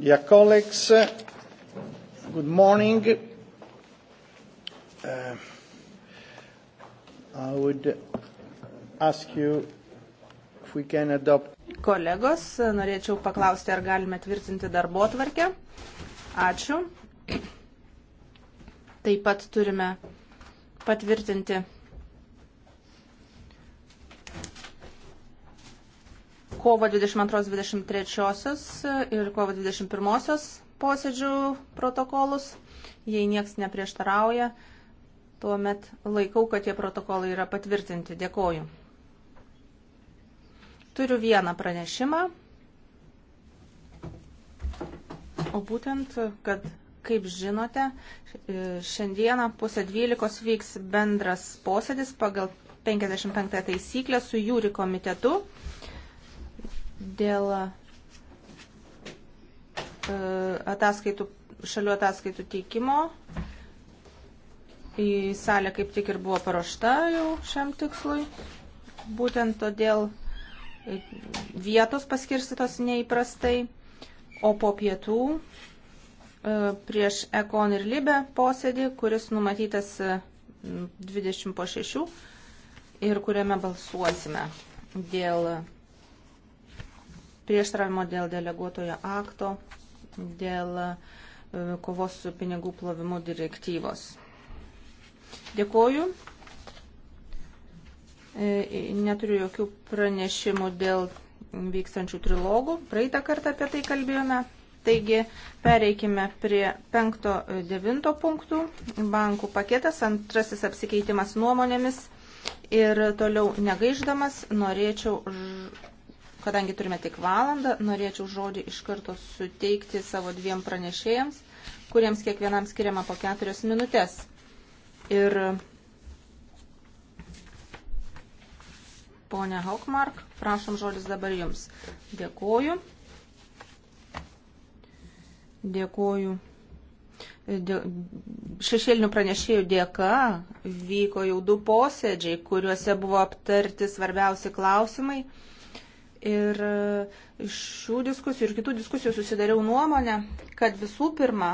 Dear colleagues, good morning. Uh, I would ask you if we can adopt. Kolegos, norėčiau paklausti, ar galime tvirtinti darbo tvarkę. Ačiū. Taip pat turime patvirtinti kovo 22-23 ir kovo 21 posėdžių protokolus. Jei nieks neprieštarauja, tuomet laikau, kad tie protokolai yra patvirtinti. Dėkoju. Turiu vieną pranešimą. O būtent, kad, kaip žinote, šiandieną pusę 12 vyks bendras posėdis pagal 55 taisyklę su jūri komitetu dėl e, ataskaitų, šalių ataskaitų teikimo. Į salę kaip tik ir buvo paruošta jau šiam tikslui. Būtent todėl vietos paskirstytos neįprastai, o po pietų e, prieš Ekon ir Libę posėdį, kuris numatytas 20 e, po 6 ir kuriame balsuosime dėl prieštaravimo dėl deleguotojo akto, dėl e, kovos su pinigų plovimu direktyvos. Dėkoju. E, neturiu jokių pranešimų dėl vykstančių trilogų. Praeitą kartą apie tai kalbėjome. Taigi pereikime prie 5-9 e, punktų. Bankų paketas, antrasis apsikeitimas nuomonėmis. Ir toliau negaiždamas norėčiau Kadangi turime tik valandą, norėčiau žodį iš karto suteikti savo dviem pranešėjams, kuriems kiekvienam skiriama po keturias minutės. Ir ponia Haukmark, prašom žodis dabar jums. Dėkoju. Dėkoju. Dė... Šešėlinių pranešėjų dėka vyko jau du posėdžiai, kuriuose buvo aptarti svarbiausi klausimai. Ir e, iš šių diskusijų ir kitų diskusijų susidariau nuomonę, kad visų pirma,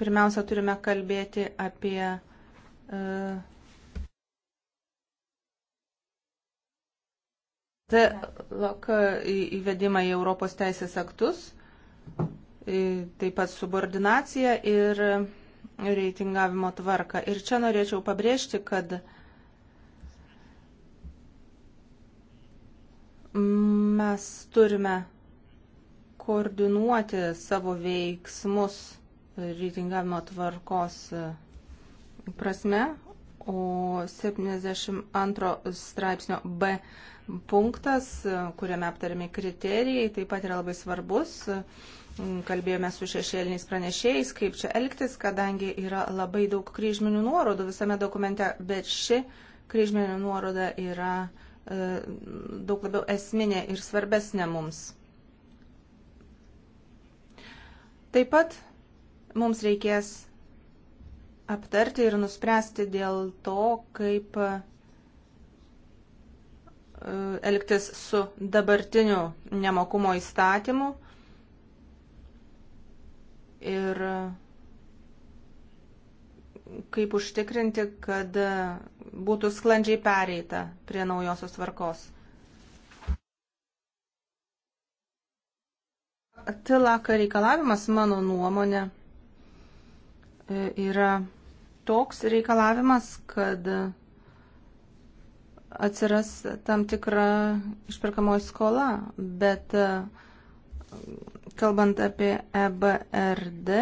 pirmiausia, turime kalbėti apie uh, e, TLOK įvedimą į Europos teisės aktus, taip pat subordinaciją ir reitingavimo tvarką. Ir čia norėčiau pabrėžti, kad uh, mes turime koordinuoti savo veiksmus reitingavimo tvarkos e, prasme, o 72 straipsnio B punktas, e, kuriame aptariami kriterijai, taip pat yra labai svarbus. E, kalbėjome su šešėliniais pranešėjais, kaip čia elgtis, kadangi yra labai daug kryžminių nuorodų visame dokumente, bet ši kryžminė nuoroda yra uh, E, daug labiau esminė ir svarbesnė mums. Taip pat mums reikės aptarti ir nuspręsti dėl to, kaip e, elgtis su dabartiniu nemokumo įstatymu ir kaip užtikrinti, kad būtų sklandžiai pereita prie naujosios tvarkos. Tilaka reikalavimas, mano nuomonė, yra toks reikalavimas, kad atsiras tam tikra išperkamoji skola, bet kalbant apie EBRD,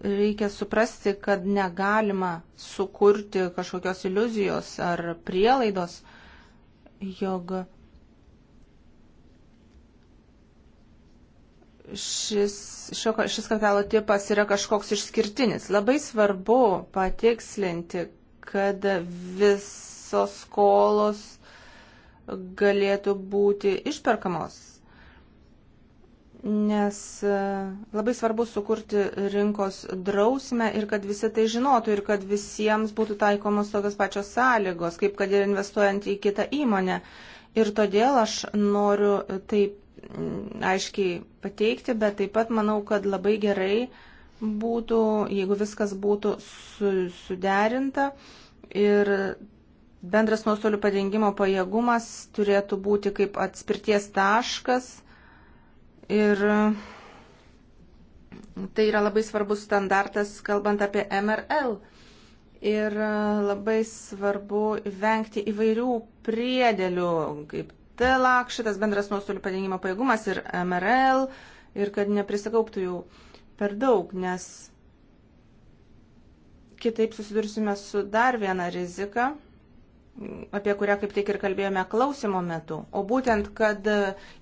reikia suprasti, kad negalima sukurti kažkokios iliuzijos ar prielaidos, jog šis, šio, šis kapitalo tipas yra kažkoks išskirtinis. Labai svarbu patikslinti, kad visos skolos galėtų būti išperkamos nes e, labai svarbu sukurti rinkos drausmę ir kad visi tai žinotų ir kad visiems būtų taikomos tokios pačios sąlygos, kaip kad ir investuojant į kitą įmonę. Ir todėl aš noriu tai aiškiai pateikti, bet taip pat manau, kad labai gerai būtų, jeigu viskas būtų su, suderinta ir bendras nuostolių padengimo pajėgumas turėtų būti kaip atspirties taškas Ir mm, tai yra labai svarbus standartas, kalbant apie MRL. Ir e, labai svarbu vengti įvairių priedėlių, kaip TLAK, šitas bendras nuostolių padengimo pajėgumas ir MRL, ir kad neprisikauptų jų per daug, nes kitaip susidursime su dar viena rizika – apie kurią kaip tik ir kalbėjome klausimo metu, o būtent, kad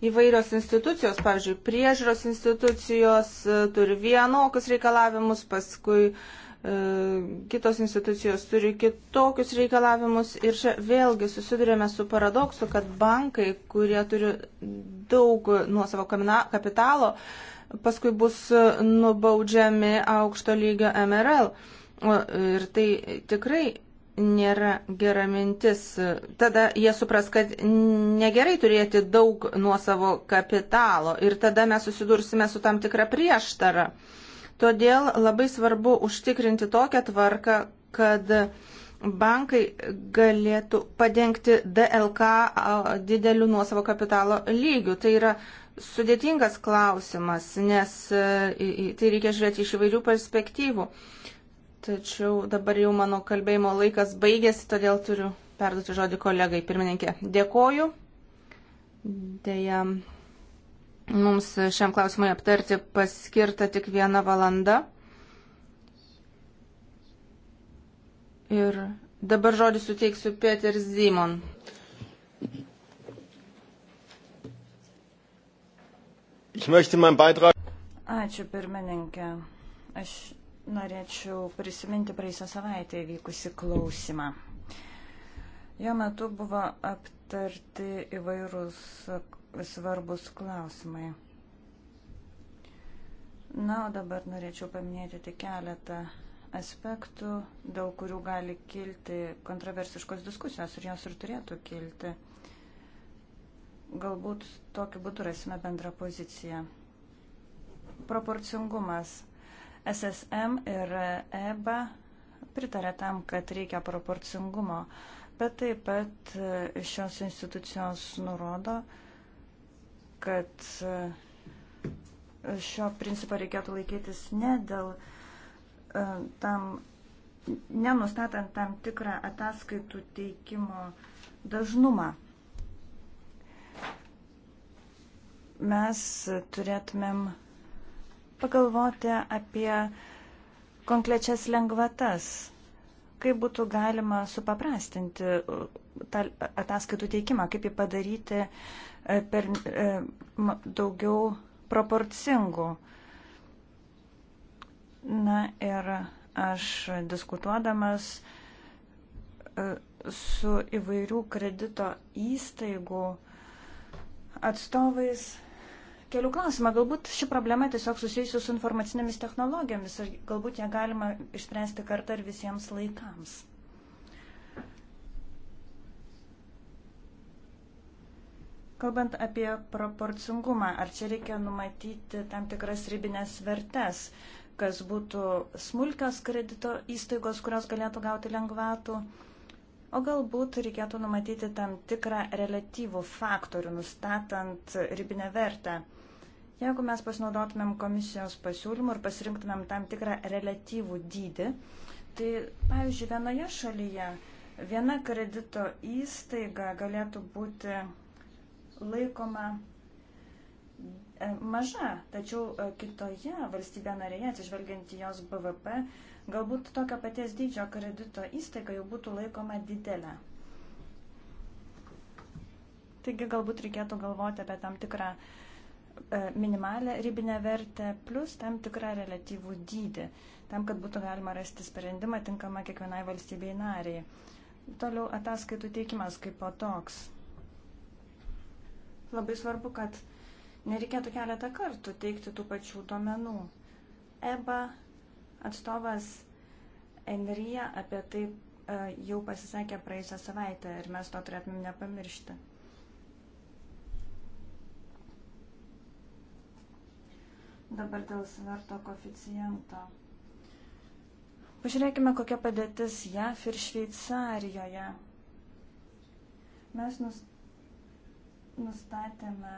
įvairios institucijos, pavyzdžiui, priežiūros institucijos e, turi vienokius reikalavimus, paskui e, kitos institucijos turi kitokius reikalavimus ir čia vėlgi susidurėme su paradoksu, kad bankai, kurie turi daug nuo savo kapitalo, paskui bus nubaudžiami aukšto lygio MRL. Ir tai tikrai nėra gera mintis. Tada jie supras, kad negerai turėti daug nuosavo kapitalo ir tada mes susidursime su tam tikra prieštara. Todėl labai svarbu užtikrinti tokią tvarką, kad bankai galėtų padengti DLK dideliu nuosavo kapitalo lygiu. Tai yra sudėtingas klausimas, nes e, e, tai reikia žiūrėti iš įvairių perspektyvų. Tačiau dabar jau mano kalbėjimo laikas baigėsi, todėl turiu perduoti žodį kolegai. Pirmininkė, dėkoju. Deja, mums šiam klausimui aptarti paskirta tik viena valanda. Ir dabar žodį suteiksiu Peter Zimon. Ačiū pirmininkė. Aš norėčiau prisiminti praeisą savaitę įvykusi klausimą. Jo metu buvo aptarti įvairūs svarbus klausimai. Na, o dabar norėčiau paminėti tik keletą aspektų, dėl kurių gali kilti kontroversiškos diskusijos ir jos ir turėtų kilti. Galbūt tokiu būdu rasime bendrą poziciją. Proporcingumas SSM ir EBA pritarė tam, kad reikia proporcingumo, bet taip pat e, šios institucijos nurodo, kad e, šio principo reikėtų laikytis ne dėl e, tam, nenustatant tam tikrą ataskaitų teikimo dažnumą. Mes turėtumėm pagalvoti apie konkrečias lengvatas, kaip būtų galima supaprastinti uh, ataskaitų teikimą, kaip jį padaryti uh, per uh, daugiau proporcingų. Na ir aš diskutuodamas su įvairių kredito įstaigų atstovais keliu klausimą, galbūt ši problema tiesiog susijusi su informacinėmis technologijomis, galbūt ją galima išspręsti kartą ir visiems laikams. Kalbant apie proporcingumą, ar čia reikia numatyti tam tikras ribinės vertes, kas būtų smulkios kredito įstaigos, kurios galėtų gauti lengvatų, o galbūt reikėtų numatyti tam tikrą relatyvų faktorių, nustatant ribinę vertę. Jeigu mes pasinaudotumėm komisijos pasiūlymų ir pasirinktumėm tam tikrą relatyvų dydį, tai pavyzdžiui, vienoje šalyje viena kredito įstaiga galėtų būti laikoma e, maža, tačiau e, kitoje valstybė narėje, atsižvelgiant į jos BVP, galbūt tokio paties dydžio kredito įstaiga jau būtų laikoma didelė. Taigi galbūt reikėtų galvoti apie tam tikrą uh, E, minimalę ribinę vertę plus tam tikrą relatyvų dydį, tam, kad būtų galima rasti sprendimą tinkamą kiekvienai valstybei nariai. Toliau ataskaitų teikimas kaip po toks. Labai svarbu, kad nereikėtų keletą kartų teikti tų pačių duomenų. EBA atstovas Enrija apie tai e, jau pasisakė praėjusią savaitę ir mes to turėtume nepamiršti. Dabar dėl sverto koficijento. Pažiūrėkime, kokia padėtis JAF ir Šveicarijoje. Mes nus, nustatėme,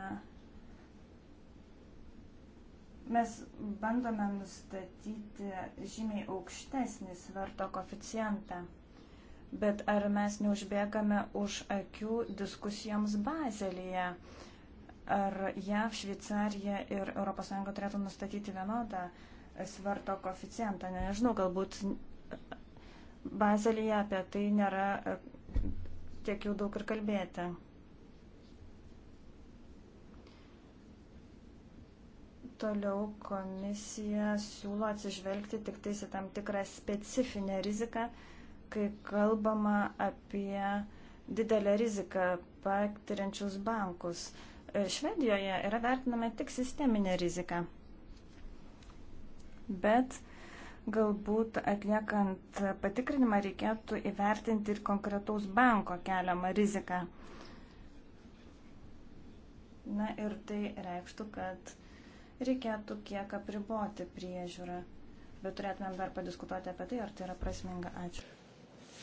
mes bandome nustatyti žymiai aukštesnį sverto koficijantą. Bet ar mes neužbėgame už akių diskusijoms bazelyje? Ar JAV, Šveicarija ir ES turėtų nustatyti vienodą svarto koficijantą? Nežinau, galbūt Bazelyje apie tai nėra e, tiek jau daug ir kalbėti. toliau komisija siūlo atsižvelgti tik tais į tam tikrą specifinę riziką, kai kalbama apie didelę riziką patiriančius bankus. Švedijoje yra vertinama tik sisteminė rizika. Bet galbūt atliekant patikrinimą reikėtų įvertinti ir konkretaus banko keliamą riziką. Na ir tai reikštų, kad reikėtų kiek apriboti priežiūrą. Bet turėtumėm dar padiskutuoti apie tai, ar tai yra prasminga. Ačiū.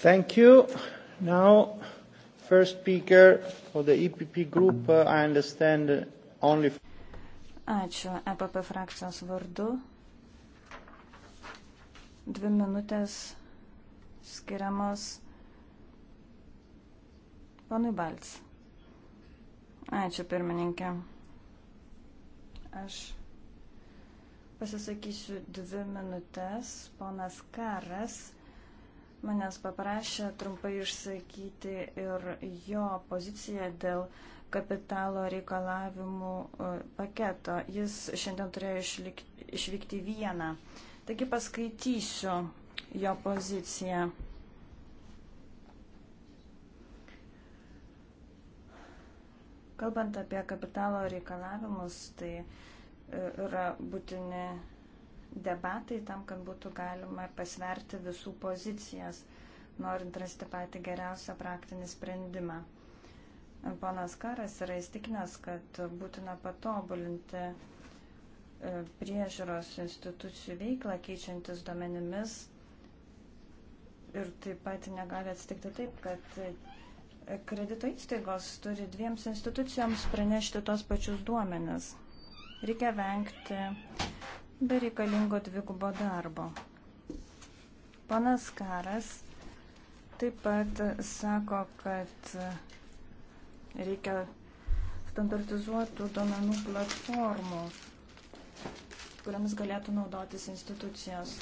Thank you. Now First speaker for the EPP group, uh, I understand uh, only... Ačiū EPP frakcijos vardu. Dvi minutės skiriamos ponui Balts. Ačiū pirmininkė. Aš pasisakysiu dvi minutės. Ponas Karas manęs paprašė trumpai išsakyti ir jo poziciją dėl kapitalo reikalavimų e, paketo. Jis šiandien turėjo išlikti, išvykti vieną. Taigi paskaitysiu jo poziciją. Kalbant apie kapitalo reikalavimus, tai e, yra būtini debatai tam, kad būtų galima pasverti visų pozicijas, norint rasti patį geriausią praktinį sprendimą. Ponas Karas yra įstikinęs, kad būtina patobulinti e, priežiūros institucijų veiklą, keičiantis duomenimis. Ir taip pat negali atsitikti taip, kad e, kredito įstaigos turi dviems institucijoms pranešti tos pačius duomenis. Reikia vengti bereikalingo dvigubo darbo. Panas Karas taip pat sako, kad reikia standartizuotų duomenų platformų, kuriamis galėtų naudotis institucijos.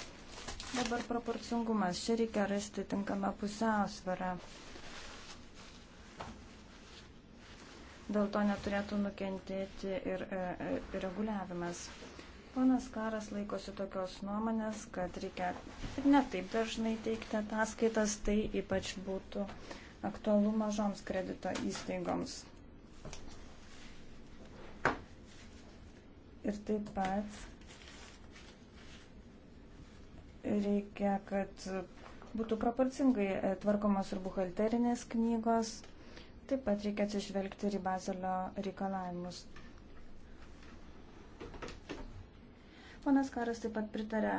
Dabar proporcingumas. Čia reikia rasti tinkamą pusiausvarą. Dėl to neturėtų nukentėti ir, ir, e, ir e, reguliavimas. Ponas Karas laikosi tokios nuomonės, kad reikia netaip dažnai teikti ataskaitas, tai ypač būtų aktualu mažoms kredito įstaigoms. Ir taip pat reikia, kad būtų proporcingai e, tvarkomos ir buhalterinės knygos. Taip pat reikia atsižvelgti ir į bazelio reikalavimus. Ponas Karas taip pat pritarė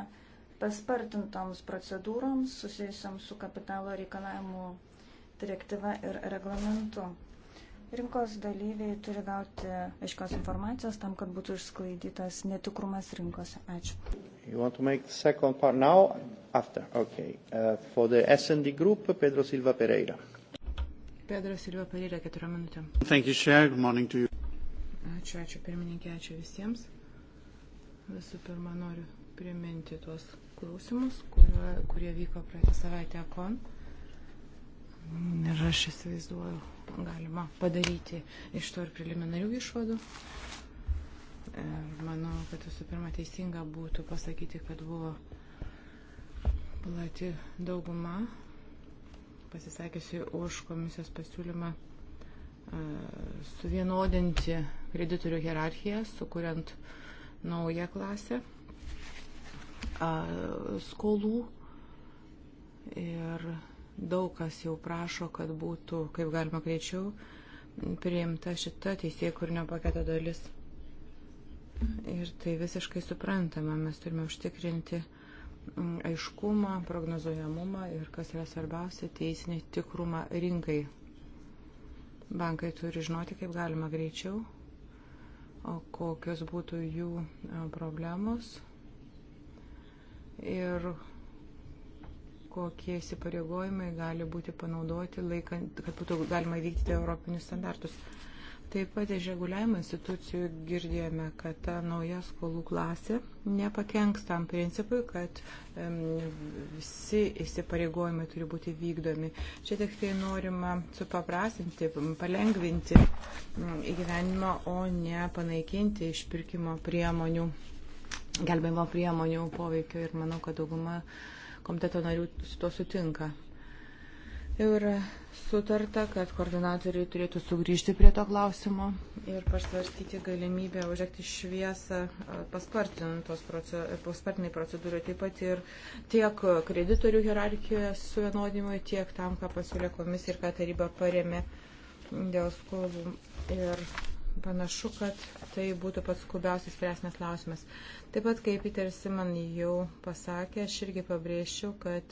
paspartintoms procedūroms susijusiams su kapitalo reikalavimu direktyva ir reglamentu. Rinkos dalyviai turi gauti aiškios informacijos tam, kad būtų išsklaidytas netikrumas rinkose. Ačiū. Now, okay. uh, group, Pedro Silva Pereira. Pedro Silva Pereira, keturiom minutėm. Ačiū, ačiū pirmininkė, ačiū visiems. Visų pirma, noriu priminti tuos klausimus, kurio, kurie vyko praeitą savaitę kon. Ir aš įsivaizduoju, galima padaryti iš to ir preliminarių išvadų. Ir manau, kad visų pirma teisinga būtų pasakyti, kad buvo plati dauguma pasisakysi už komisijos pasiūlymą e, suvienodinti kreditorių hierarchiją, sukuriant uh, naują klasę skolų ir daug kas jau prašo, kad būtų, kaip galima greičiau, priimta šita teisėjų kūrinio paketo dalis. Ir tai visiškai suprantama, mes turime užtikrinti mm, aiškumą, prognozuojamumą ir, kas yra svarbiausia, teisinį tikrumą rinkai. Bankai turi žinoti, kaip galima greičiau kokios būtų jų e, problemos ir kokie įsipareigojimai gali būti panaudoti, laikant, kad būtų galima vykti europinius standartus. Uh, Taip pat iš reguliavimo institucijų girdėjome, kad ta nauja skolų klasė nepakenks tam principui, kad um, visi įsipareigojimai turi būti vykdomi. Čia tik tai norima supaprastinti, palengvinti mm, įgyvenimą, o ne panaikinti išpirkimo priemonių, gelbėjimo priemonių poveikio ir manau, kad dauguma komiteto narių su to sutinka. Jau yra sutarta, kad koordinatoriai turėtų sugrįžti prie to klausimo ir pasvarstyti galimybę uždegti šviesą paspartiniai procedūrai, taip pat ir tiek kreditorių hierarchijoje suvienodimui, tiek tam, ką pasiūlė komisija ir ką taryba paremė dėl skolų. Ir panašu, kad tai būtų pats skubiausias spręsnės klausimas. Taip pat, kaip Peter Simon jau pasakė, aš irgi pabrėžčiau, kad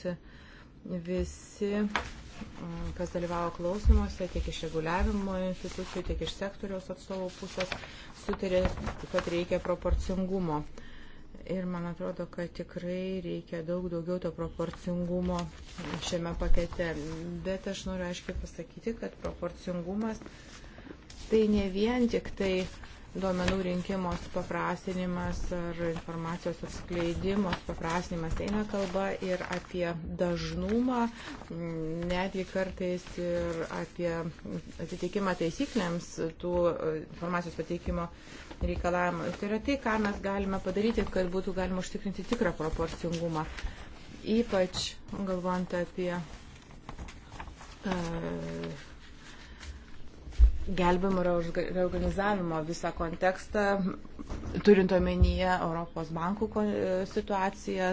visi kas dalyvavo klausimuose, tiek iš reguliavimo institucijų, tiek iš sektoriaus atstovų pusės, sutarė, kad reikia proporcingumo. Ir man atrodo, kad tikrai reikia daug daugiau to proporcingumo šiame pakete. Bet aš noriu aiškiai pasakyti, kad proporcingumas tai ne vien tik tai uh, duomenų rinkimo supaprastinimas ar informacijos atskleidimo supaprastinimas. Eina kalba ir apie dažnumą, netgi kartais ir apie atitikimą taisyklėms tų e, informacijos pateikimo reikalavimų. Tai yra tai, ką mes galime padaryti, kad būtų galima užtikrinti tikrą proporcingumą. Ypač galvojant apie. Uh, gelbimo reorganizavimo visą kontekstą, turint omenyje Europos bankų situaciją.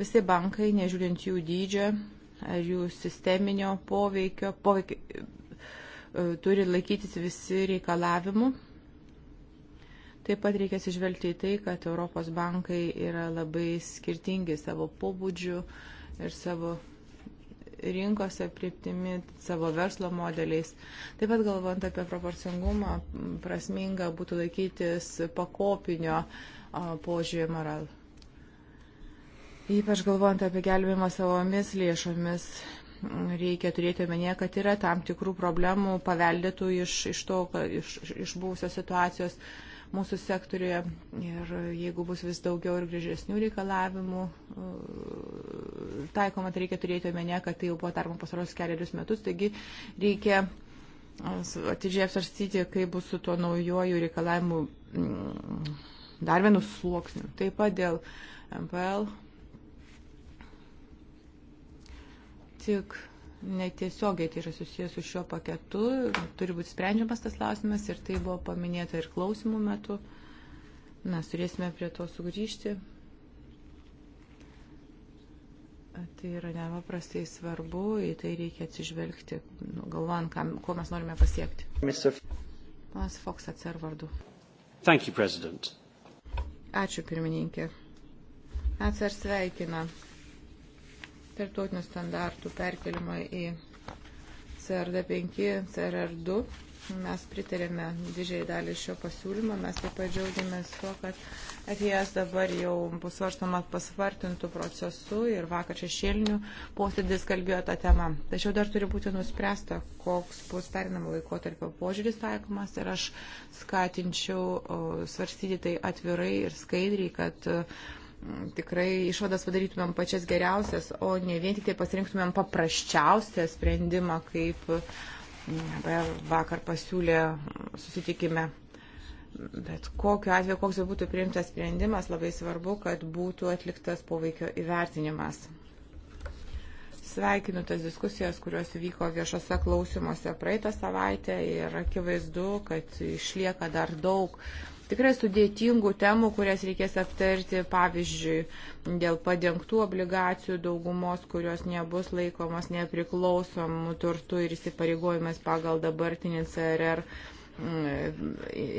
Visi bankai, nežiūrint jų dydžio ar jų sisteminio poveikio, poveikio e, turi laikytis visi reikalavimų. Taip pat reikia atsižvelgti į tai, kad Europos bankai yra labai skirtingi savo pobūdžių ir savo rinkos apriptimi, savo verslo modeliais. Taip pat galvant apie proporcingumą, prasminga būtų laikytis pakopinio požiūrį moralą. Ypač galvojant apie gelbėjimą savomis lėšomis, reikia turėti omenyje, kad yra tam tikrų problemų paveldėtų iš, iš, to, iš, iš buvusios situacijos. Uh, mūsų sektoriuje. Ir jeigu bus vis daugiau ir grįžesnių reikalavimų e, taikoma, tai reikia turėti omenyje, kad tai jau buvo tarpam pasaros keliarius metus. Taigi reikia e, atidžiai apsarstyti, kaip bus su tuo naujoju reikalavimu mm, dar vienu sluoksniu. Taip pat dėl MPL. Tik netiesiogiai tai yra susijęs su šiuo paketu, turi būti sprendžiamas tas klausimas ir tai buvo paminėta ir klausimų metu. Mes turėsime prie to sugrįžti. Tai yra nepaprastai svarbu, į tai reikia atsižvelgti, nu, galvojant, kam, ko mes norime pasiekti. Panas Fox atsarvardu. Ačiū, pirmininkė. Atsar sveikina tarptautinių standartų perkelimo į CRD5, CRR2. Mes pritarėme didžiai dalį šio pasiūlymo. Mes taip pat džiaugiamės tuo, kad FIS dabar jau bus svarstamas pasvartintų procesų ir vakar šešėlinių posėdis kalbėjo tą temą. Tačiau dar turi būti nuspręsta, koks bus perinamo laikotarpio požiūris taikomas ir aš skatinčiau svarstyti tai atvirai ir skaidriai, kad uh, tikrai išvadas padarytumėm pačias geriausias, o ne vien tik tai pasirinktumėm paprasčiausią sprendimą, kaip mm, vakar pasiūlė susitikime. Bet kokiu atveju, koks jau būtų priimtas sprendimas, labai svarbu, kad būtų atliktas poveikio įvertinimas. Sveikinu tas diskusijas, kurios vyko viešose klausimuose praeitą savaitę ir akivaizdu, kad išlieka dar daug uh, tikrai sudėtingų temų, kurias reikės aptarti, pavyzdžiui, dėl padengtų obligacijų daugumos, kurios nebus laikomos nepriklausomų turtų ir įsipareigojimas pagal dabartinį CRR mm,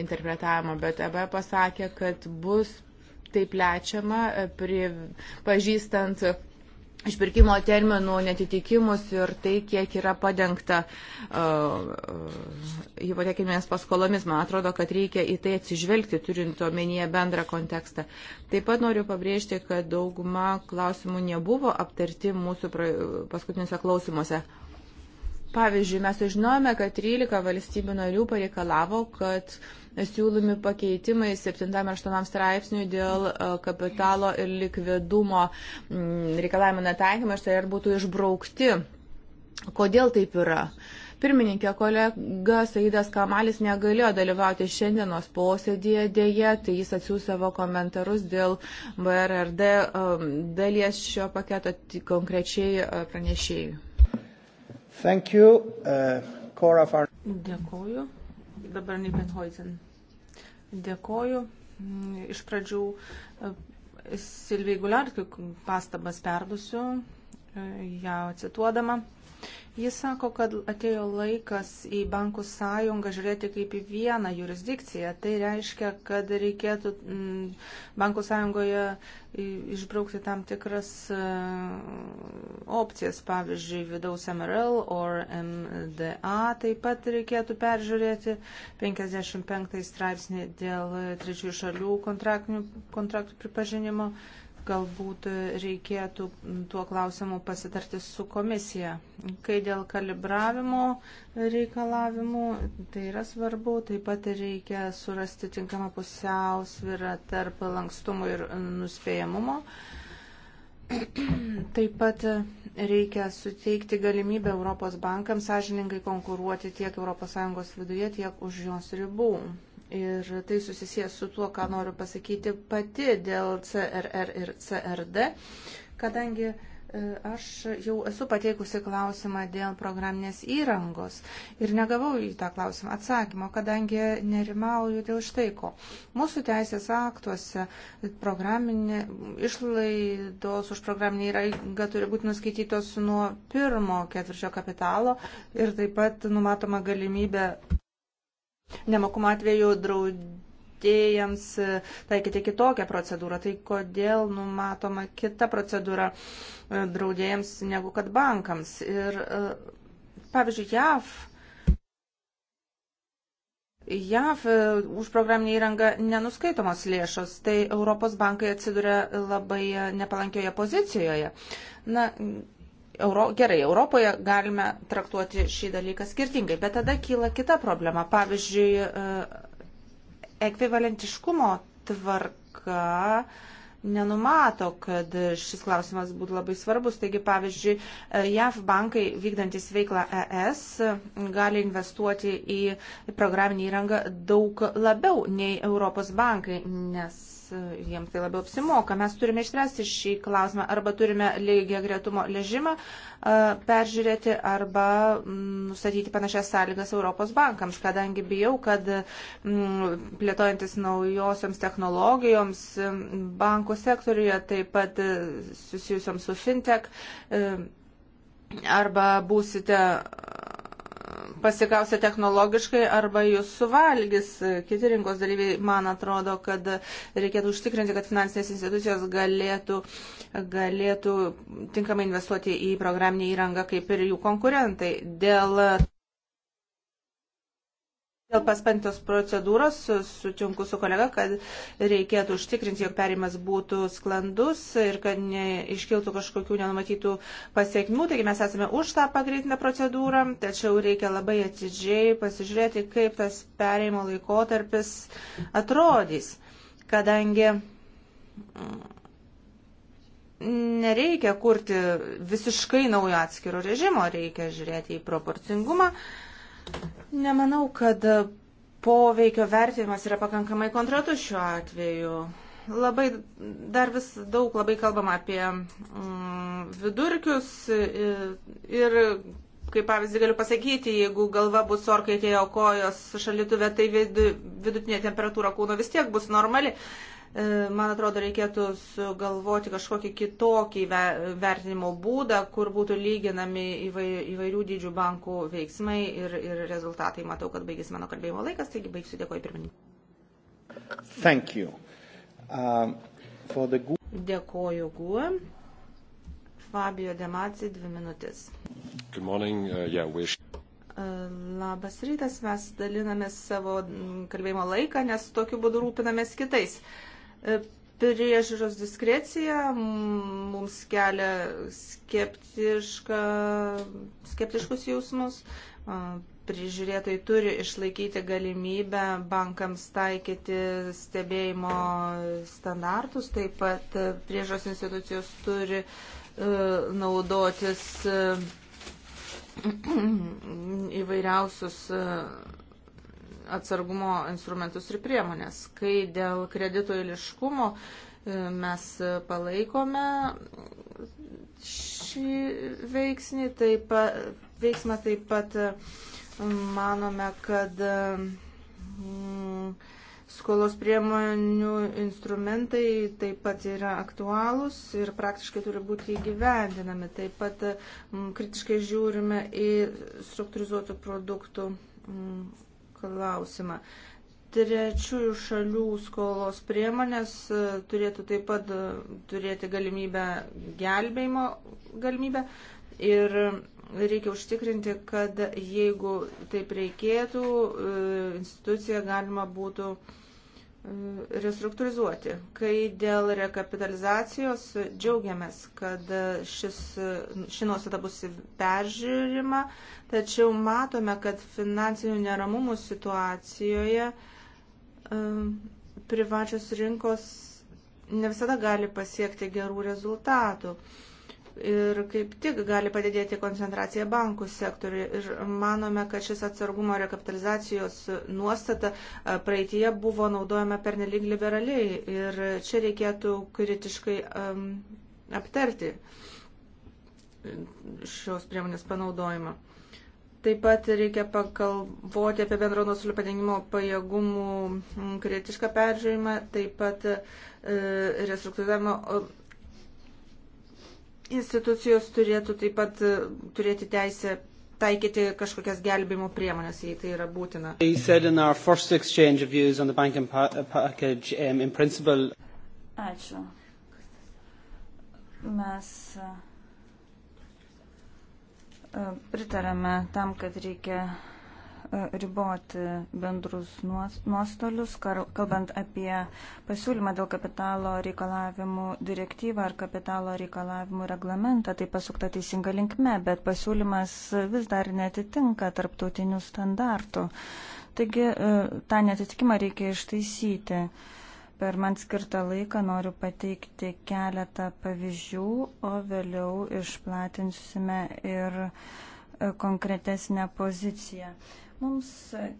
interpretavimą, bet AB e pasakė, kad bus taip plečiama, pažįstant išpirkimo terminų netitikimus ir tai, kiek yra padengta e, e, hipotekinėmis uh, paskolomis. Man atrodo, kad reikia į tai atsižvelgti, turint omenyje bendrą kontekstą. Taip pat noriu pabrėžti, kad dauguma klausimų nebuvo aptarti mūsų paskutiniuose klausimuose. Pavyzdžiui, mes sužinojome, kad 13 valstybių narių pareikalavo, kad uh, siūlomi pakeitimai 7-8 straipsniui dėl e, kapitalo ir likvidumo mm, reikalavimo netaikymo, štai ar būtų išbraukti. Kodėl taip yra? pirmininkė kolega Saidas Kamalis negalėjo dalyvauti šiandienos posėdėje dėje, tai jis atsiūs savo komentarus dėl BRRD e, dalies šio paketo konkrečiai e, pranešėjų. Thank you, uh, Cora Far... Dėkuoju dabar Nipenhoizen. Dėkoju. Iš pradžių e, Silvijai Guliartkai pastabas perdusiu, e, ją cituodama. Jis sako, kad atėjo laikas į bankų sąjungą žiūrėti kaip į vieną jurisdikciją. Tai reiškia, kad reikėtų mm, bankų sąjungoje išbraukti tam tikras e, opcijas, pavyzdžiui, vidaus MRL or MDA. Taip pat reikėtų peržiūrėti 55 straipsnį dėl trečiųjų šalių kontraktų pripažinimo galbūt reikėtų tuo klausimu pasitarti su komisija. Kai dėl kalibravimo reikalavimų, tai yra svarbu, taip pat reikia surasti tinkamą pusiausvyrą tarp lankstumo ir nuspėjamumo. Taip pat reikia suteikti galimybę Europos bankams sąžiningai konkuruoti tiek ES viduje, tiek už jos ribų. Ir tai susijęs su tuo, ką noriu pasakyti pati dėl CRR ir CRD, kadangi e, aš jau esu pateikusi klausimą dėl programinės įrangos ir negavau į tą klausimą atsakymo, kadangi nerimauju dėl štai ko. Mūsų teisės aktuose programinė išlaidos už programinę įrangą turi būti nuskaitytos nuo pirmo ketvirčio kapitalo ir taip pat numatoma galimybė Nemokumo atveju draudėjams taikyti kitokią procedūrą. Tai kodėl numatoma kita procedūra e, draudėjams negu kad bankams? Ir e, pavyzdžiui, JAV. JAV e, už programinę įrangą nenuskaitomos lėšos, tai Europos bankai atsiduria labai nepalankioje pozicijoje. Na, Euro, gerai, Europoje galime traktuoti šį dalyką skirtingai, bet tada kyla kita problema. Pavyzdžiui, e, ekvivalentiškumo tvarka nenumato, kad šis klausimas būtų labai svarbus. Taigi, pavyzdžiui, e, JAV bankai vykdantis veiklą ES gali investuoti į programinį įrangą daug labiau nei Europos bankai, nes jiems tai labiau apsimoka. Mes turime išspręsti šį klausimą. Arba turime lygiai gretumo ležimą peržiūrėti arba nustatyti panašias sąlygas Europos bankams, kadangi bijau, kad plėtojantis naujosioms technologijoms bankų sektoriuje, taip pat e, susijusiam su fintech, e, arba būsite pasigausi technologiškai arba jūs suvalgys. Kiti rinkos dalyviai, man atrodo, kad reikėtų užtikrinti, kad finansinės institucijos galėtų, galėtų tinkamai investuoti į programinę įrangą kaip ir jų konkurentai. Dėl Dėl paspentos procedūros sutinku su kolega, kad reikėtų užtikrinti, jog perimas būtų sklandus ir kad neiškiltų kažkokių nenumatytų pasiekmių. Taigi mes esame už tą pagreitinę procedūrą, tačiau reikia labai atidžiai pasižiūrėti, kaip tas perimo laikotarpis atrodys, kadangi mm, nereikia kurti visiškai naujo atskiro režimo, reikia žiūrėti į proporcingumą. Nemanau, kad poveikio vertinimas yra pakankamai konkretus šiuo atveju. Labai dar vis daug labai kalbam apie mm, vidurkius ir, ir kaip pavyzdį galiu pasakyti, jeigu galva bus orkaitėje, o kojos šalituvė, tai vidu, vidutinė temperatūra kūno vis tiek bus normali. E, man atrodo, reikėtų sugalvoti kažkokį kitokį vertinimo būdą, kur būtų lyginami įvairių dydžių bankų veiksmai ir, ir rezultatai. Matau, kad baigėsi mano kalbėjimo laikas, taigi baigsiu. Dėkuoju pirmininkai. Um, the... Dėkuoju, Guo. Fabio Demaci, dvi minutės. Good morning, uh, yeah, wish. E, labas rytas, mes dalinamės savo kalbėjimo laiką, nes tokiu būdu rūpinamės kitais. Uh, E, priežiūros diskrecija mums kelia skeptiška, skeptiškus jausmus. E, prižiūrėtojai turi išlaikyti galimybę bankams taikyti stebėjimo standartus, taip pat priežos institucijos turi e, naudotis įvairiausius atsargumo instrumentus ir priemonės. Kai dėl kredito iliškumo e, mes palaikome šį veiksnį, taip, veiksmą taip pat e, manome, kad e, skolos priemonių instrumentai taip pat yra aktualūs ir praktiškai turi būti įgyvendinami. Taip pat kritiškai žiūrime į struktūrizuotų produktų klausimą. Trečiųjų šalių skolos priemonės e, turėtų taip pat e, turėti galimybę gelbėjimo galimybę ir reikia užtikrinti, kad jeigu taip reikėtų, e, instituciją galima būtų uh, restruktūrizuoti. Kai dėl rekapitalizacijos džiaugiamės, kad šis, ši nuostata bus peržiūrima, tačiau matome, kad finansinių neramumų situacijoje um, privačios rinkos ne visada gali pasiekti gerų rezultatų ir kaip tik gali padidėti koncentracija bankų sektoriuje. Ir manome, kad šis atsargumo rekapitalizacijos nuostata praeitie buvo naudojama pernelyg liberaliai ir čia reikėtų kritiškai um, aptarti šios priemonės panaudojimą. Taip pat reikia pakalvoti apie bendro nuostolių padengimo pajėgumų kritišką peržiūrimą, taip pat e, restruktūrizavimo Institucijos turėtų taip pat e, turėti teisę taikyti kažkokias gelbėjimo priemonės, jei tai yra būtina. Uh, um, Ačiū. Mes uh, uh, pritarame tam, kad reikia E, riboti bendrus nuostolius, kalbant apie pasiūlymą dėl kapitalo reikalavimų direktyvą ar kapitalo reikalavimų reglamentą, tai pasukta teisinga linkme, bet pasiūlymas vis dar netitinka tarptautinių standartų. Taigi e, tą netitikimą reikia ištaisyti. Per man skirtą laiką noriu pateikti keletą pavyzdžių, o vėliau išplatinsime ir e, konkretesnę poziciją. Mums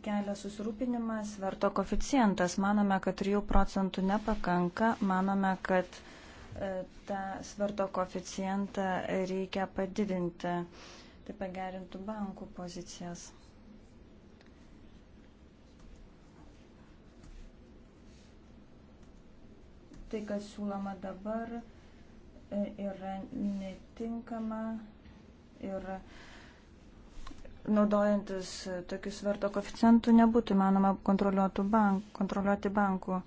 kelia susirūpinimas verto koficijantas. Manome, kad 3 procentų nepakanka. Manome, kad e, tą sverto koficijantą reikia padidinti. Tai pagerintų bankų pozicijas. Tai, kas siūloma dabar, e, yra netinkama ir yra naudojantis tokių sverto koficijantų nebūtų įmanoma bank, kontroliuoti bankų.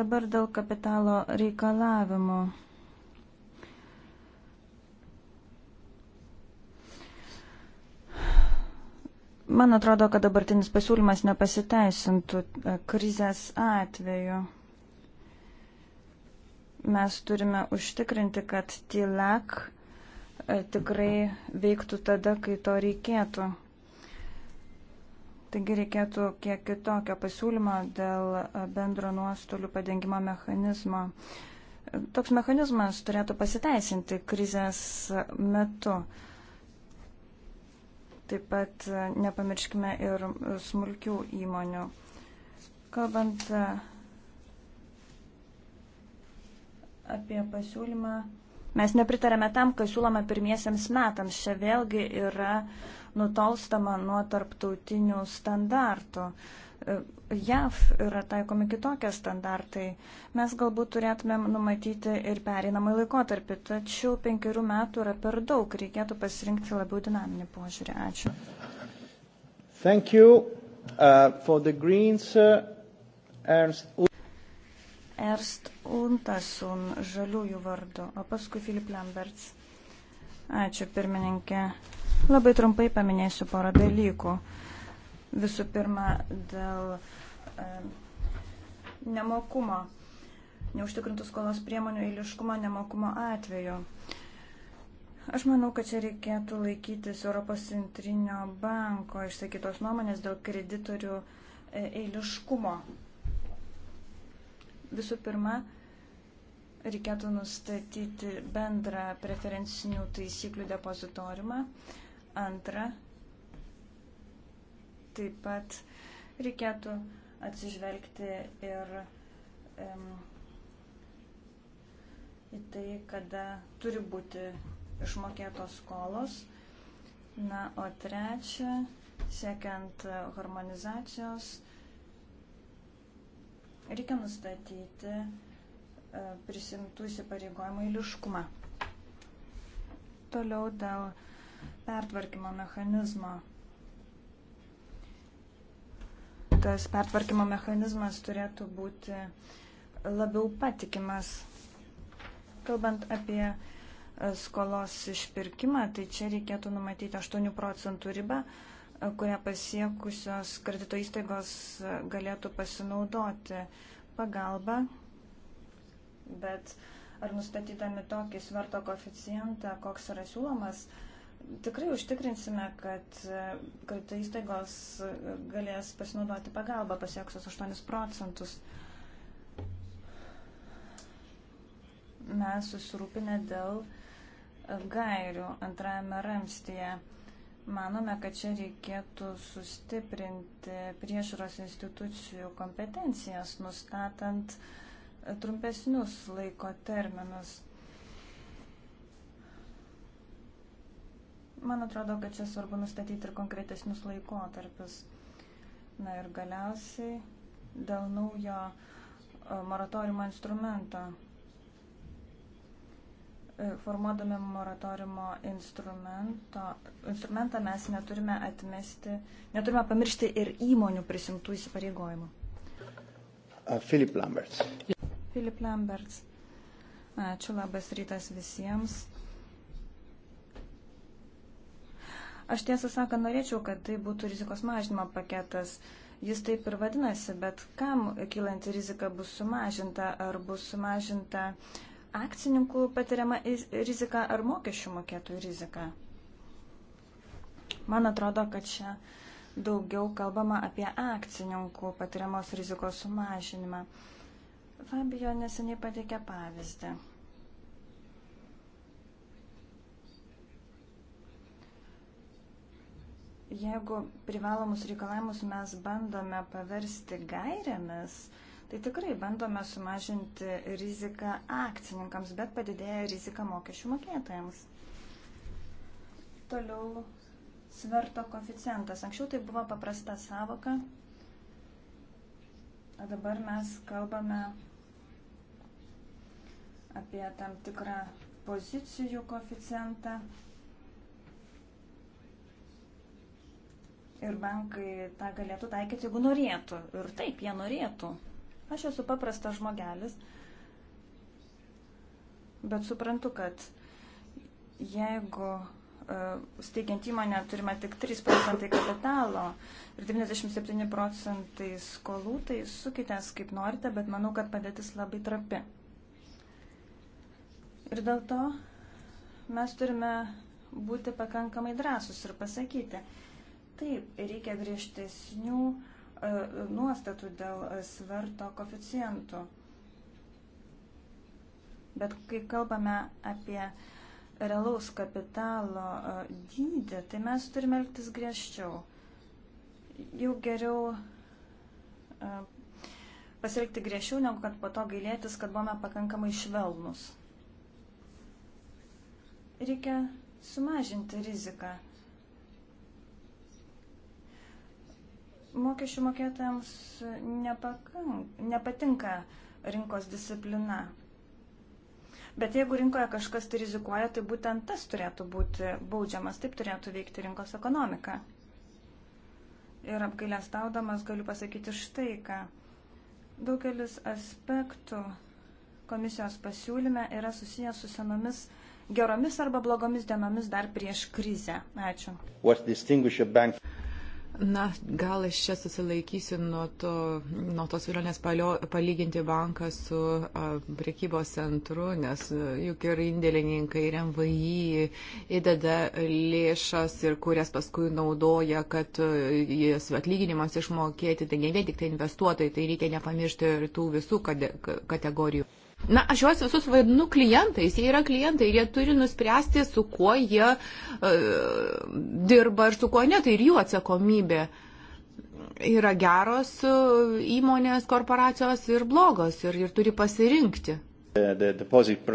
Dabar dėl kapitalo reikalavimų. Man atrodo, kad dabartinis pasiūlymas nepasiteisintų e, krizės atveju. Mes turime užtikrinti, kad TILAK e E, tikrai veiktų tada, kai to reikėtų. Taigi reikėtų kiek kitokio pasiūlymo dėl e, bendro nuostolių padengimo mechanizmo. E, toks mechanizmas turėtų pasiteisinti krizės metu. Taip pat nepamirškime ir smulkių įmonių. Kalbant apie pasiūlymą Mes nepritarėme tam, kas siūloma pirmiesiams metams. Čia vėlgi yra nutolstama nuo tarptautinių standartų. E, JAV yra taikomi kitokie standartai. Mes galbūt turėtumėm numatyti ir pereinamą laikotarpį, tačiau penkerių metų yra per daug. Reikėtų pasirinkti labiau dinaminį požiūrį. Ačiū. Thank you uh, for the Greens. Uh, Ernst... Erst Untasun žaliųjų vardu, o paskui Filip Lamberts. Ačiū, pirmininkė. Labai trumpai paminėsiu porą dalykų. Visų pirma, dėl e, nemokumo, neužtikrintų skolos priemonių eiliškumo nemokumo atveju. Aš manau, kad čia reikėtų laikytis Europos centrinio banko išsakytos nuomonės dėl kreditorių e, eiliškumo. E, Visų pirma, reikėtų nustatyti bendrą preferencinių taisyklių depozitorimą. Antra, taip pat reikėtų atsižvelgti ir um, į tai, kada turi būti išmokėtos skolos. Na, o trečia, siekiant harmonizacijos, Reikia nustatyti e, prisimtų įsipareigojimų įliškumą. Toliau dėl pertvarkymo mechanizmo. Tas pertvarkymo mechanizmas turėtų būti labiau patikimas. Kalbant apie e, skolos išpirkimą, tai čia reikėtų numatyti 8 procentų ribą, kurią pasiekusios kredito įstaigos galėtų pasinaudoti pagalbą, bet ar nustatydami tokį sverto koeficientą, koks yra siūlomas, tikrai užtikrinsime, kad kredito įstaigos galės pasinaudoti pagalbą pasiekusios 8 procentus. Mes susirūpinę dėl gairių antrajame ramstyje. Manome, kad čia reikėtų sustiprinti priežiūros institucijų kompetencijas, nustatant trumpesnius laiko terminus. Man atrodo, kad čia svarbu nustatyti ir konkretesnius laikotarpius. Na ir galiausiai dėl naujo e, moratoriumo instrumento E, formuodami moratoriumo instrumentą mes neturime atmesti, neturime pamiršti ir įmonių prisimtų įsipareigojimų. Filip uh, Lamberts. Filip Lamberts. Ačiū, labas rytas visiems. Aš tiesą sakant, norėčiau, kad tai būtų rizikos mažinimo paketas jis taip ir vadinasi, bet kam kylanti rizika bus sumažinta, ar bus sumažinta akcininkų patiriama rizika ar mokesčių mokėtojų rizika. Man atrodo, kad čia daugiau kalbama apie akcininkų patiriamos rizikos sumažinimą. Fabio neseniai pateikė pavyzdį. Jeigu privalomus reikalavimus mes bandome paversti gairėmis, Tai tikrai bandome sumažinti riziką akcininkams, bet padidėja rizika mokesčių mokėtojams. Toliau sverto koficijantas. Anksčiau tai buvo paprasta savoka, o dabar mes kalbame apie tam tikrą pozicijų koficijantą. Ir bankai tą galėtų taikyti, jeigu norėtų. Ir taip, jie norėtų. Aš esu paprastas žmogelis, bet suprantu, kad jeigu e, steigiant įmonę turime tik 3 procentai kapitalo ir 97 procentai skolų, tai sukitės kaip norite, bet manau, kad padėtis labai trapi. Ir dėl to mes turime būti pakankamai drąsus ir pasakyti, taip, reikia griežtesnių uh, E, nuostatų dėl sverto koficijantų. Bet kai kalbame apie realaus kapitalo e, dydį, tai mes turime elgtis griežčiau. Jau geriau e, pasielgti griežčiau, negu kad po to gailėtis, kad buvome pakankamai švelnus. Reikia sumažinti riziką mokesčių mokėtojams nepakank, nepatinka rinkos disciplina. Bet jeigu rinkoje kažkas tai rizikuoja, tai būtent tas turėtų būti baudžiamas, taip turėtų veikti rinkos ekonomika. Ir apgailestaudamas galiu pasakyti štai ką. Daugelis aspektų komisijos pasiūlyme yra susijęs su senomis geromis arba blogomis dienomis dar prieš krizę. Ačiū. Na, gal aš čia susilaikysiu nuo, to, nuo tos vilionės palyginti banką su a, priekybos centru, nes juk ir indėlininkai, ir MVI įdeda lėšas ir kurias paskui naudoja, kad jis atlyginimams išmokėti, tai ne vien tik tai investuotojai, tai reikia nepamiršti ir tų visų kade, kategorijų. Na, aš juos visus vadinu klientais, jie yra klientai ir jie turi nuspręsti, su kuo jie uh, dirba ir su kuo ne, tai ir jų atsakomybė. Yra geros e, įmonės, korporacijos ir blogos ir, ir turi pasirinkti. The, the deposit...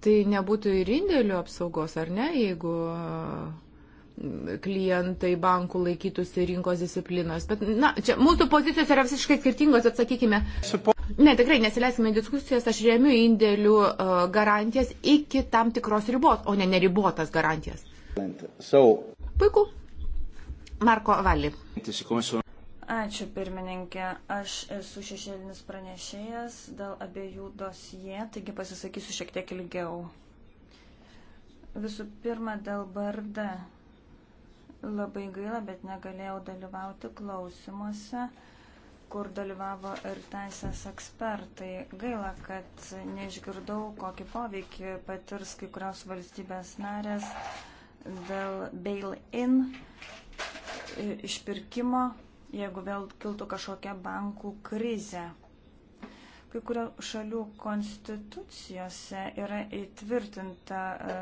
Tai nebūtų ir indėlių apsaugos, ar ne, jeigu e, klientai bankų laikytųsi rinkos disciplinos. Bet, na, čia mūsų pozicijos yra visiškai skirtingos, atsakykime. Supo Ne, tikrai nesileiskime diskusijas, aš remiu indėlių uh, garantijas iki tam tikros ribos, o ne neribotas garantijas. So, Puiku. Marko Valį. Ačiū pirmininkė. Aš esu šešėlinis pranešėjas dėl abiejų dosije, taigi pasisakysiu šiek tiek ilgiau. Visų pirma, dėl barda. Labai gaila, bet negalėjau dalyvauti klausimuose kur dalyvavo ir teisės ekspertai. Gaila, kad neišgirdau, kokį poveikį patirs kai kurios valstybės narės dėl bail-in išpirkimo, jeigu vėl kiltų kažkokia bankų krizė. Kai kurio šalių konstitucijose yra įtvirtinta e,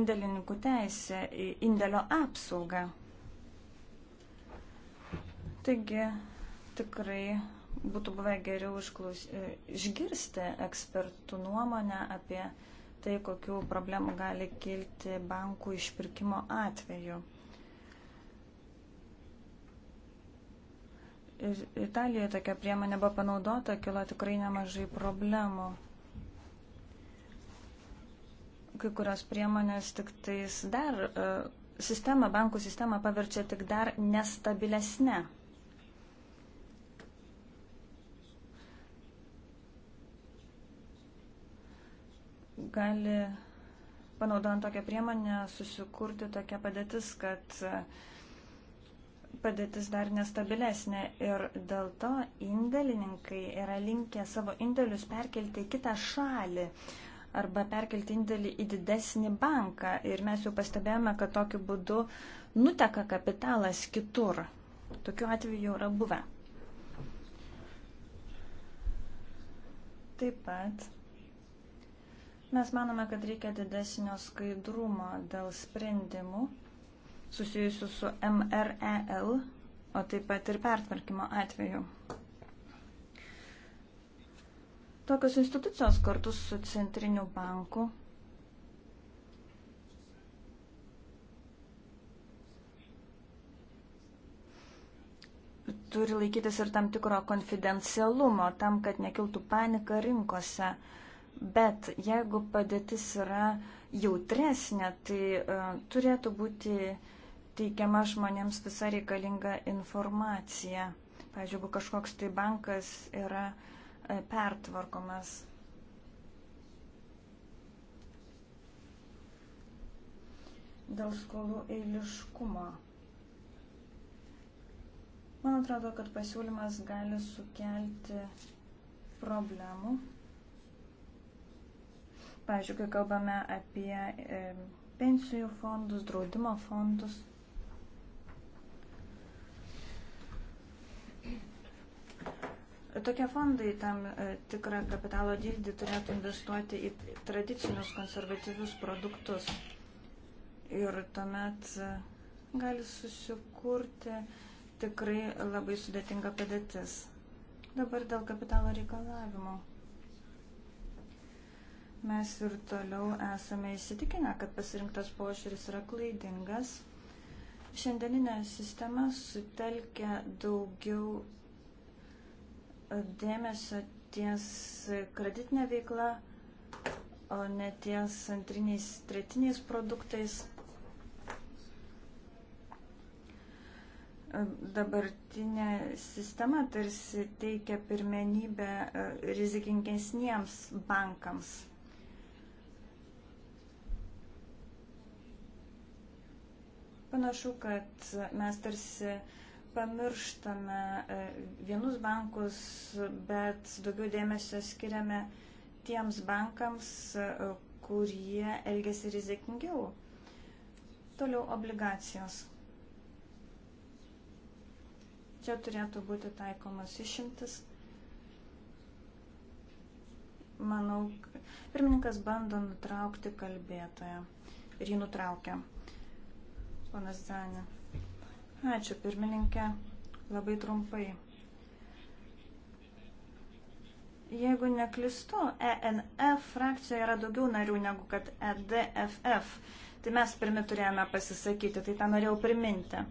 indėlininkų teisė į indėlio apsaugą. Taigi, tikrai būtų buvę geriau išklaus... E, išgirsti ekspertų nuomonę apie tai, kokių problemų gali kilti bankų išpirkimo atveju. Ir Italijoje tokia priemonė buvo panaudota, kilo tikrai nemažai problemų. Kai kurios priemonės tik tais dar e, sistemą, bankų sistemą paverčia tik dar nestabilesnę. Ne gali, panaudojant tokią priemonę, susikurti tokia padėtis, kad padėtis dar nestabilesnė ir dėl to indėlininkai yra linkę savo indėlius perkelti į kitą šalį arba perkelti indėlį į didesnį banką. Ir mes jau pastebėjome, kad tokiu būdu nuteka kapitalas kitur. Tokiu atveju yra buvę. Taip pat Mes manome, kad reikia didesnio skaidrumo dėl sprendimų susijusių su MREL, o taip pat ir pertvarkymo atveju. Tokios institucijos kartu su centriniu banku turi laikytis ir tam tikro konfidencialumo, tam, kad nekiltų panika rinkose. Bet jeigu padėtis yra jautresnė, tai uh, turėtų būti teikiama žmonėms visa reikalinga informacija. Pavyzdžiui, jeigu kažkoks tai bankas yra uh, pertvarkomas. Dėl skolų eiliškumo. Man atrodo, kad pasiūlymas gali sukelti problemų. Pavyzdžiui, kai kalbame apie e, pensijų fondus, draudimo fondus. Tokie fondai tam e, tikrą kapitalo dydį turėtų investuoti į tradicinius konservatyvius produktus. Ir tuomet e, gali susikurti tikrai labai sudėtinga padėtis. Dabar dėl kapitalo reikalavimo. Mes ir toliau esame įsitikinę, kad pasirinktas požiūris yra klaidingas. Šiandieninė sistema sutelkia daugiau e, dėmesio ties kreditinė veikla, o ne ties antriniais, tretiniais produktais. E, dabartinė sistema tarsi teikia pirmenybę e, rizikingesniems bankams. Panašu, kad mes tarsi pamirštame e, vienus bankus, bet daugiau dėmesio skiriame tiems bankams, e, kurie elgesi rizikingiau. Toliau obligacijos. Čia turėtų būti taikomas išimtis. Manau, pirmininkas bando nutraukti kalbėtoją ir jį nutraukia. Panas Zanė. Ačiū, pirmininkė. Labai trumpai. Jeigu neklistu, ENF frakcijoje yra daugiau narių negu kad EDFF. Tai mes pirmi turėjome pasisakyti, tai tą norėjau priminti.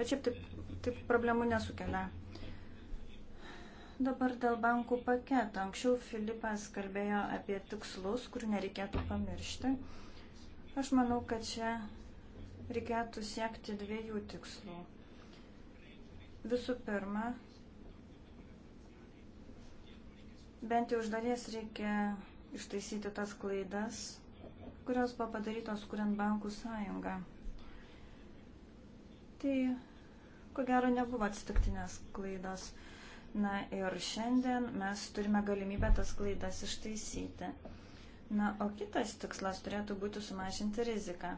Bet šiaip taip, taip problemų nesukelia. Dabar dėl bankų paketo. Anksčiau Filipas kalbėjo apie tikslus, kurių nereikėtų pamiršti. Aš manau, kad čia reikėtų siekti dviejų tikslų. Visų pirma, bent jau iš dalies reikia ištaisyti tas klaidas, kurios buvo padarytos kuriant bankų sąjungą. Tai, ko gero, nebuvo atsitiktinės klaidos. Na ir šiandien mes turime galimybę tas klaidas ištaisyti. Na, o kitas tikslas turėtų būti sumažinti riziką.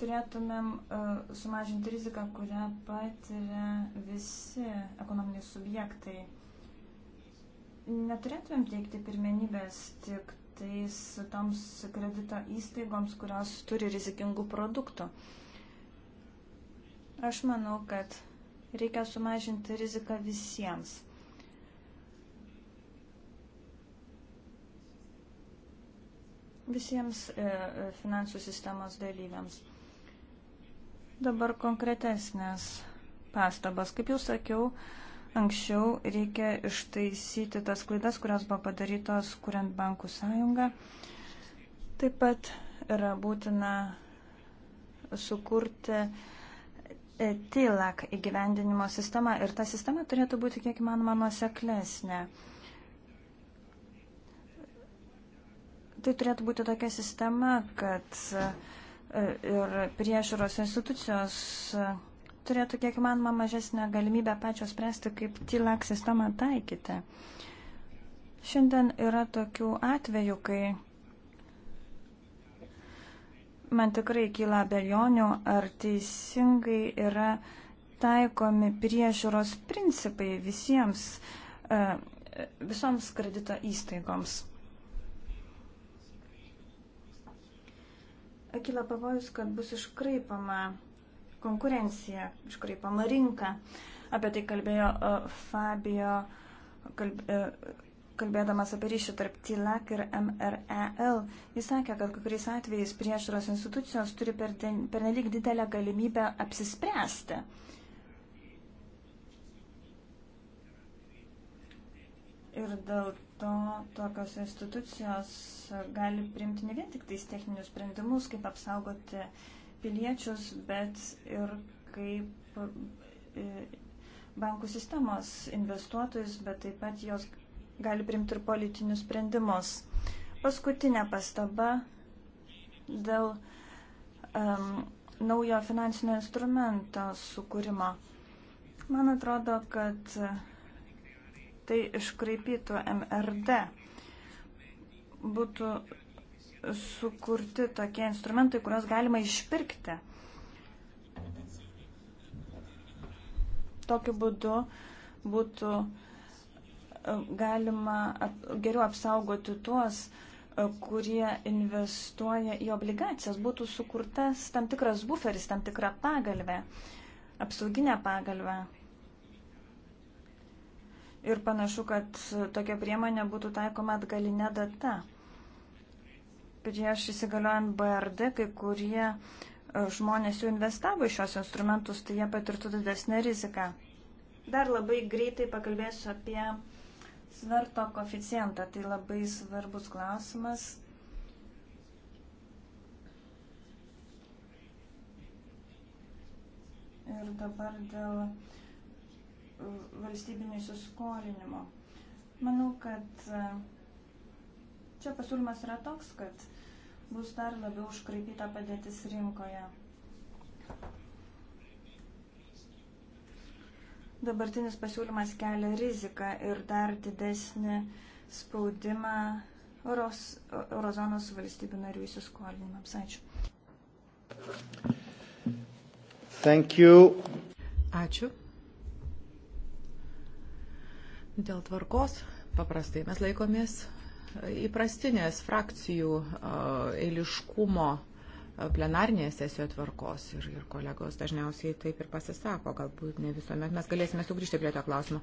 turėtumėm e, sumažinti riziką, kurią patiria visi ekonominiai subjektai. Neturėtumėm teikti pirmenybės tik tais toms kredito įstaigoms, kurios turi rizikingų produktų. Aš manau, kad reikia sumažinti riziką visiems. Visiems e, e, finansų sistemos dalyviams. Dabar konkretesnės pastabas. Kaip jau sakiau, anksčiau reikia ištaisyti tas klaidas, kurios buvo padarytos, kuriant bankų sąjungą. Taip pat yra būtina sukurti e, TILAK įgyvendinimo sistema ir ta sistema turėtų būti kiek įmanoma nuoseklesnė. Tai turėtų būti tokia sistema, kad uh, ir priežiūros institucijos e, turėtų kiek įmanoma mažesnę galimybę pačios spręsti, kaip TILAK sistemą taikyti. Šiandien yra tokių atvejų, kai man tikrai kyla abejonių, ar teisingai yra taikomi priežiūros principai visiems, e, visoms kredito įstaigoms. kila pavojus, kad bus iškraipama konkurencija, iškraipama rinka. Apie tai kalbėjo e, Fabio, kalb, e, kalbėdamas apie ryšį tarp TILAC ir MREL. Jis sakė, kad kokiais atvejais priežiūros institucijos turi pernelyg per didelę galimybę apsispręsti. Uh, ir dėl to tokios institucijos gali priimti ne vien tik tais techninius sprendimus, kaip apsaugoti piliečius, bet ir kaip e, bankų sistemos investuotojus, bet taip pat jos gali priimti ir politinius sprendimus. Paskutinė pastaba dėl um, naujo finansinio instrumento sukūrimo. Man atrodo, kad uh, tai iškraipytų MRD. Būtų sukurti tokie instrumentai, kuriuos galima išpirkti. Tokiu būdu būtų e, galima geriau apsaugoti tuos, e, kurie investuoja į obligacijas. Būtų sukurtas tam tikras buferis, tam tikra pagalvė, apsauginė pagalvė ir panašu, kad tokia priemonė būtų taikoma atgalinė data. Prieš įsigaliojant BRD, kai kurie e, žmonės jau investavo į šios instrumentus, tai jie patirtų didesnę riziką. Dar labai greitai pakalbėsiu apie sverto koficijantą. Tai labai svarbus klausimas. Ir dabar dėl valstybinio įsiskolinimo. Manau, kad e, čia pasiūlymas yra toks, kad bus dar labiau užkraipyta padėtis rinkoje. Dabartinis pasiūlymas kelia riziką ir dar didesnį spaudimą Euros, Eurozonos valstybių narių įsiskolinimams. Ačiū. Thank you. Ačiū. Dėl tvarkos paprastai mes laikomės įprastinės frakcijų eiliškumo plenarnėje sesijoje tvarkos ir, ir kolegos dažniausiai taip ir pasisako, galbūt ne visuomet mes galėsime sugrįžti prie to klausimo.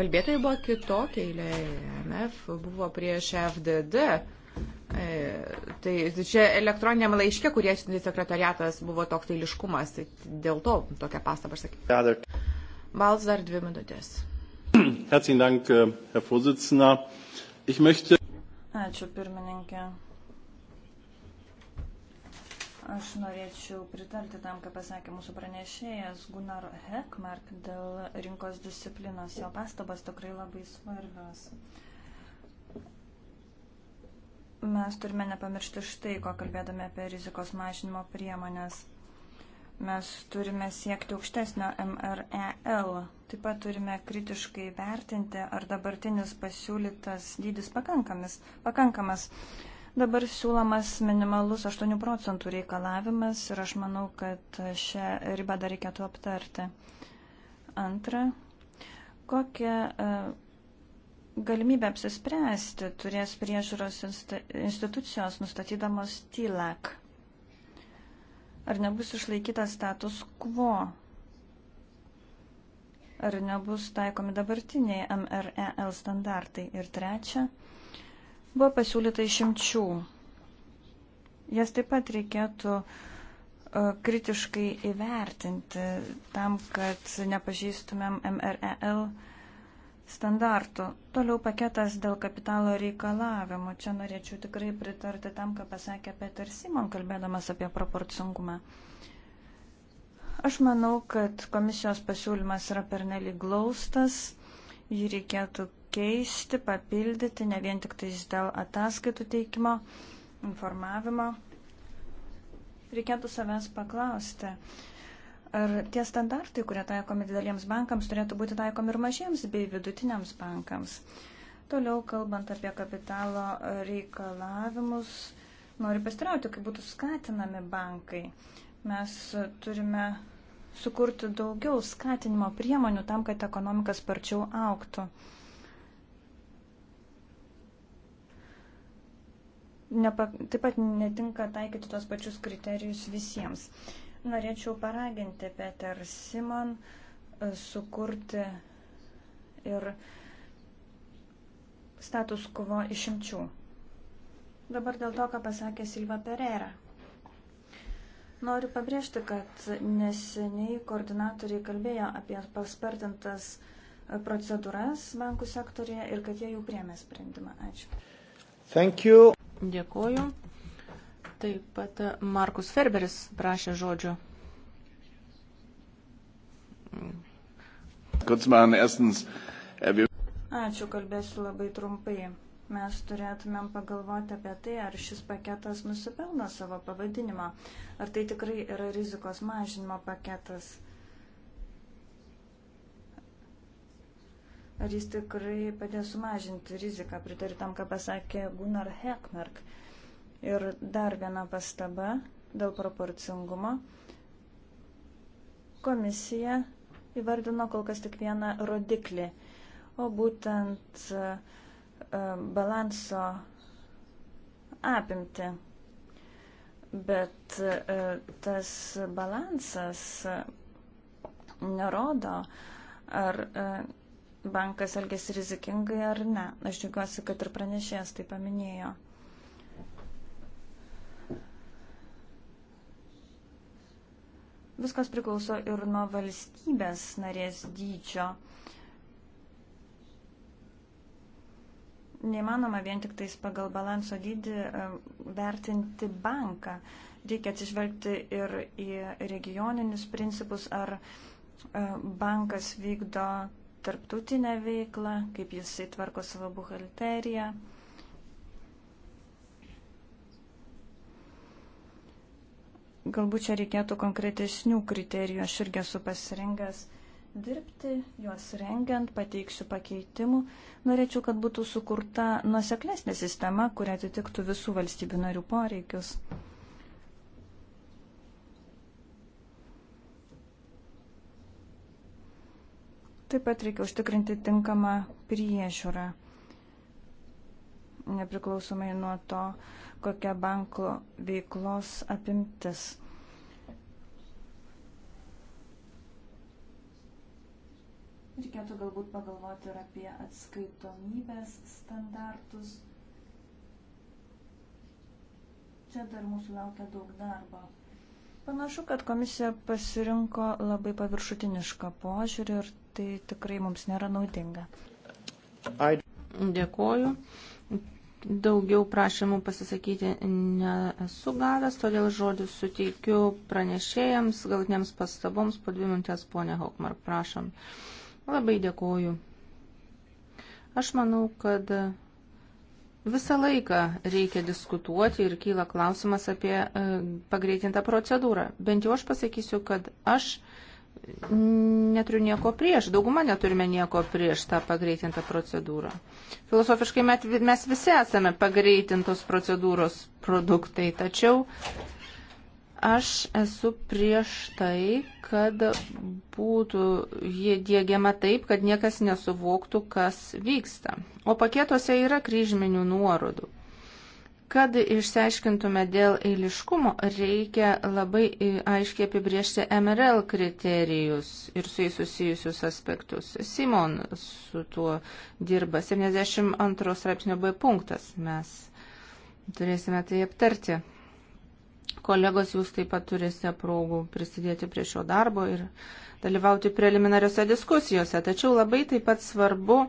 Kalbėtojai buvo kitokie, eilė e MF buvo prieš FDD. E, tai čia elektroniniam laiške, kurie sekretariatas buvo toks eiliškumas, tai dėl to tokią pastabą aš sakiau. Balts dar dvi minutės. Herzlichen Dank, äh, Herr Vorsitzender. Ich möchte. Ačiū, pirmininkė. Aš norėčiau pritarti tam, ką pasakė mūsų pranešėjas Gunnar Hekmark dėl rinkos disciplinos. Jo pastabas tikrai labai svarbios. Mes turime nepamiršti štai, ko kalbėdami apie rizikos mažinimo priemonės. Mes turime siekti aukštesnio MREL. Taip pat turime kritiškai vertinti, ar dabartinis pasiūlytas dydis pakankamas. pakankamas. Dabar siūlomas minimalus 8 procentų reikalavimas ir aš manau, kad šią ribą dar reikėtų aptarti. Antra, kokią e, galimybę apsispręsti turės priežiūros institucijos nustatydamos TILAC? Ar nebus išlaikytas status quo? Ar nebus taikomi dabartiniai MREL standartai? Ir trečia, buvo pasiūlyta išimčių. Jas taip pat reikėtų e, kritiškai įvertinti tam, kad nepažįstumėm MREL standartų standartų. Toliau paketas dėl kapitalo reikalavimų. Čia norėčiau tikrai pritarti tam, ką pasakė Peter Simon, kalbėdamas apie proporcingumą. Aš manau, kad komisijos pasiūlymas yra pernelyg glaustas, jį reikėtų keisti, papildyti, ne vien tik tais dėl ataskaitų teikimo, informavimo. Reikėtų savęs paklausti Ar tie standartai, kurie taikomi dideliems bankams, turėtų būti taikomi ir mažiems bei vidutiniams bankams? Toliau, kalbant apie kapitalo reikalavimus, noriu pastirauti, kaip būtų skatinami bankai. Mes turime sukurti daugiau skatinimo priemonių tam, kad ekonomika sparčiau auktų. Nepa, taip pat netinka taikyti tos pačius kriterijus visiems. Uh, Norėčiau paraginti Peter Simon e, sukurti ir status quo išimčių. Dabar dėl to, ką pasakė Silva Pereira. Noriu pabrėžti, kad neseniai koordinatoriai kalbėjo apie paspartintas e, procedūras bankų sektorėje ir kad jie jau priemė sprendimą. Ačiū. Thank you. Dėkuoju. Taip pat Markus Ferberis prašė žodžio. Äh, Ačiū, kalbėsiu labai trumpai. Mes turėtumėm pagalvoti apie tai, ar šis paketas nusipelno savo pavadinimą, ar tai tikrai yra rizikos mažinimo paketas. Ar jis tikrai padės sumažinti riziką, pritariu tam, ką pasakė Gunnar Hekmark. Uh, Ir dar viena pastaba dėl proporcingumo. Komisija įvardino kol kas tik vieną rodiklį, o būtent e, balanso apimti. Bet e, tas balansas nerodo, ar e, bankas elgesi rizikingai ar ne. Aš džiugiuosi, kad ir pranešėjas tai paminėjo. Viskas priklauso ir nuo valstybės narės dydžio. Neįmanoma vien tik tais pagal balanso dydį e, vertinti banką. Reikia atsižvelgti ir į regioninius principus, ar e, bankas vykdo tarptautinę veiklą, kaip jisai tvarko savo buhalteriją. Galbūt čia reikėtų konkretesnių kriterijų, aš irgi esu pasirengęs dirbti, juos rengiant, pateiksiu pakeitimų. Norėčiau, kad būtų sukurta nuoseklesnė sistema, kuri atitiktų visų valstybių narių poreikius. Taip pat reikia užtikrinti tinkamą priežiūrą nepriklausomai nuo to, kokia banko veiklos apimtis. Reikėtų galbūt pagalvoti ir apie atskaitomybės standartus. Čia dar mūsų laukia daug darbo. Panašu, kad komisija pasirinko labai paviršutinišką požiūrį ir tai tikrai mums nėra naudinga. Dėkuoju. Daugiau prašymų pasisakyti nesu gavęs, todėl žodį suteikiu pranešėjams, galtiniams pastaboms po dvi minutės, ponė Haukmark, prašom. Labai dėkoju. Aš manau, kad visą laiką reikia diskutuoti ir kyla klausimas apie e, pagreitintą procedūrą. Bent jau aš pasakysiu, kad aš neturiu nieko prieš, dauguma neturime nieko prieš tą pagreitintą procedūrą. Filosofiškai mes visi esame pagreitintos procedūros produktai, tačiau aš esu prieš tai, kad būtų jie dėgiama taip, kad niekas nesuvoktų, kas vyksta. O paketuose yra kryžminių nuorodų. Kad išsiaiškintume dėl eiliškumo, reikia labai aiškiai apibriežti MRL kriterijus ir su jais susijusius aspektus. Simon su tuo dirba 72 straipsnio B punktas. Mes turėsime tai aptarti. Kolegos, jūs taip pat turėsite progų prisidėti prie šio darbo ir dalyvauti preliminariuose diskusijose. Tačiau labai taip pat svarbu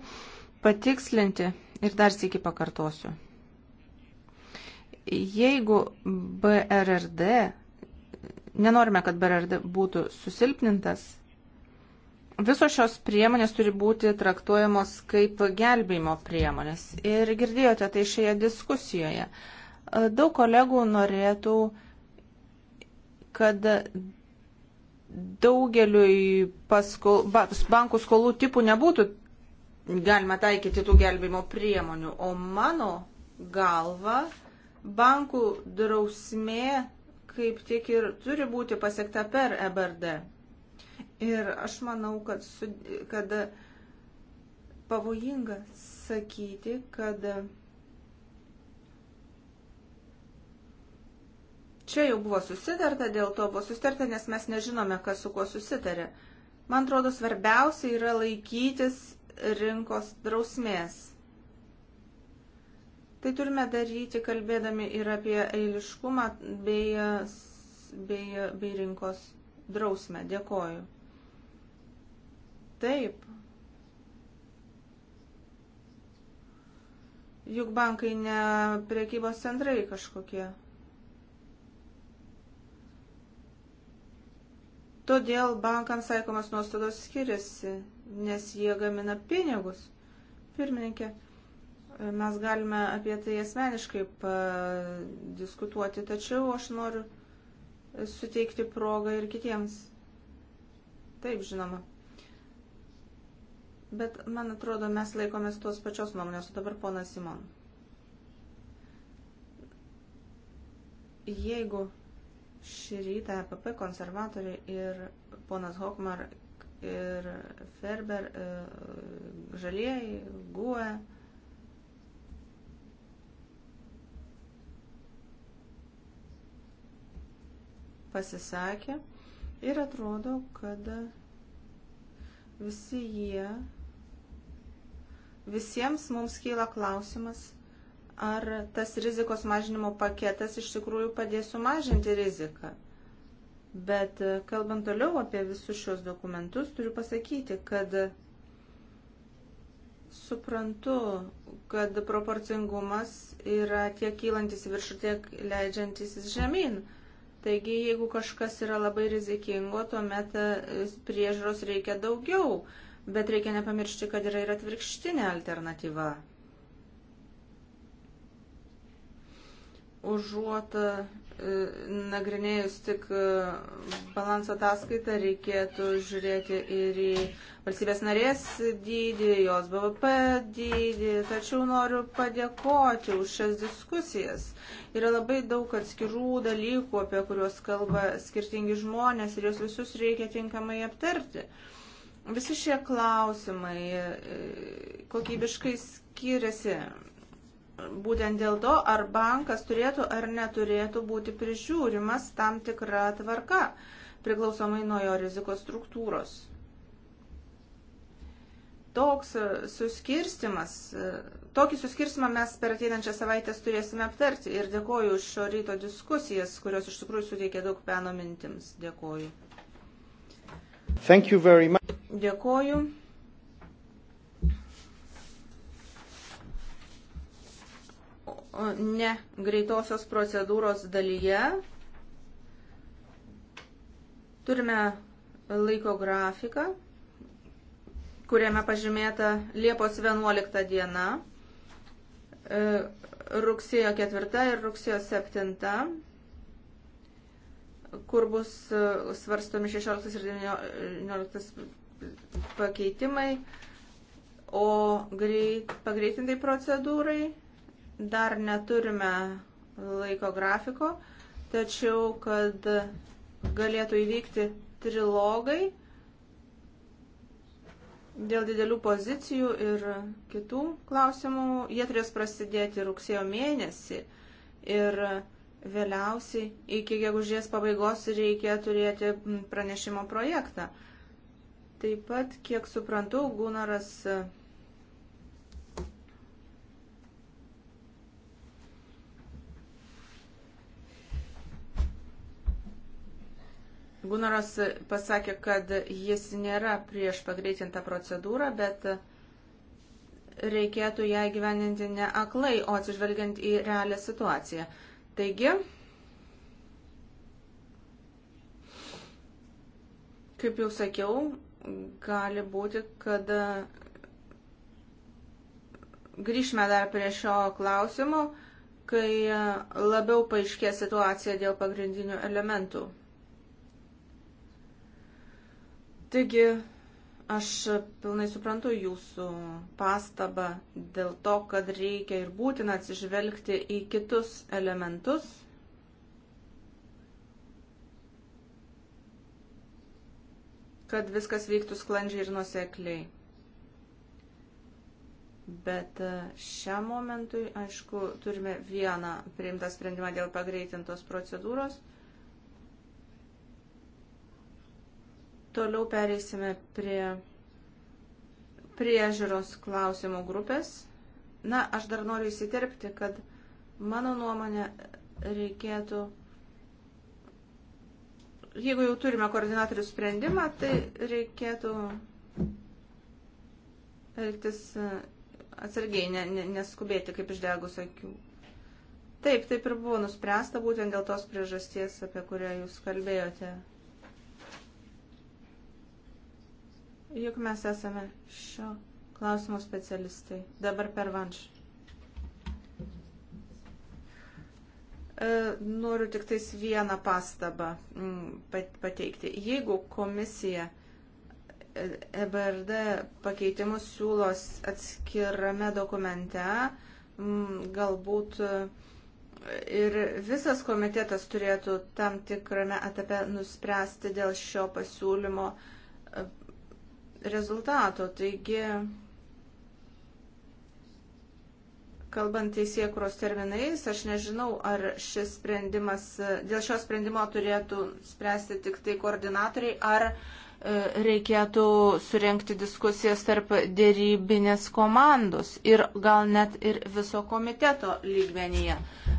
patikslinti ir dar sėki pakartosiu Jeigu BRRD, nenorime, kad BRRD būtų susilpnintas, visos šios priemonės turi būti traktuojamos kaip gelbėjimo priemonės. Ir girdėjote tai šioje diskusijoje. Daug kolegų norėtų, kad daugeliui paskol, bankų skolų tipų nebūtų galima taikyti tų gelbėjimo priemonių. O mano galva bankų drausmė kaip tik ir turi būti pasiekta per EBRD. Ir aš manau, kad, su, kad pavojinga sakyti, kad čia jau buvo susitarta, dėl to buvo susitarta, nes mes nežinome, kas su kuo susitarė. Man atrodo, svarbiausia yra laikytis rinkos drausmės. Tai turime daryti, kalbėdami ir apie eiliškumą bei, bei, bei rinkos drausmę. Dėkoju. Taip. Juk bankai ne priekybos centrai kažkokie. Todėl bankams taikomas nuostatos skiriasi, nes jie gamina pinigus. Pirmininkė. Mes galime apie tai asmeniškai padiskutuoti, tačiau aš noriu suteikti progą ir kitiems. Taip, žinoma. Bet, man atrodo, mes laikomės tos pačios nuomonės, o dabar ponas Simon. Jeigu šį rytą EPP konservatoriai ir ponas Hokmar ir Ferber e, žalieji, GUE, pasisakė ir atrodo, kad visi jie, visiems mums kyla klausimas, ar tas rizikos mažinimo paketas iš tikrųjų padės sumažinti riziką. Bet kalbant toliau apie visus šios dokumentus, turiu pasakyti, kad suprantu, kad proporcingumas yra tiek kylantis viršų, tiek leidžiantis žemyn. Taigi, jeigu kažkas yra labai rizikingo, tuomet e, priežiūros reikia daugiau, bet reikia nepamiršti, kad yra ir atvirkštinė alternatyva. Užuot E, nagrinėjus tik e, balanso ataskaitą reikėtų žiūrėti ir į valstybės narės dydį, jos BVP dydį, tačiau noriu padėkoti už šias diskusijas. Yra labai daug atskirų dalykų, apie kuriuos kalba skirtingi žmonės ir juos visus reikia tinkamai aptarti. Visi šie klausimai e, kokybiškai skiriasi būtent dėl to, ar bankas turėtų ar neturėtų būti prižiūrimas tam tikra tvarka, priklausomai nuo jo rizikos struktūros. Toks e, suskirstimas, e, tokį suskirstimą mes per ateinančią savaitę turėsime aptarti ir dėkoju už šio ryto diskusijas, kurios iš tikrųjų suteikė daug peno mintims. Dėkoju. Dėkoju. ne greitosios procedūros dalyje. Turime laiko grafiką, kuriame pažymėta Liepos 11 diena, e, rugsėjo 4 ir rugsėjo 7, kur bus e, svarstomi 16 ir 19 pakeitimai, o greit, pagreitintai procedūrai dar neturime laiko grafiko, tačiau kad galėtų įvykti trilogai dėl didelių pozicijų ir kitų klausimų, jie turės prasidėti rugsėjo mėnesį ir vėliausiai iki gegužės pabaigos reikia turėti pranešimo projektą. Taip pat, kiek suprantu, Gunaras Gunaras pasakė, kad jis nėra prieš pagreitintą procedūrą, bet reikėtų ją gyveninti ne aklai, o atsižvelgiant į realią situaciją. Taigi, kaip jau sakiau, gali būti, kad grįžime dar prie šio klausimo, kai labiau paaiškės situacija dėl pagrindinių elementų. Taigi, aš pilnai suprantu jūsų pastabą dėl to, kad reikia ir būtina atsižvelgti į kitus elementus. kad viskas vyktų sklandžiai ir nusekliai. Bet e, šiam momentui, aišku, turime vieną priimtą sprendimą dėl pagreitintos procedūros – Toliau pereisime prie priežiūros klausimų grupės. Na, aš dar noriu įsiterpti, kad mano nuomonė reikėtų, jeigu jau turime koordinatorių sprendimą, tai reikėtų elgtis uh, atsargiai, ne, ne, neskubėti kaip išdegus akių. Taip, taip ir buvo nuspręsta būtent dėl tos priežasties, apie kurią jūs kalbėjote. Juk mes esame šio klausimo specialistai. Dabar per vanš. E, noriu tik tais vieną pastabą mm, pateikti. Jeigu komisija EBRD e pakeitimus siūlos atskirame dokumente, mm, galbūt e, ir visas komitetas turėtų tam tikrame etape nuspręsti dėl šio pasiūlymo uh, rezultato. Taigi, kalbant teisėkuros terminais, aš nežinau, ar šis sprendimas, dėl šio sprendimo turėtų spręsti tik tai koordinatoriai, ar reikėtų surenkti diskusijas tarp dėrybinės komandos ir gal net ir viso komiteto lygmenyje.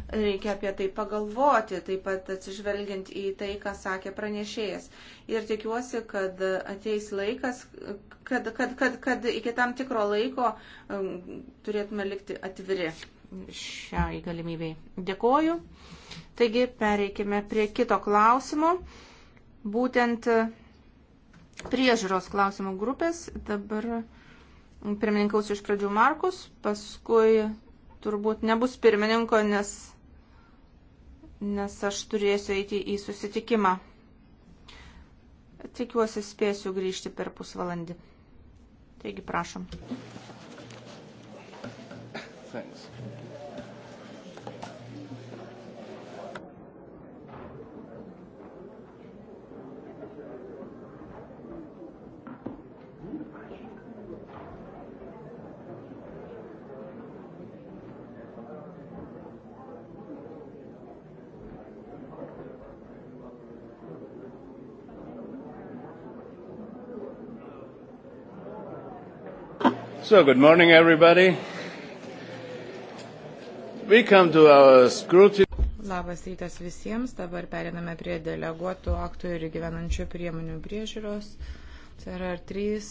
Reikia apie tai pagalvoti, taip pat atsižvelgiant į tai, ką sakė pranešėjas. Ir tikiuosi, kad ateis laikas, kad, kad, kad, kad iki tam tikro laiko um, turėtume likti atviri šiai galimybei. Dėkoju. Taigi pereikime prie kito klausimo. Būtent priežiūros klausimų grupės. Dabar pirmininkaus iš pradžių Markus, paskui turbūt nebus pirmininko, nes, nes aš turėsiu eiti į susitikimą. Tikiuosi spėsiu grįžti per pusvalandį. Taigi prašom. Thanks. So, good morning, everybody. We come to our scrutiny. Labas rytas visiems. Dabar periname prie deleguotų aktų ir gyvenančių priemonių priežiūros. Tai yra trys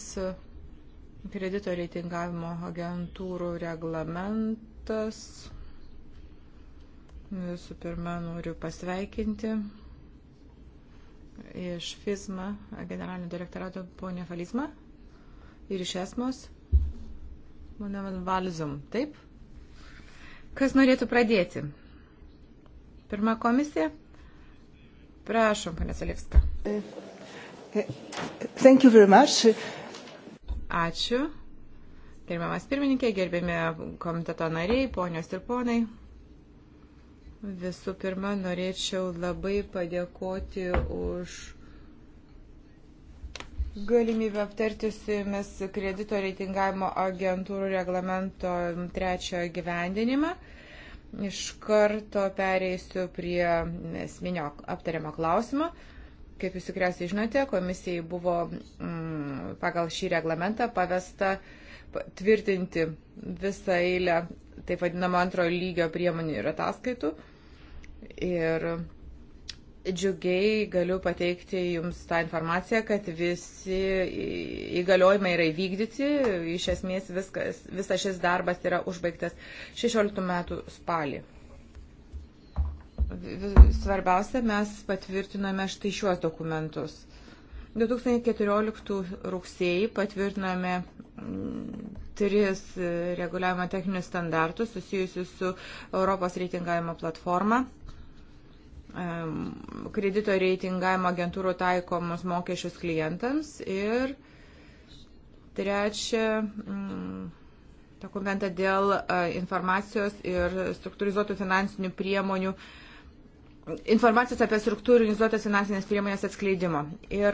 kredito reitingavimo agentūrų reglamentas. Visų pirma, noriu pasveikinti iš FISMA generalinio direktorato ponę Falizmą ir iš ESMOS Mane Valizum, taip? Kas norėtų pradėti? Pirma komisija? Prašom, panė Salevska. Thank you very much. Ačiū. Gerbiamas pirmininkė, gerbiami komiteto nariai, ponios ir ponai. Visų pirma, norėčiau labai padėkoti už galimybę aptarti su jumis kredito reitingavimo agentūrų reglamento trečiojo gyvendinimą. Iš karto pereisiu prie esminio aptariamo klausimo. Kaip jūs tikriausiai žinote, komisijai buvo mm, pagal šį reglamentą pavesta tvirtinti visą eilę taip vadinamą antrojo lygio priemonių ir ataskaitų. Ir džiugiai galiu pateikti Jums tą informaciją, kad visi įgaliojimai yra įvykdyti, iš esmės viskas, visas šis darbas yra užbaigtas 16 metų spalį. Svarbiausia, mes patvirtinome štai šiuos dokumentus. 2014 rugsėjai patvirtinome mm, tris reguliavimo techninius standartus susijusius su Europos reitingavimo platforma kredito reitingavimo agentūrų taikomus mokesčius klientams. Ir trečia, mm, dokumentą dėl e, informacijos ir struktūrizuotų finansinių priemonių, informacijos apie struktūrizuotas finansinės priemonės atskleidimo. Ir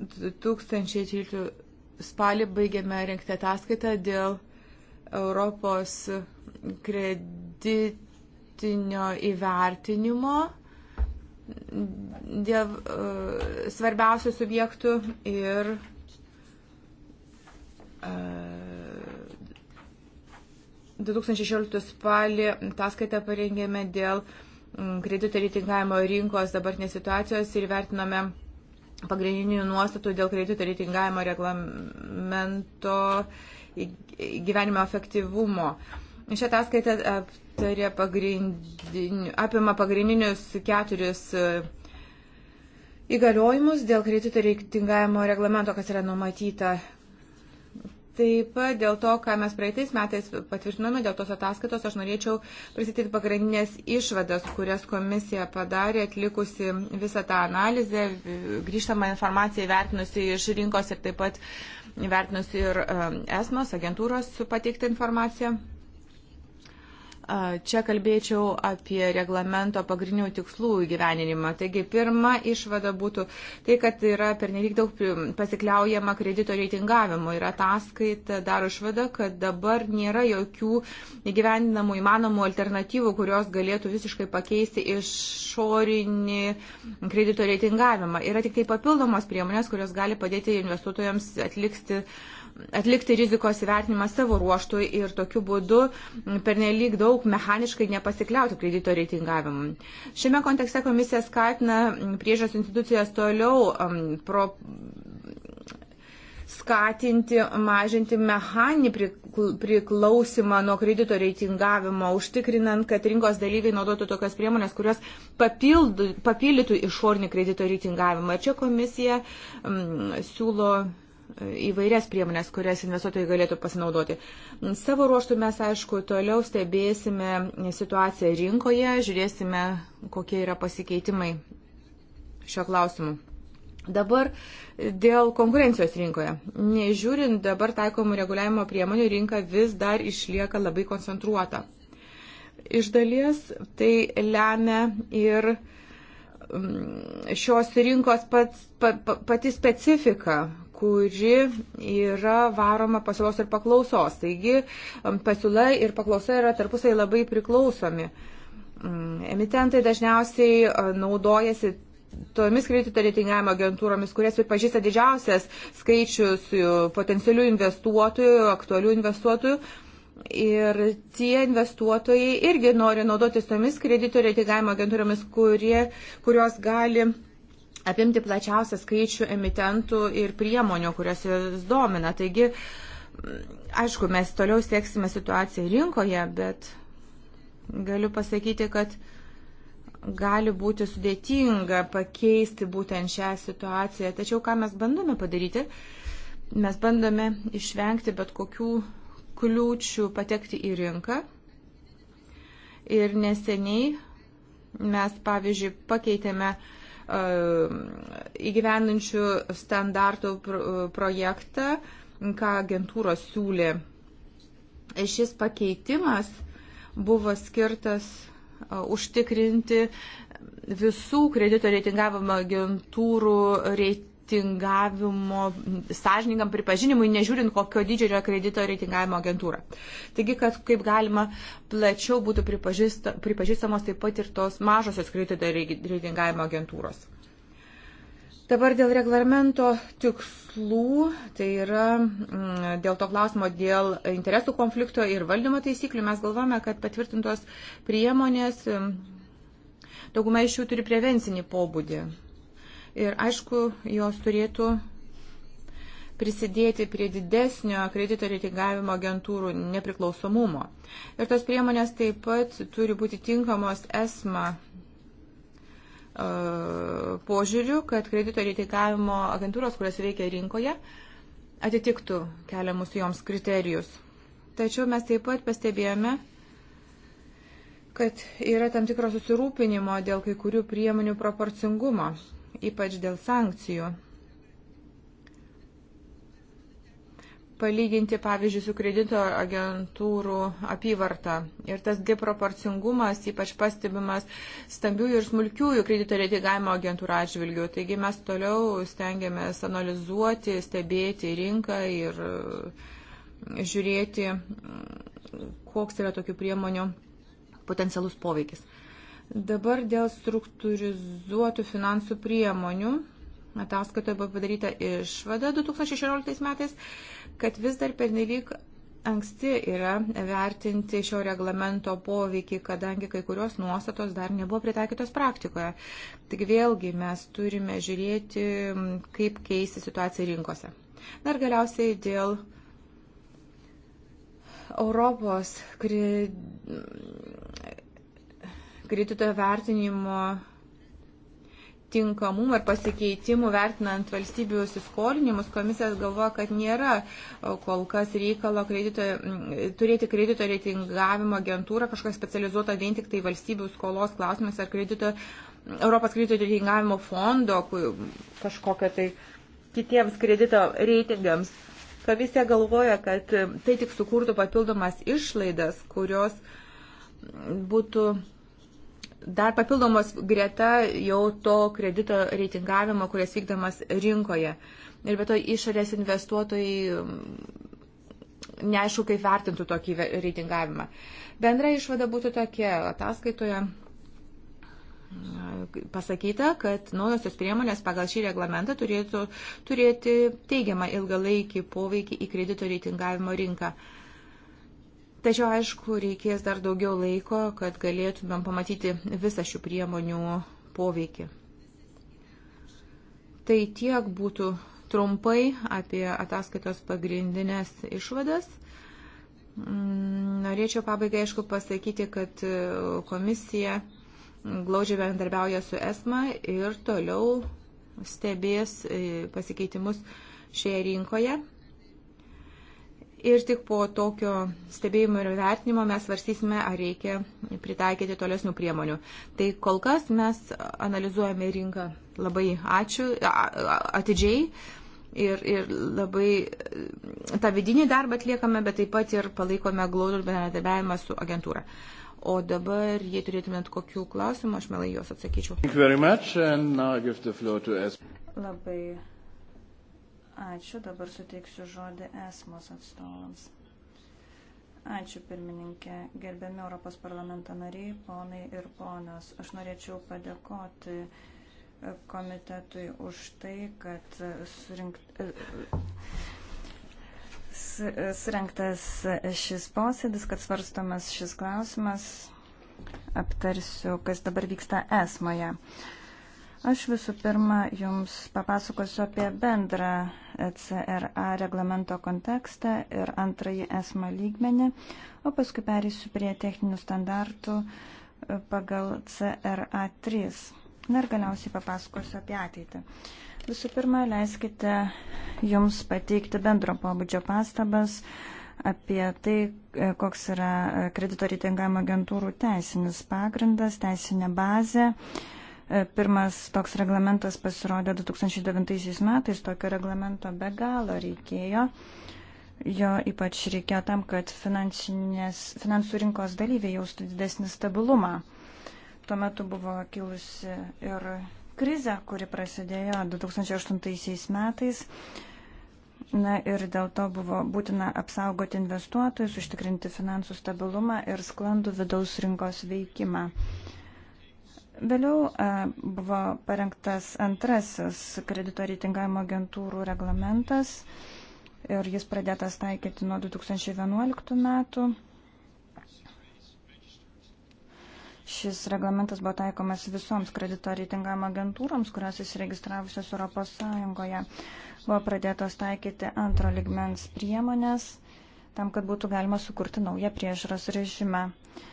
2013 spalį baigėme rinkti ataskaitą dėl Europos kredit nuolatinio įvertinimo dėl uh, svarbiausių subjektų ir e, uh, 2016 spalį ataskaitą parengėme dėl kredito reitingavimo rinkos dabartinės situacijos ir vertiname pagrindinių nuostatų dėl kredito reitingavimo reglamento gyvenimo efektyvumo. Šią ataskaitą e, aptarė pagrindinių, apima pagrindinius keturis e, įgaliojimus dėl kredito reitingavimo reglamento, kas yra numatyta. Taip pat dėl to, ką mes praeitais metais patvirtinome, dėl tos ataskaitos, aš norėčiau prisitikti pagrindinės išvadas, kurias komisija padarė, atlikusi visą tą analizę, grįžtamą informaciją įvertinusi iš rinkos ir taip pat įvertinusi ir e, esmas agentūros pateiktą informaciją. Čia kalbėčiau apie reglamento pagrindinių tikslų įgyveninimą. Taigi pirma išvada būtų tai, kad yra pernelyg daug pasikliaujama kredito reitingavimu. Ir ataskaita daro išvadą, kad dabar nėra jokių įgyveninamų įmanomų alternatyvų, kurios galėtų visiškai pakeisti išorinį kredito reitingavimą. Yra tik tai papildomos priemonės, kurios gali padėti investuotojams atlikti uh, atlikti rizikos įvertinimą savo ruoštų ir tokiu būdu pernelyg daug mechaniškai nepasikliauti kredito reitingavimu. Šiame kontekste komisija skatina priežas institucijas toliau um, pro skatinti, mažinti mechaninį priklausimą nuo kredito reitingavimo, užtikrinant, kad rinkos dalyviai naudotų tokias priemonės, kurios papildytų išornį kredito reitingavimą. Ir čia komisija m, um, siūlo įvairias priemonės, kurias investuotojai galėtų pasinaudoti. Savo ruoštų mes, aišku, toliau stebėsime situaciją rinkoje, žiūrėsime, kokie yra pasikeitimai šio klausimu. Dabar dėl konkurencijos rinkoje. Nežiūrint dabar taikomų reguliavimo priemonių, rinka vis dar išlieka labai koncentruota. Iš dalies tai lemia ir uh, Mm, šios rinkos pats, pa, pa, pati specifika, kuri yra varoma pasiūlos ir paklausos. Taigi mm, pasiūla ir paklausa yra tarpusai labai priklausomi. Mm, emitentai dažniausiai naudojasi tomis kredito reitingavimo agentūromis, kurias pripažįsta didžiausias skaičius potencialių investuotojų, aktualių investuotojų. Ir tie investuotojai irgi nori naudotis tomis kredito reitingavimo agentūromis, kurie, kurios gali apimti plačiausią skaičių emitentų ir priemonių, kurios jūs domina. Taigi, aišku, mes toliau sieksime situaciją rinkoje, bet galiu pasakyti, kad gali būti sudėtinga pakeisti būtent šią situaciją. Tačiau ką mes bandome padaryti? Mes bandome išvengti bet kokių kliūčių patekti į rinką. Ir neseniai mes, pavyzdžiui, pakeitėme e, įgyvendinčių standartų projektą, ką agentūros siūlė. Šis pakeitimas buvo skirtas e, užtikrinti visų kredito reitingavimo agentūrų reitingavimą reitingavimo, sąžiningam pripažinimui, nežiūrint kokio dydžio yra kredito reitingavimo agentūra. Taigi, kad kaip galima plačiau būtų pripažįstamos taip pat ir tos mažosios kredito reitingavimo agentūros. Dabar dėl reglamento tikslų, tai yra mm, dėl to klausimo dėl interesų konflikto ir valdymo taisyklių, mes galvome, kad patvirtintos priemonės, mm, dauguma iš jų turi prevencinį pobūdį. Ir aišku, jos turėtų prisidėti prie didesnio kredito reitingavimo agentūrų nepriklausomumo. Ir tos priemonės taip pat turi būti tinkamos esma e, požiūriu, kad kredito reitingavimo agentūros, kurios veikia rinkoje, atitiktų keliamus joms kriterijus. Tačiau mes taip pat pastebėjome, kad yra tam tikro susirūpinimo dėl kai kurių priemonių proporcingumo ypač dėl sankcijų. palyginti, pavyzdžiui, su kredito agentūrų apyvarta. Ir tas deproporcingumas ypač pastebimas stambiųjų ir smulkiųjų kredito reitingavimo agentūrų atžvilgių. Taigi mes toliau stengiamės analizuoti, stebėti rinką ir e, žiūrėti, koks yra tokių priemonių potencialus poveikis. Dabar dėl struktūrizuotų finansų priemonių. Ataskaitoje buvo padaryta išvada 2016 metais, kad vis dar pernelyg anksti yra vertinti šio reglamento poveikį, kadangi kai kurios nuostatos dar nebuvo pritaikytos praktikoje. Tik vėlgi mes turime žiūrėti, kaip keisti situaciją rinkose. Dar galiausiai dėl Europos kri kredito vertinimo tinkamumą ir pasikeitimų vertinant valstybių įsiskolinimus, komisijas galvoja, kad nėra kol kas reikalo kredito, mm, turėti kredito reitingavimo agentūrą, kažką specializuotą vien tik tai valstybių skolos klausimas ar kredito, Europos kredito reitingavimo fondo kažkokio tai kitiems kredito reitingams. Komisija galvoja, kad e, tai tik sukurtų papildomas išlaidas, kurios būtų dar papildomos greta jau to kredito reitingavimo, kurias vykdamas rinkoje. Ir be to išorės investuotojai mm, neaišku, kaip vertintų tokį reitingavimą. Bendra išvada būtų tokia ataskaitoje mm, pasakyta, kad naujosios priemonės pagal šį reglamentą turėtų turėti teigiamą ilgalaikį poveikį į kredito reitingavimo rinką. Uh, Tačiau, aišku, reikės dar daugiau laiko, kad galėtumėm pamatyti visą šių priemonių poveikį. Tai tiek būtų trumpai apie ataskaitos pagrindinės išvadas. Norėčiau pabaigai, aišku, pasakyti, kad komisija glaudžiai bendarbiauja su ESMA ir toliau stebės e, pasikeitimus šioje rinkoje. Ir tik po tokio stebėjimo ir vertinimo mes svarstysime, ar reikia pritaikyti tolesnių priemonių. Tai kol kas mes analizuojame rinką labai ačiū, atidžiai ir, ir labai e, tą vidinį darbą atliekame, bet taip pat ir palaikome glaudų bendradarbiavimą su agentūra. O dabar, jei turėtumėt kokių klausimų, aš melai juos atsakyčiau. Labai Ačiū, dabar suteiksiu žodį esmos atstovams. Ačiū pirmininkė, gerbiami Europos parlamento nariai, ponai ir ponios. Aš norėčiau padėkoti e, komitetui už tai, kad e, surinkt, e, surinktas šis posėdis, kad svarstomas šis klausimas. Aptarsiu, kas dabar vyksta esmoje. Uh, Aš visų pirma Jums papasakosiu apie bendrą CRA reglamento kontekstą ir antrąjį esmą lygmenį, o paskui perėsiu prie techninių standartų e, pagal CRA 3. Na ir galiausiai papasakosiu apie ateitį. Visų pirma, leiskite Jums pateikti bendro pobūdžio pastabas apie tai, e, koks yra e, kredito reitingavimo agentūrų teisinis pagrindas, teisinė bazė. Uh, E, pirmas toks reglamentas pasirodė 2009 metais, tokio reglamento be galo reikėjo. Jo ypač reikėjo tam, kad finansų rinkos dalyviai jaustų didesnį stabilumą. Tuo metu buvo kilusi ir krizė, kuri prasidėjo 2008 metais. Na ir dėl to buvo būtina apsaugoti investuotojus, užtikrinti finansų stabilumą ir sklandų vidaus rinkos veikimą. Vėliau e, buvo parengtas antrasis kredito reitingavimo agentūrų reglamentas ir jis pradėtas taikyti nuo 2011 metų. Šis reglamentas buvo taikomas visoms kredito reitingavimo agentūroms, kurios įsiregistravusios Europos Sąjungoje. Buvo pradėtos taikyti antro ligmens priemonės tam, kad būtų galima sukurti naują priežiūros režimą. Uh,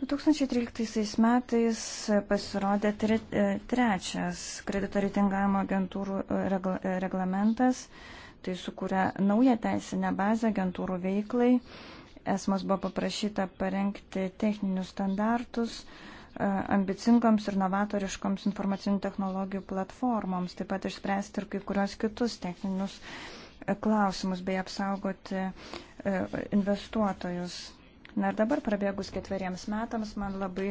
2013 metais pasirodė tre, e, trečias kredito reitingavimo agentūrų e, regla, e, reglamentas. Tai sukūrė naują teisinę bazę agentūrų veiklai. Esmas buvo paprašyta parengti techninius standartus ambicingoms ir novatoriškoms informacinių technologijų platformoms, taip pat išspręsti ir kai kurios kitus techninius klausimus bei apsaugoti investuotojus. Na ir dabar prabėgus ketveriems metams man labai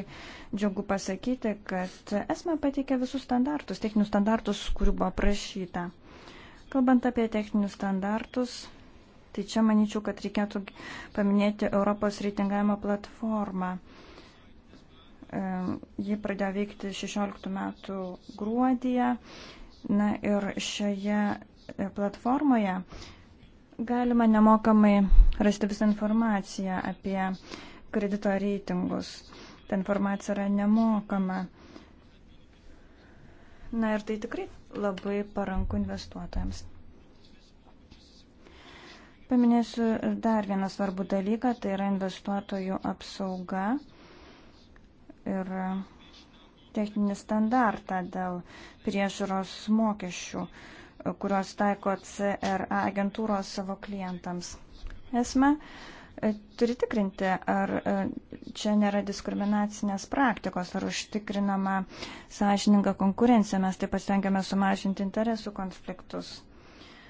džiugu pasakyti, kad esmė pateikė visus standartus, techninius standartus, kurių buvo prašyta. Kalbant apie techninius standartus, tai čia manyčiau, kad reikėtų paminėti Europos reitingavimo platformą. Ji pradėjo veikti 16 metų gruodyje. Na ir šioje platformoje Galima nemokamai rasti visą informaciją apie kredito reitingus. Ta informacija yra nemokama. Na ir tai tikrai labai paranku investuotojams. Paminėsiu dar vieną svarbų dalyką, tai yra investuotojų apsauga ir techninį standartą dėl priežiūros mokesčių. Uh, kuriuos taiko CRA agentūros savo klientams. Esma e, turi tikrinti, ar e, čia nėra diskriminacinės praktikos, ar užtikrinama sąžininga konkurencija. Mes taip pat stengiame sumažinti interesų konfliktus.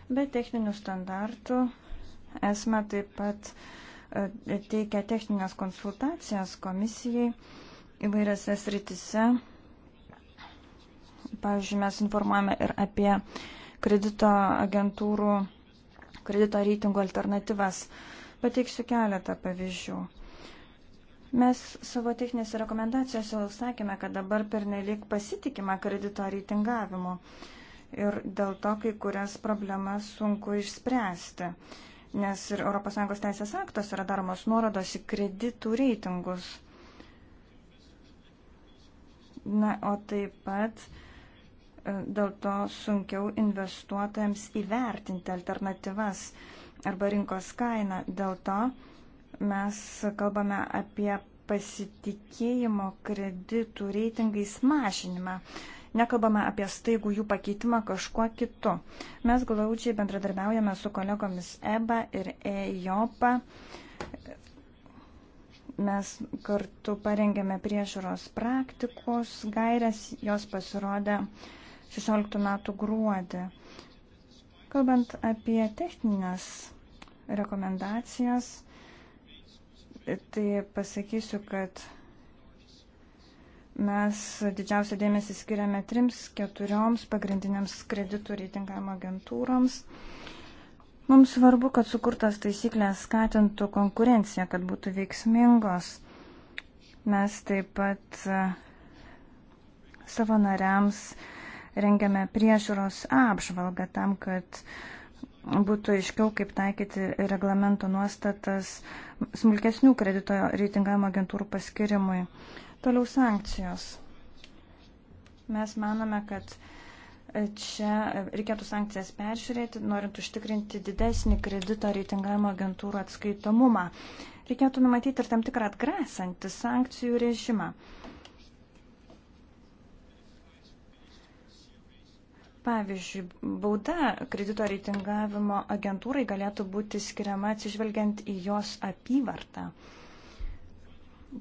Be techninių standartų esame taip pat e, teikia techninės konsultacijas komisijai įvairiose sritise. Pavyzdžiui, mes informuojame ir apie kredito agentūrų, kredito reitingų alternatyvas. Pateiksiu keletą pavyzdžių. Mes savo techninėse rekomendacijose jau sakėme, kad dabar pernelyg pasitikima kredito reitingavimu ir dėl to kai kurias problemas sunku išspręsti, nes ir ES teisės aktos yra daromos nuorodos į kreditų reitingus. Na, o taip pat dėl to sunkiau investuotojams įvertinti alternatyvas arba rinkos kainą. Dėl to mes kalbame apie pasitikėjimo kreditų reitingais mažinimą. Nekalbame apie staigų jų pakeitimą kažkuo kitu. Mes glaudžiai bendradarbiaujame su kolegomis EBA ir EJOPA. Mes kartu parengėme priežiūros praktikus, gairias, jos pasirodė uh, 16 metų gruodį. Kalbant apie techninės rekomendacijas, tai pasakysiu, kad mes didžiausią dėmesį skiriame trims, keturioms pagrindiniams kreditų reitingavimo agentūroms. Mums svarbu, kad sukurtas taisyklės skatintų konkurenciją, kad būtų veiksmingos. Mes taip pat e, savo nariams uh, rengiame priežiūros apžvalgą tam, kad būtų aiškiau, kaip taikyti reglamento nuostatas smulkesnių kredito reitingavimo agentūrų paskirimui. Toliau sankcijos. Mes manome, kad čia reikėtų sankcijas peržiūrėti, norint užtikrinti didesnį kredito reitingavimo agentūrų atskaitomumą. Reikėtų numatyti ir tam tikrą atgrasantį sankcijų režimą. Pavyzdžiui, bauda kredito reitingavimo agentūrai galėtų būti skiriama atsižvelgiant į jos apyvartą.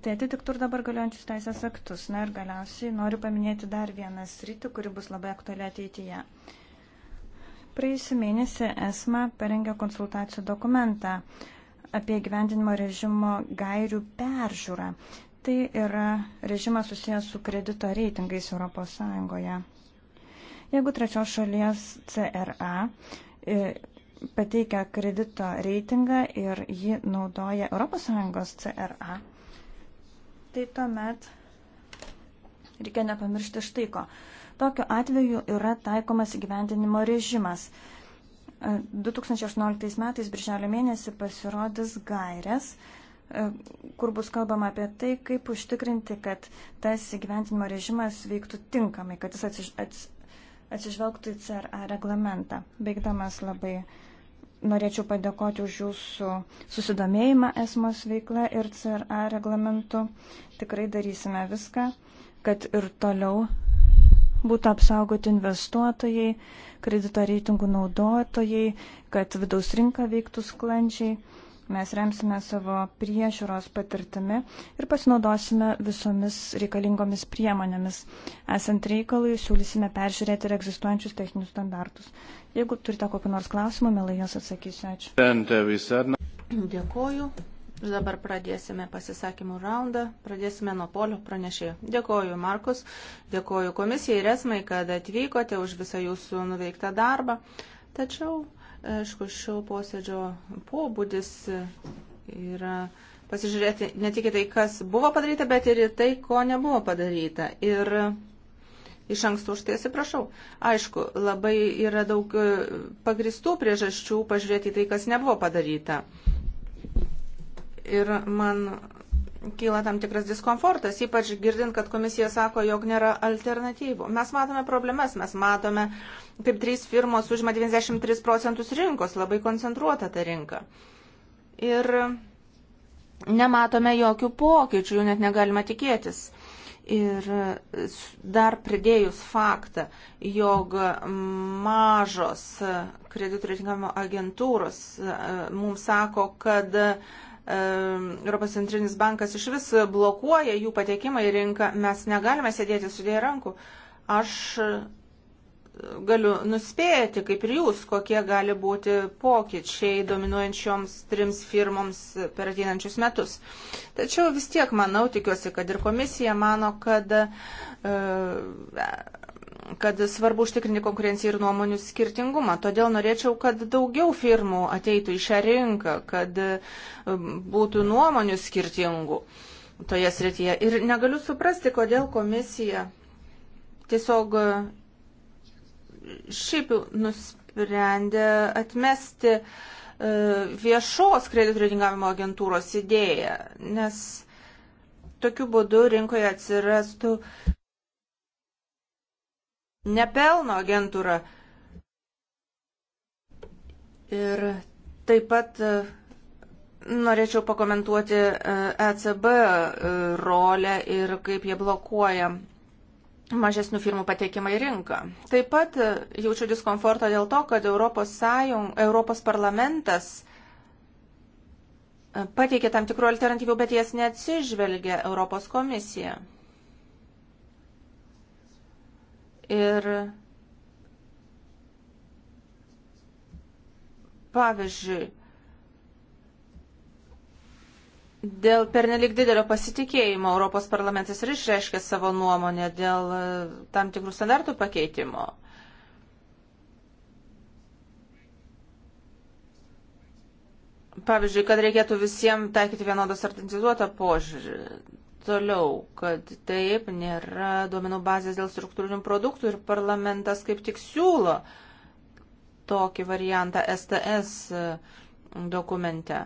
Tai atitiktų ir dabar galiojančius teisės aktus. Na ir galiausiai noriu paminėti dar vieną sritį, kuri bus labai aktuali ateityje. Praėjusį mėnesį ESMA parengė konsultacijų dokumentą apie gyvendinimo režimo gairių peržiūrą. Tai yra režimas susijęs su kredito reitingais ES. Jeigu trečios šalies CRA e, pateikia kredito reitingą ir jį naudoja ES CRA, tai tuomet reikia nepamiršti štai ko. Tokiu atveju yra taikomas įgyvendinimo režimas. 2018 e, metais, birželio mėnesį, pasirodys gairės, e, kur bus kalbama apie tai, kaip užtikrinti, kad tas įgyventinimo režimas veiktų tinkamai, kad jis atsižvelgtų į CRA reglamentą. Baigdamas labai norėčiau padėkoti už jūsų susidomėjimą esmos veikla ir CRA reglamentu. Tikrai darysime viską, kad ir toliau būtų apsaugoti investuotojai, kredito reitingų naudotojai, kad vidaus rinka veiktų sklandžiai Mes remsime savo priežiūros patirtimi ir pasinaudosime visomis reikalingomis priemonėmis. Esant reikalui, siūlysime peržiūrėti ir egzistuojančius techninius standartus. Jeigu turite kokį nors klausimą, mielai jas atsakysiu. Ačiū. Uh, dėkoju. Dabar pradėsime pasisakymų raundą, pradėsime nuo polio pranešėjo. Dėkoju Markus, dėkoju komisijai ir esmai, kad atvykote už visą jūsų nuveiktą darbą. Tačiau Aišku, šio posėdžio pobūdis yra pasižiūrėti ne tik į tai, kas buvo padaryta, bet ir į tai, ko nebuvo padaryta. Ir iš anksto už tai atsiprašau. Aišku, labai yra daug pagristų priežasčių pažiūrėti į tai, kas nebuvo padaryta. Ir man kyla tam tikras diskomfortas, ypač girdint, kad komisija sako, jog nėra alternatyvų. Mes matome problemas, mes matome, kaip trys firmos užima 93 procentus rinkos, labai koncentruota ta rinka. Ir nematome jokių pokyčių, jų net negalime tikėtis. Ir dar pridėjus faktą, jog mažos kreditų reitingavimo agentūros e, mums sako, kad Europos centrinis bankas iš vis blokuoja jų patekimą į rinką, mes negalime sėdėti sudėję rankų. Aš e, galiu nuspėti, kaip ir jūs, kokie gali būti pokyčiai dominuojančioms trims firmoms per ateinančius metus. Tačiau vis tiek manau, tikiuosi, kad ir komisija mano, kad uh, kad svarbu užtikrinti konkurenciją ir nuomonių skirtingumą. Todėl norėčiau, kad daugiau firmų ateitų į šią rinką, kad um, būtų nuomonių skirtingų toje srityje. Ir negaliu suprasti, kodėl komisija tiesiog šiaip nusprendė atmesti e, viešos kreditų reitingavimo agentūros idėją, nes tokiu būdu rinkoje atsirastų nepelno agentūra. Ir taip pat e, norėčiau pakomentuoti ECB e e, rolę ir kaip jie blokuoja mažesnių firmų patekimą į rinką. Taip pat jaučiu diskomfortą dėl to, kad Europos, sąjung, Europos parlamentas pateikė tam tikrų alternatyvų, bet jas neatsižvelgia Europos komisija. Ir pavyzdžiui, Dėl pernelik didelio pasitikėjimo Europos parlamentas ir išreiškė savo nuomonę dėl e, tam tikrų standartų pakeitimo. Pavyzdžiui, kad reikėtų visiems taikyti vienodą standartizuotą požiūrį toliau, kad taip nėra duomenų bazės dėl struktūrinių produktų ir parlamentas kaip tik siūlo tokį variantą STS e, dokumente.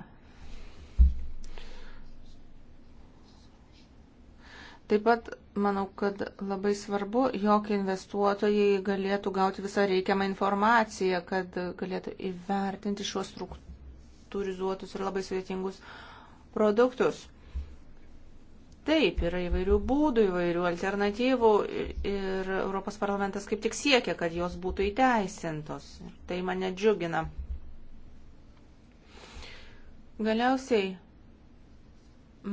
Taip pat manau, kad labai svarbu, jog investuotojai galėtų gauti visą reikiamą informaciją, kad galėtų įvertinti šiuos struktūrizuotus ir labai sudėtingus produktus. Taip, yra įvairių būdų, įvairių alternatyvų ir Europos parlamentas kaip tik siekia, kad jos būtų įteisintos. Tai mane džiugina. Galiausiai,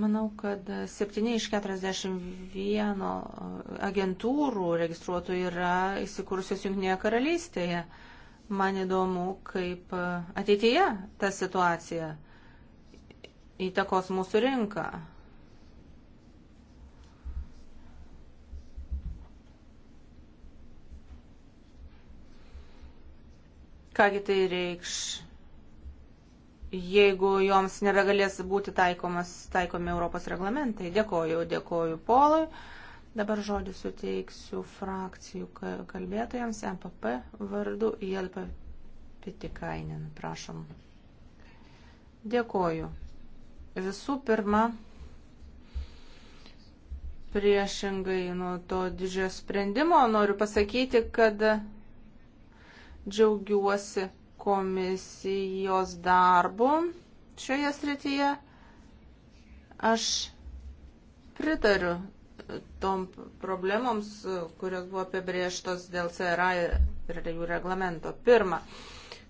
manau, kad 7 iš 41 agentūrų registruotų yra įsikūrusios Junktinėje karalystėje. Man įdomu, kaip ateityje ta situacija įtakos mūsų rinką Kągi tai reikš, jeigu joms nebegalės būti taikomas, taikomi Europos reglamentai. Dėkoju, dėkoju Polui. Dabar žodį suteiksiu frakcijų kalbėtojams MPP vardu Jelpa Pitikainen. Prašom. Dėkoju. Visų pirma, priešingai nuo to didžiojo sprendimo noriu pasakyti, kad Džiaugiuosi komisijos darbu šioje srityje. Aš pritariu tom problemoms, kurios buvo apibrieštos dėl CRA ir jų reglamento. Pirma,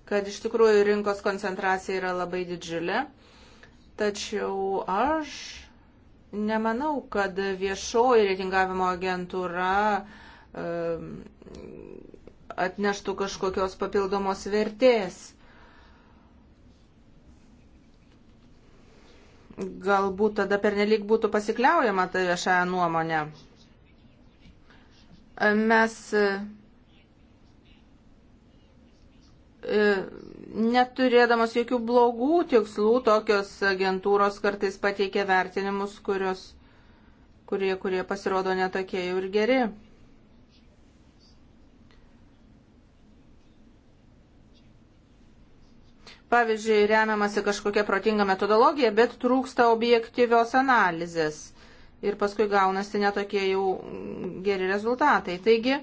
kad iš tikrųjų rinkos koncentracija yra labai didžiulė, tačiau aš nemanau, kad viešoji reitingavimo agentūra um, atneštų kažkokios papildomos vertės. Galbūt tada pernelyg būtų pasikliaujama tą viešąją nuomonę. Mes e, e, neturėdamas jokių blogų tikslų, tokios agentūros kartais pateikia vertinimus, kurios, kurie, kurie pasirodo netokie jau ir geri. Pavyzdžiui, remiamasi kažkokia protinga metodologija, bet trūksta objektyvios analizės. Ir paskui gaunasi netokie jau geri rezultatai. Taigi,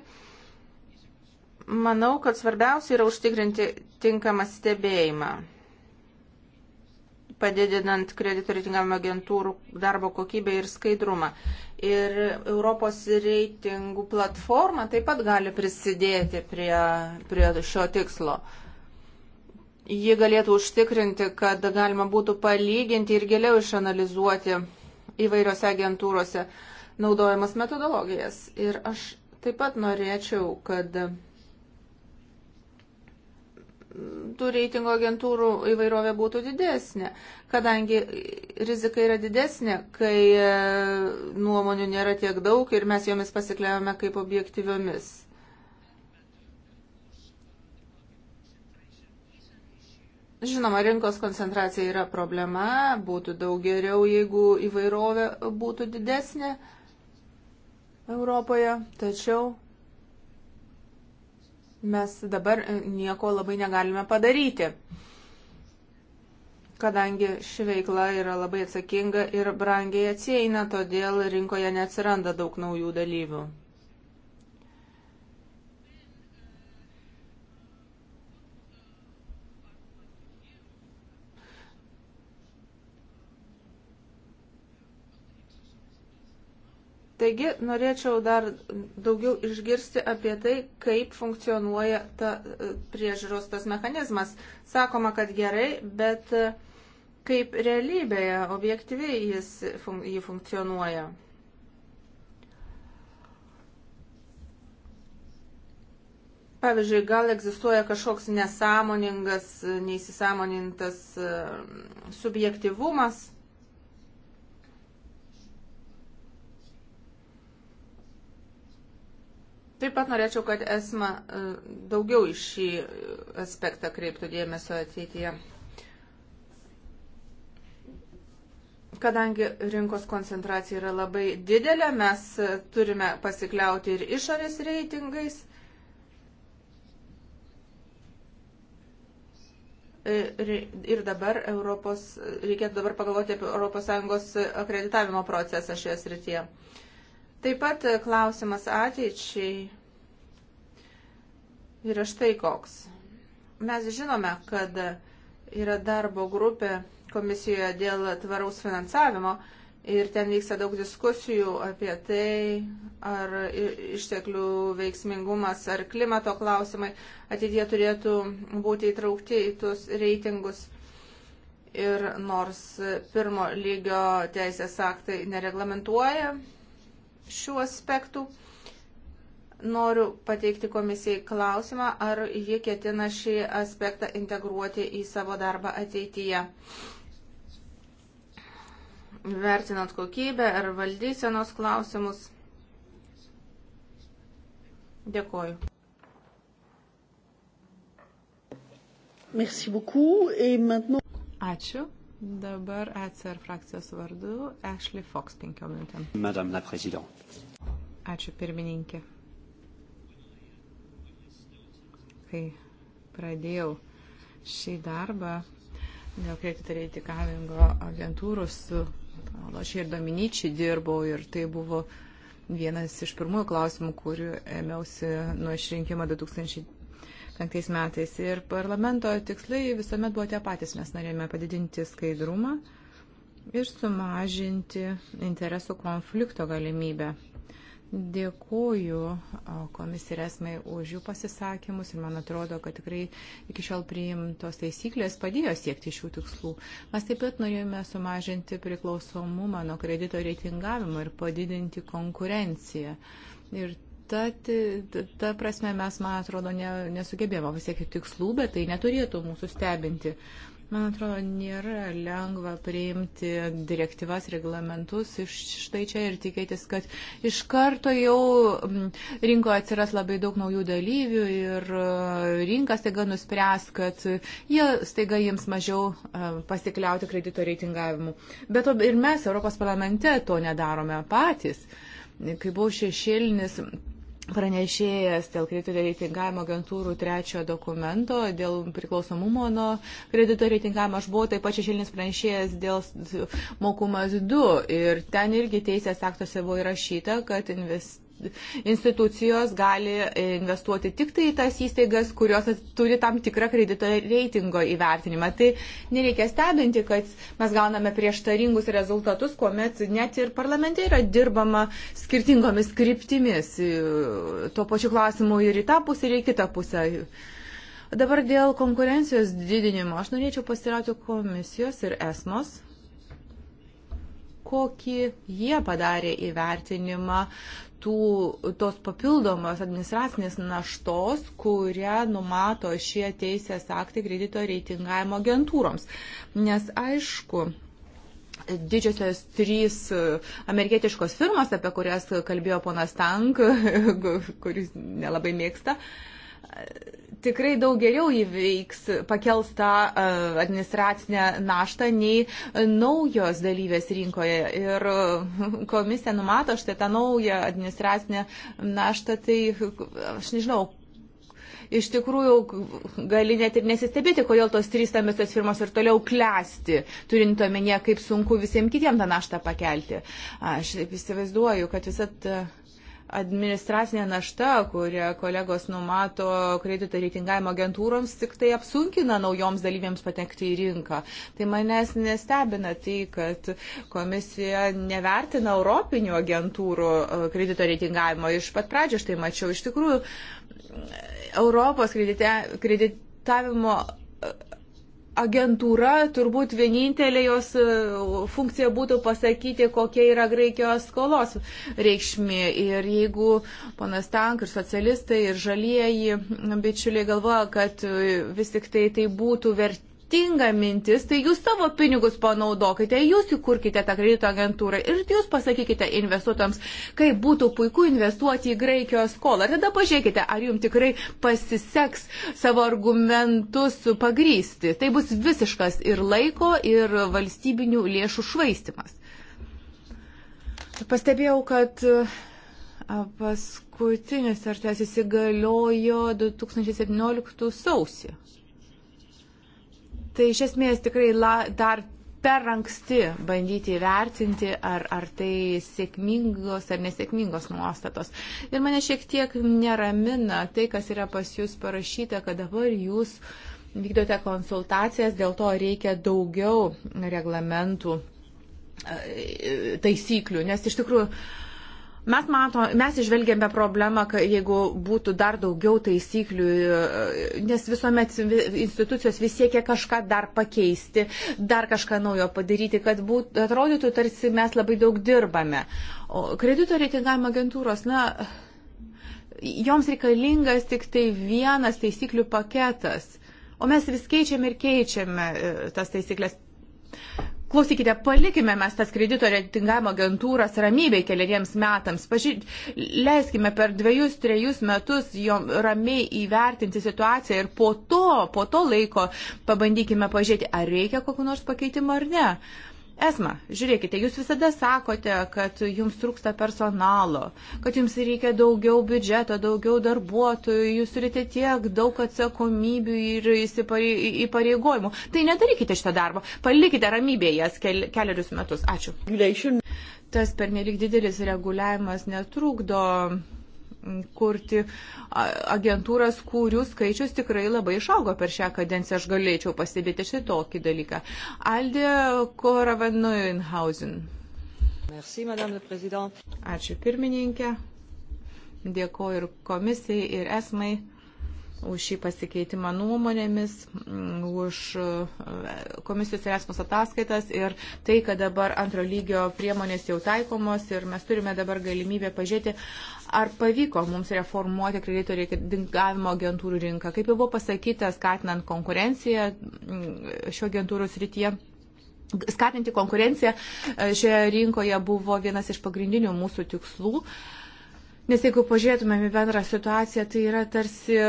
manau, kad svarbiausia yra užtikrinti tinkamą stebėjimą, padidinant kredito reitingavimo agentūrų darbo kokybę ir skaidrumą. Ir Europos reitingų platforma taip pat gali prisidėti prie, prie šio tikslo ji galėtų užtikrinti, kad galima būtų palyginti ir giliau išanalizuoti įvairiose agentūrose naudojamas metodologijas. Ir aš taip pat norėčiau, kad tų reitingo agentūrų įvairovė būtų didesnė, kadangi rizika yra didesnė, kai e, nuomonių nėra tiek daug ir mes jomis pasikliavome kaip objektyviomis. Žinoma, rinkos koncentracija yra problema, būtų daug geriau, jeigu įvairovė būtų didesnė Europoje, tačiau mes dabar e, nieko labai negalime padaryti, kadangi ši veikla yra labai atsakinga ir brangiai atsieina, todėl rinkoje neatsiranda daug naujų dalyvių. Taigi norėčiau dar daugiau išgirsti apie tai, kaip funkcionuoja ta e, priežiūros tas mechanizmas. Sakoma, kad gerai, bet e, kaip realybėje, objektyviai jis, fun, jį funkcionuoja. Pavyzdžiui, gal egzistuoja kažkoks nesąmoningas, neįsisamonintas e, subjektivumas Taip pat norėčiau, kad esma e, daugiau į šį aspektą kreiptų dėmesio ateityje. Kadangi rinkos koncentracija yra labai didelė, mes e, turime pasikliauti ir išorės reitingais. E, ir dabar Europos, reikėtų dabar pagalvoti apie ES akreditavimo procesą šioje srityje. Taip pat e, klausimas ateičiai yra štai koks. Mes žinome, kad yra darbo grupė komisijoje dėl tvaraus finansavimo ir ten vyksta daug diskusijų apie tai, ar išteklių veiksmingumas, ar klimato klausimai ateitie turėtų būti įtraukti į tuos reitingus ir nors pirmo lygio teisės aktai nereglamentuoja šių aspektų. Noriu pateikti komisijai klausimą, ar ji ketina šį aspektą integruoti į savo darbą ateityje. Vertinant kokybę ar valdysenos klausimus. Dėkoju. Merci beaucoup. Et maintenant... Ačiū. Dabar ECR frakcijos vardu Ashley Fox penkiom minutėm. Madame la Présidente. Ačiū pirmininkė. Kai pradėjau šį darbą dėl kredito reitingavingo agentūrų su Lošiai ir Dominyčiai dirbau ir tai buvo vienas iš pirmųjų klausimų, kurių ėmiausi nuo išrinkimo 2000. 2005 metais. Ir parlamento tikslai visuomet buvo tie patys. Mes norėjome padidinti skaidrumą ir sumažinti interesų konflikto galimybę. Dėkuoju komisirėsmai už jų pasisakymus ir man atrodo, kad tikrai iki šiol priimtos taisyklės padėjo siekti šių tikslų. Mes taip pat norėjome sumažinti priklausomumą nuo kredito reitingavimo ir padidinti konkurenciją. Ir ta, ta prasme mes, man atrodo, ne, nesugebėjome pasiekti tikslų, bet tai neturėtų mūsų stebinti. Man atrodo, nėra lengva priimti direktyvas, reglamentus iš štai čia ir tikėtis, kad iš karto jau mm, rinkoje atsiras labai daug naujų dalyvių ir e, rinka staiga nuspręs, kad jie staiga jiems mažiau e, pasikliauti kredito reitingavimu. Bet ir mes Europos parlamente to nedarome patys. Kai buvau šešėlinis pranešėjas dėl kredito reitingavimo agentūrų trečiojo dokumento, dėl priklausomumo nuo kredito reitingavimo. Aš buvau taip pat šešėlinis pranešėjas dėl mokumas 2 ir ten irgi teisės aktuose buvo įrašyta, kad invest institucijos gali investuoti tik tai tas įstaigas, kurios turi tam tikrą kredito reitingo įvertinimą. Tai nereikia stebinti, kad mes gauname prieštaringus rezultatus, kuomet net ir parlamente yra dirbama skirtingomis kryptimis. Tuo pačiu klausimu ir į tą pusę, ir į kitą pusę. Dabar dėl konkurencijos didinimo aš norėčiau pasirauti komisijos ir esmos kokį jie padarė įvertinimą tų, tos papildomos administracinės naštos, kurią numato šie teisės aktai kredito reitingavimo agentūroms. Nes aišku, didžiosios trys amerikietiškos firmas, apie kurias kalbėjo ponas Tank, kuris nelabai mėgsta, tikrai daug geriau įveiks, pakels tą e, administracinę naštą nei e, naujos dalyvės rinkoje. Ir e, komisija numato štai tą naują administracinę naštą, tai aš nežinau. Iš tikrųjų, gali net ir nesistebėti, kodėl tos trys stambiosios firmos ir toliau klesti, turint omenyje, kaip sunku visiems kitiems tą naštą pakelti. Aš taip įsivaizduoju, kad visat. Ta administracinė našta, kurią kolegos numato kredito reitingavimo agentūroms, tik tai apsunkina naujoms dalyviams patekti į rinką. Tai manęs nestebina tai, kad komisija nevertina europinių agentūrų e, kredito reitingavimo. Iš pat pradžio aš tai mačiau. Iš tikrųjų, Europos kredite, kreditavimo e, agentūra, turbūt vienintelė jos e, funkcija būtų pasakyti, kokia yra Graikijos skolos reikšmė. Ir jeigu panas Tank ir socialistai ir žalieji bičiuliai galvoja, kad e, vis tik tai tai būtų vertė stinga mintis, tai jūs savo pinigus panaudokite, jūs įkurkite tą kredito agentūrą ir jūs pasakykite investuotams, kaip būtų puiku investuoti į Graikijos skolą. Ir tada pažiūrėkite, ar jums tikrai pasiseks savo argumentus pagrysti. Tai bus visiškas ir laiko, ir valstybinių lėšų švaistimas. Pastebėjau, kad paskutinis artas įsigaliojo 2017 sausį. Tai iš esmės tikrai la, dar per anksti bandyti įvertinti, ar, ar tai sėkmingos ar nesėkmingos nuostatos. Ir mane šiek tiek neramina tai, kas yra pas jūs parašyta, kad dabar jūs vykdote konsultacijas, dėl to reikia daugiau reglamentų e, taisyklių, nes iš tikrųjų Mes, mato, mes išvelgėme problemą, jeigu būtų dar daugiau taisyklių, e, nes visuomet institucijos vis siekia kažką dar pakeisti, dar kažką naujo padaryti, kad būt, atrodytų, tarsi mes labai daug dirbame. O kredito reitingavimo agentūros, na, joms reikalingas tik tai vienas taisyklių paketas, o mes vis keičiame ir keičiame e, tas taisyklės. Klausykite, palikime mes tas kredito reitingavimo agentūras ramybėj keliariems metams. Paži... Leiskime per dviejus, trejus metus jom ramiai įvertinti situaciją ir po to, po to laiko pabandykime pažiūrėti, ar reikia kokiu nors pakeitimu ar ne. Uh, Esma, žiūrėkite, jūs visada sakote, kad jums trūksta personalo, kad jums reikia daugiau biudžeto, daugiau darbuotojų, jūs turite tiek daug atsakomybių ir įpareigojimų. Tai nedarykite šito darbo, palikite ramybėje keliarius metus. Ačiū. Tas pernelik didelis reguliavimas netrukdo kurti agentūras, kurių skaičius tikrai labai išaugo per šią kadenciją. Aš galėčiau pastebėti štai tokį dalyką. Aldė Koravanuinhausen. Merci, Madame le Président. Ačiū pirmininkė. Dėkoju ir komisijai, ir esmai už šį pasikeitimą nuomonėmis, mm, už e, komisijos ir esmos ataskaitas ir tai, kad dabar antro lygio priemonės jau taikomos ir mes turime dabar galimybę pažiūrėti, ar pavyko mums reformuoti kredito reitingavimo agentūrų rinką. Kaip jau buvo pasakyta, skatinant konkurenciją mm, šio agentūrų srityje. Skatinti konkurenciją e, šioje rinkoje buvo vienas iš pagrindinių mūsų tikslų. Uh, Nes jeigu pažiūrėtumėm į bendrą situaciją, tai yra tarsi e,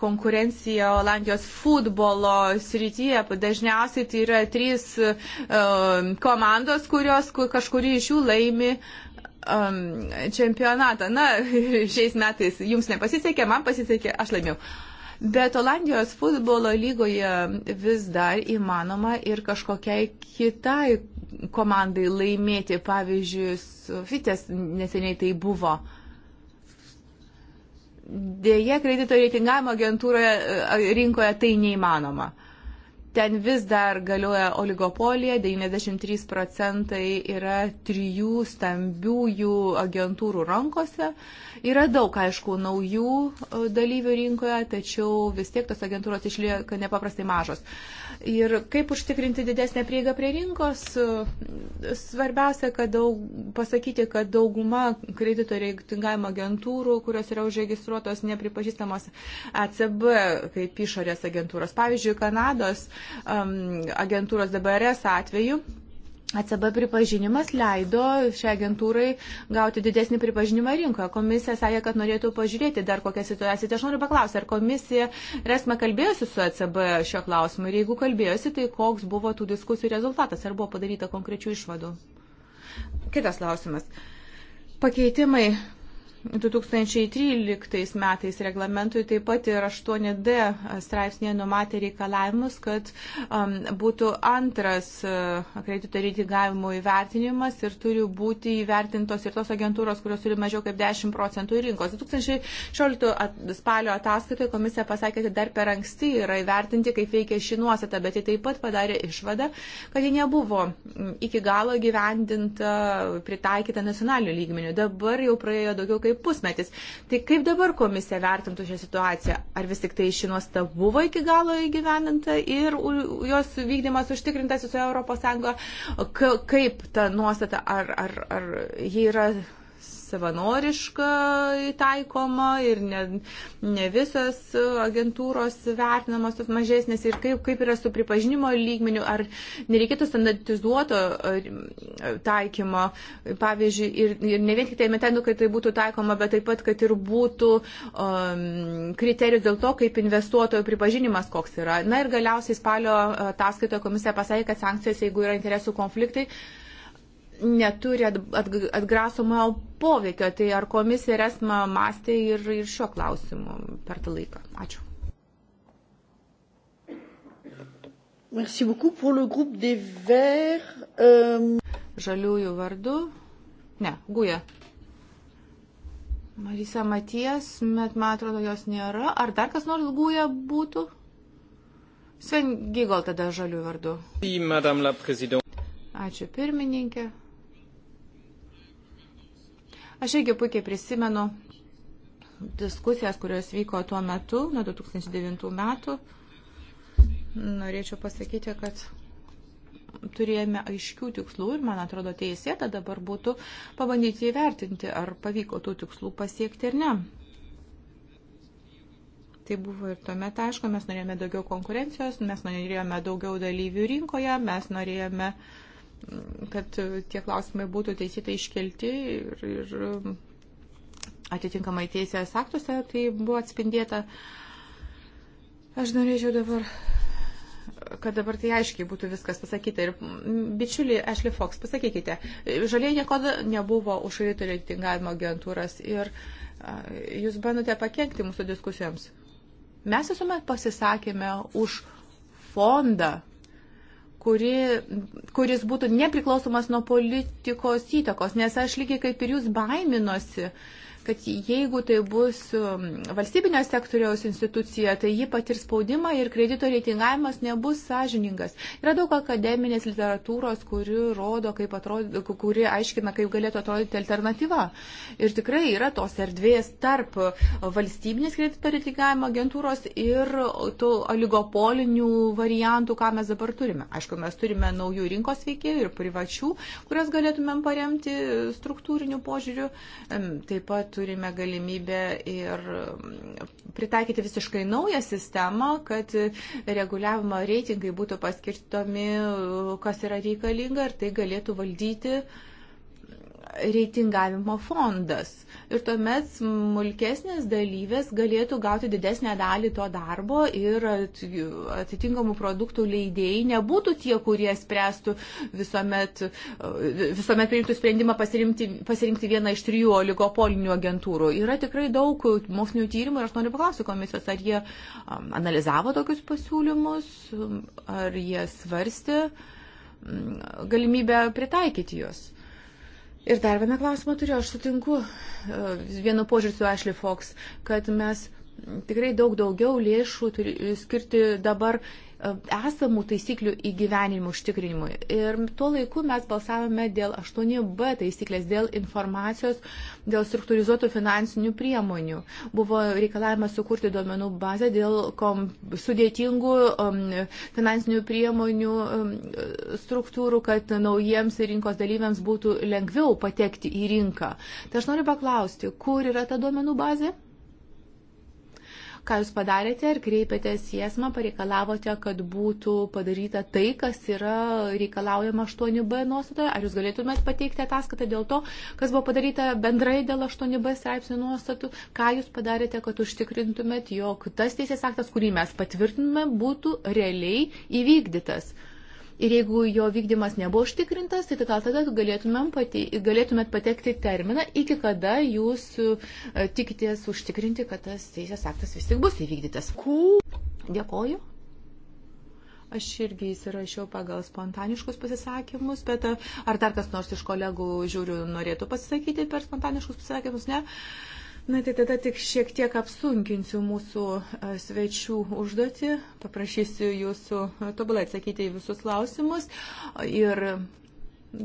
konkurencija Olandijos futbolo srityje. Dažniausiai tai yra trys e, komandos, kurios kažkuri iš jų laimi čempionatą. Na, šiais metais jums nepasisekė, man pasisekė, aš laimėjau. Bet Olandijos futbolo lygoje vis dar įmanoma ir kažkokiai kitai komandai laimėti. Pavyzdžiui, Fitės neseniai tai buvo. Uh, Dėje kredito reitingavimo agentūroje e, rinkoje tai neįmanoma. Uh, Ten vis dar galioja oligopolija, 93 procentai yra trijų stambiųjų agentūrų rankose. Yra daug, aišku, naujų e, dalyvių rinkoje, tačiau vis tiek tos agentūros išlieka nepaprastai mažos. Ir kaip užtikrinti didesnę prieigą prie rinkos? E, svarbiausia, kad daug, pasakyti, kad dauguma kredito reitingavimo agentūrų, kurios yra užregistruotos, nepripažįstamos ECB kaip išorės agentūros. Pavyzdžiui, Kanados uh, Um, agentūros DBRS atveju. ACB pripažinimas leido šiai agentūrai gauti didesnį pripažinimą rinkoje. Komisija sakė, kad norėtų pažiūrėti dar kokią situaciją. Tai aš noriu paklausti, ar komisija resme kalbėjosi su ACB šio klausimu ir jeigu kalbėjosi, tai koks buvo tų diskusijų rezultatas, ar buvo padaryta konkrečių išvadų. Kitas klausimas. Pakeitimai 2013 metais reglamentui taip pat ir 8D straipsnėje numatė reikalavimus, kad um, būtų antras uh, kredito reitingavimo įvertinimas ir turi būti įvertintos ir tos agentūros, kurios turi mažiau kaip 10 procentų rinkos. 2016 at, spalio ataskaitoje komisija pasakė, kad dar per anksti yra įvertinti, kaip veikia ši nuostata, bet ji taip pat padarė išvadą, kad ji nebuvo iki galo gyvendinta, pritaikyta nacionaliniu lygmeniu. Dabar jau praėjo daugiau kaip kaip pusmetis. Tai kaip dabar komisija vertintų šią situaciją? Ar vis tik tai ši nuosta buvo iki galo įgyvendinta ir jos vykdymas užtikrintas visoje Europos Sąjungoje? Kaip ta nuostata, ar, ar, ar ji yra savanoriška taikoma ir ne, ne visas agentūros vertinamos tos mažesnės ir kaip, kaip yra su pripažinimo lygmeniu, ar nereikėtų standartizuoto e, taikymo, pavyzdžiui, ir, ir ne vien tik tai metenų, kad tai būtų taikoma, bet taip pat, kad ir būtų um, kriterijus dėl to, kaip investuotojų pripažinimas koks yra. Na ir galiausiai spalio e, ataskaitoje komisija pasakė, kad sankcijos, jeigu yra interesų konfliktai, uh, neturi atgrasomo poveikio. Tai ar komisija ir esma mąstė ir, ir šio klausimu per tą laiką? Ačiū. Merci beaucoup pour le groupe des Verts. Euh... Žaliųjų vardu. Ne, guja. Marisa Maties, bet man atrodo jos nėra. Ar dar kas nors guja būtų? Sven Gigol tada žaliųjų vardu. Ačiū pirmininkė. Aš irgi puikiai prisimenu diskusijas, kurios vyko tuo metu, nuo 2009 metų. Norėčiau pasakyti, kad turėjome aiškių tikslų ir, man atrodo, teisėta dabar būtų pabandyti įvertinti, ar pavyko tų tikslų pasiekti ar ne. Tai buvo ir tuomet, aišku, mes norėjome daugiau konkurencijos, mes norėjome daugiau dalyvių rinkoje, mes norėjome uh, kad tie klausimai būtų teisytai iškelti ir, ir atitinkamai teisės aktuose tai buvo atspindėta. Aš norėčiau dabar kad dabar tai aiškiai būtų viskas pasakyta. Ir bičiuliai, Ashley Fox, pasakykite, žalieji niekada nebuvo už rytų reitingavimo agentūras ir a, jūs bandote pakengti mūsų diskusijoms. Mes visuomet pasisakėme už fondą, kuri, kuris būtų nepriklausomas nuo politikos įtakos, nes aš lygiai kaip ir jūs baiminosi uh, kad jeigu tai bus um, valstybinio sektoriaus institucija, tai ji patir spaudimą ir kredito reitingavimas nebus sąžiningas. Yra daug akademinės literatūros, kuri, rodo, kaip atrodo, kuri aiškina, kaip galėtų atrodyti alternatyva. Ir tikrai yra tos erdvės tarp valstybinės kredito reitingavimo agentūros ir tų oligopolinių variantų, ką mes dabar turime. Aišku, mes turime naujų rinkos veikėjų ir privačių, kurias galėtumėm paremti struktūriniu požiūriu. Taip pat turime galimybę ir mm, pritaikyti visiškai naują sistemą, kad reguliavimo reitingai būtų paskirstomi, kas yra reikalinga ir tai galėtų valdyti uh, reitingavimo fondas. Ir tuomet smulkesnės dalyvės galėtų gauti didesnę dalį to darbo ir atitinkamų produktų leidėjai nebūtų tie, kurie spręstų visuomet, visuomet priimtų sprendimą pasirinkti, pasirinkti vieną iš trijų oligopolinių agentūrų. Yra tikrai daug mokslinių tyrimų ir aš noriu paklausti komisijos, ar jie um, analizavo tokius pasiūlymus, um, ar jie svarstė um, galimybę pritaikyti juos. Ir dar vieną klausimą turiu, aš sutinku e, vienu požiūriu su Ashley Fox, kad mes tikrai daug daugiau lėšų turi skirti dabar esamų taisyklių įgyvenimų užtikrinimui. Ir tuo laiku mes balsavome dėl 8b taisyklės, dėl informacijos, dėl struktūrizuotų finansinių priemonių. Buvo reikalavimas sukurti duomenų bazę dėl kom, sudėtingų um, finansinių priemonių um, struktūrų, kad naujiems rinkos dalyviams būtų lengviau patekti į rinką. Tai aš noriu paklausti, kur yra ta duomenų bazė? Ką jūs padarėte ir kreipėtės į esmą, pareikalavote, kad būtų padaryta tai, kas yra reikalaujama 8b nuostatoje? Ar jūs galėtumėt pateikti ataskaitą dėl to, kas buvo padaryta bendrai dėl 8b straipsnių nuostatų? Ką jūs padarėte, kad užtikrintumėt, jog tas teisės aktas, kurį mes patvirtiname, būtų realiai įvykdytas? ir jeigu jo vykdymas nebuvo užtikrintas, tai gal tada pati, galėtumėt patekti terminą, iki kada jūs e, tikitės užtikrinti, kad tas teisės aktas vis tik bus įvykdytas. Dėkoju. Aš irgi įsirašiau pagal spontaniškus pasisakymus, bet e, ar dar kas nors iš kolegų žiūriu norėtų pasisakyti per spontaniškus pasisakymus, ne? Uh, Na tai tada tik šiek tiek apsunkinsiu mūsų e, svečių užduotį, paprašysiu jūsų e, tobulai atsakyti į visus klausimus ir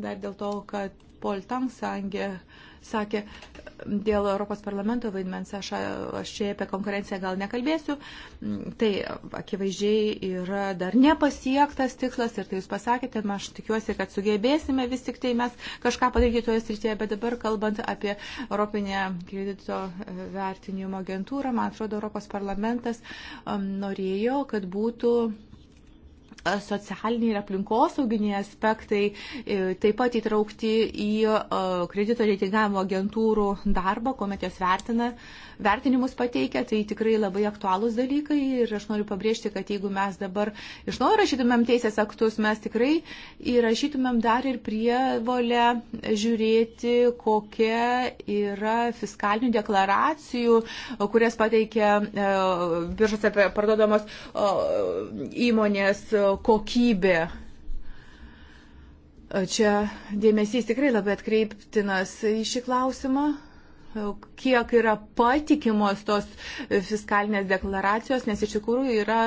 dar dėl to, kad Paul Tangsangė sakė, dėl Europos parlamento vaidmens aš, aš čia apie konkurenciją gal nekalbėsiu. Tai akivaizdžiai yra dar nepasiektas tikslas ir tai jūs pasakėte, aš tikiuosi, kad sugebėsime vis tik tai mes kažką padaryti toje srityje, bet dabar kalbant apie Europinę kredito e, vertinimo agentūrą, man atrodo, Europos parlamentas norėjo, kad būtų socialiniai ir aplinkosauginiai aspektai e, taip pat įtraukti į kredito reitingavimo agentūrų darbą, kuomet jos vertina vertinimus pateikia, tai tikrai labai aktualūs dalykai ir aš noriu pabrėžti, kad jeigu mes dabar iš naujo rašytumėm teisės aktus, mes tikrai įrašytumėm dar ir prievolę žiūrėti, kokia yra fiskalinių deklaracijų, kurias pateikia e, biržose parduodamos įmonės kokybė. Čia dėmesys tikrai labai atkreiptinas į šį klausimą kiek yra patikimos tos fiskalinės deklaracijos, nes iš tikrųjų yra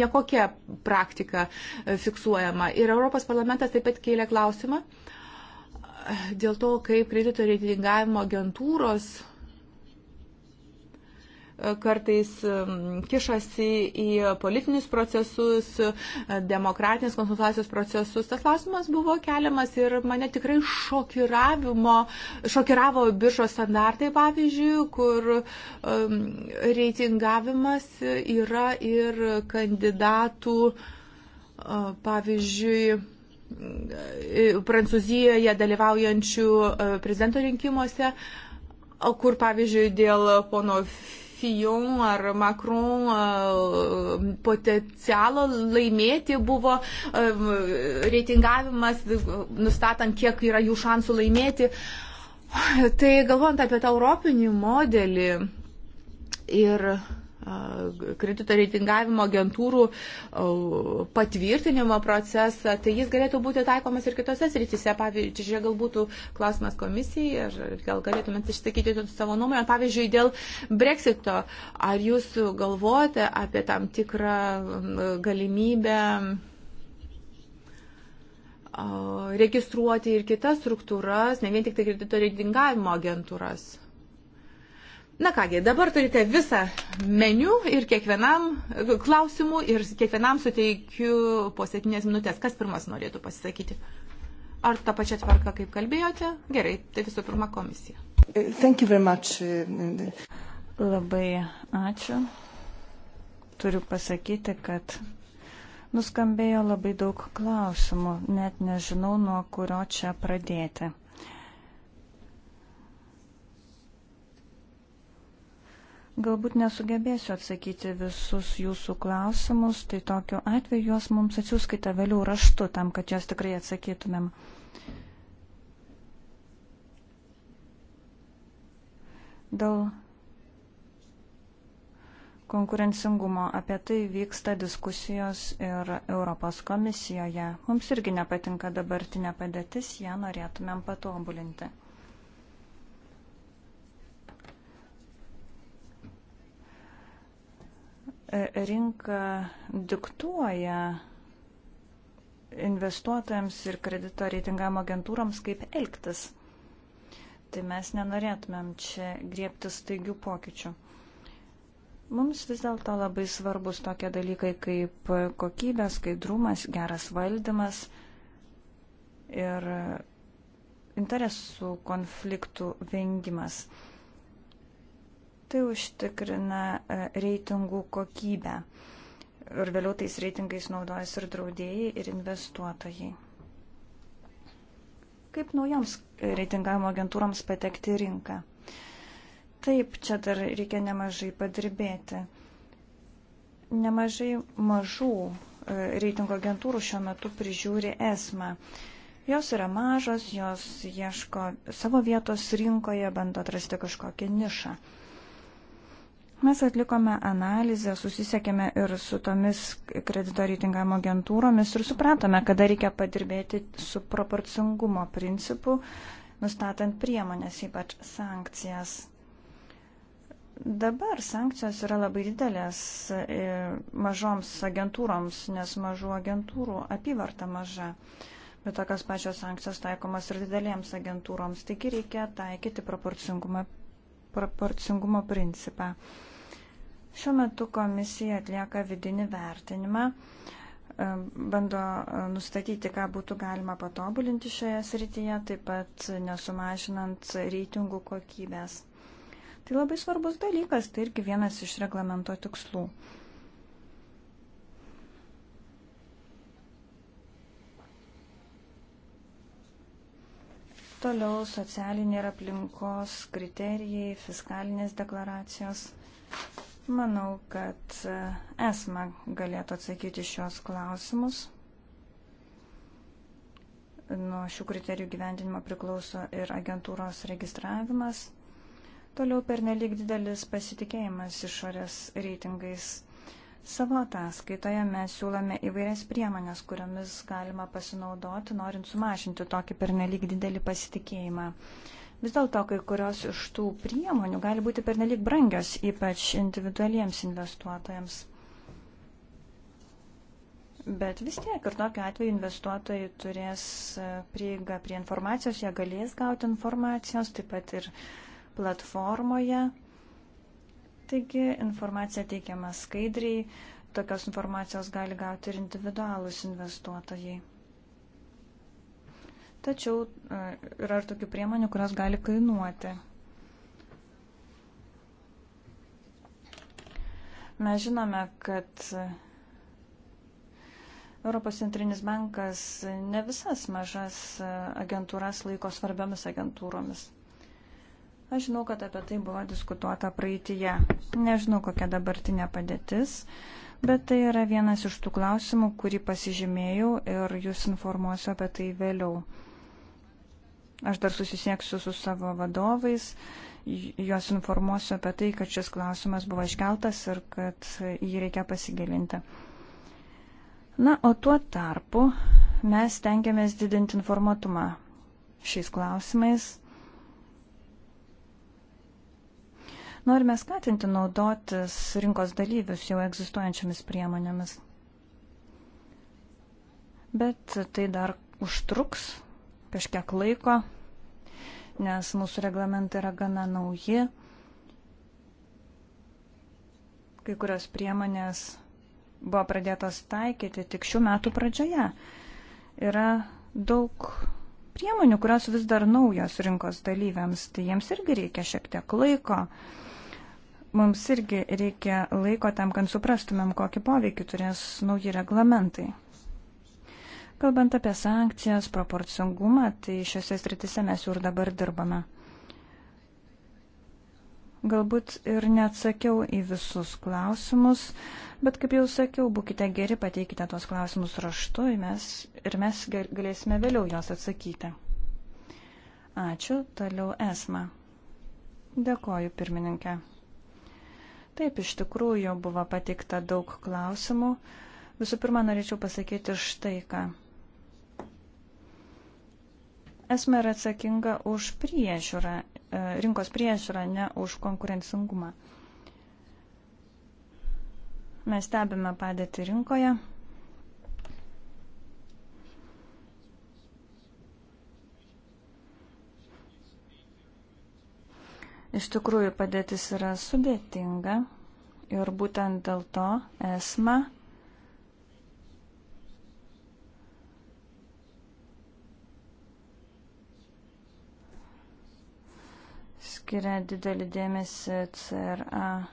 nekokia praktika fiksuojama. Ir Europos parlamentas taip pat kėlė klausimą dėl to, kaip kredito reitingavimo agentūros kartais kišasi į politinius procesus, demokratinės konsultacijos procesus. Tas klausimas buvo keliamas ir mane tikrai šokiravo biržos standartai, pavyzdžiui, kur reitingavimas yra ir kandidatų, pavyzdžiui, e, Prancūzijoje dalyvaujančių e, prezidento rinkimuose kur, pavyzdžiui, dėl pono Fijon ar Macron potencialo laimėti buvo reitingavimas, nustatant, kiek yra jų šansų laimėti. Tai galvojant apie tą europinį modelį ir kredito reitingavimo agentūrų patvirtinimo procesą, tai jis galėtų būti taikomas ir kitose srityse. Pavyzdžiui, čia galbūt klausimas komisijai ir gal galėtumėt išsakyti savo nuomonę. Pavyzdžiui, dėl breksito, ar jūs galvojate apie tam tikrą galimybę registruoti ir kitas struktūras, ne vien tik tai kredito reitingavimo agentūras? Na kągi, dabar turite visą meniu ir kiekvienam klausimų ir kiekvienam suteikiu po septynės minutės. Kas pirmas norėtų pasisakyti? Ar tą pačią tvarką, kaip kalbėjote? Gerai, tai visų pirma komisija. Thank you very much. Labai ačiū. Turiu pasakyti, kad nuskambėjo labai daug klausimų, net nežinau, nuo kurio čia pradėti. Galbūt nesugebėsiu atsakyti visus jūsų klausimus, tai tokiu atveju juos mums atsiųskite vėliau raštu, tam, kad jas tikrai atsakytumėm. Dėl konkurencingumo apie tai vyksta diskusijos ir Europos komisijoje. Mums irgi nepatinka dabartinė padėtis, ją norėtumėm patobulinti. rinka diktuoja investuotojams ir kredito reitingavimo agentūroms, kaip elgtis. Tai mes nenorėtumėm čia griebtis staigių pokyčių. Mums vis dėlto labai svarbus tokie dalykai kaip kokybė, skaidrumas, geras valdymas ir interesų konfliktų vengimas. Tai užtikrina e, reitingų kokybę. Ir vėliau tais reitingais naudojasi ir draudėjai, ir investuotojai. Kaip naujoms e, reitingavimo agentūroms patekti į rinką? Taip, čia dar reikia nemažai padirbėti. Nemažai mažų e, reitingo agentūrų šiuo metu prižiūri esmą. Jos yra mažos, jos ieško savo vietos rinkoje, bando atrasti kažkokią nišą. Mes atlikome analizę, susisiekėme ir su tomis kredito reitingavimo agentūromis ir supratome, kada reikia padirbėti su proporcingumo principu, nustatant priemonės, ypač sankcijas. Dabar sankcijos yra labai didelės e, mažoms agentūroms, nes mažų agentūrų apyvarta maža. Bet tokios pačios sankcijos taikomas ir didelėms agentūroms, taigi reikia taikyti proporcingumo principą Šiuo metu komisija atlieka vidinį vertinimą, e, bando e, nustatyti, ką būtų galima patobulinti šioje srityje, taip pat nesumažinant reitingų kokybės. Tai labai svarbus dalykas, tai irgi vienas iš reglamento tikslų. Toliau socialiniai ir aplinkos kriterijai, fiskalinės deklaracijos. Manau, kad e, esma galėtų atsakyti šios klausimus. Nuo šių kriterijų gyvendinimo priklauso ir agentūros registravimas. Toliau per nelik didelis pasitikėjimas išorės reitingais. Savo ataskaitoje mes siūlome įvairias priemonės, kuriomis galima pasinaudoti, norint sumažinti tokį per nelik didelį pasitikėjimą. Uh, Vis dėlto kai kurios iš tų priemonių gali būti pernelyg brangios, ypač individualiems investuotojams. Bet vis tiek ir tokiu atveju investuotojai turės e, prieigą prie informacijos, jie galės gauti informacijos, taip pat ir platformoje. Taigi informacija teikiama skaidriai, tokios informacijos gali gauti ir individualūs investuotojai. Tačiau e, yra ir tokių priemonių, kurios gali kainuoti. Mes žinome, kad Europos centrinis bankas ne visas mažas agentūras laiko svarbiomis agentūromis. Aš žinau, kad apie tai buvo diskutuota praeitie. Nežinau, kokia dabartinė padėtis, bet tai yra vienas iš tų klausimų, kurį pasižymėjau ir jūs informuosiu apie tai vėliau. Aš dar susisieksiu su savo vadovais, juos informuosiu apie tai, kad šis klausimas buvo iškeltas ir kad jį reikia pasigilinti. Na, o tuo tarpu mes tengiamės didinti informatumą šiais klausimais. Norime skatinti naudotis rinkos dalyvius jau egzistuojančiamis priemonėmis. Bet tai dar užtruks, kažkiek laiko, nes mūsų reglamentai yra gana nauji. Kai kurios priemonės buvo pradėtos taikyti tik šių metų pradžioje. Yra daug priemonių, kurios vis dar naujos rinkos dalyviams, tai jiems irgi reikia šiek tiek laiko. Mums irgi reikia laiko tam, kad suprastumėm, kokį poveikį turės nauji reglamentai. Kalbant apie sankcijas, proporcingumą, tai šiuose sritise mes jau ir dabar dirbame. Galbūt ir neatsakiau į visus klausimus, bet kaip jau sakiau, būkite geri, pateikite tuos klausimus raštu ir mes, ir mes galėsime vėliau juos atsakyti. Ačiū, toliau esma. Dėkoju, pirmininkė. Taip, iš tikrųjų buvo pateikta daug klausimų. Visų pirma, norėčiau pasakyti štai ką. Esmė yra atsakinga už priežiūrą, e, rinkos priežiūrą, ne už konkurencingumą. Mes stebime padėti rinkoje. Iš tikrųjų padėtis yra sudėtinga ir būtent dėl to esma skiria didelį dėmesį CRA e,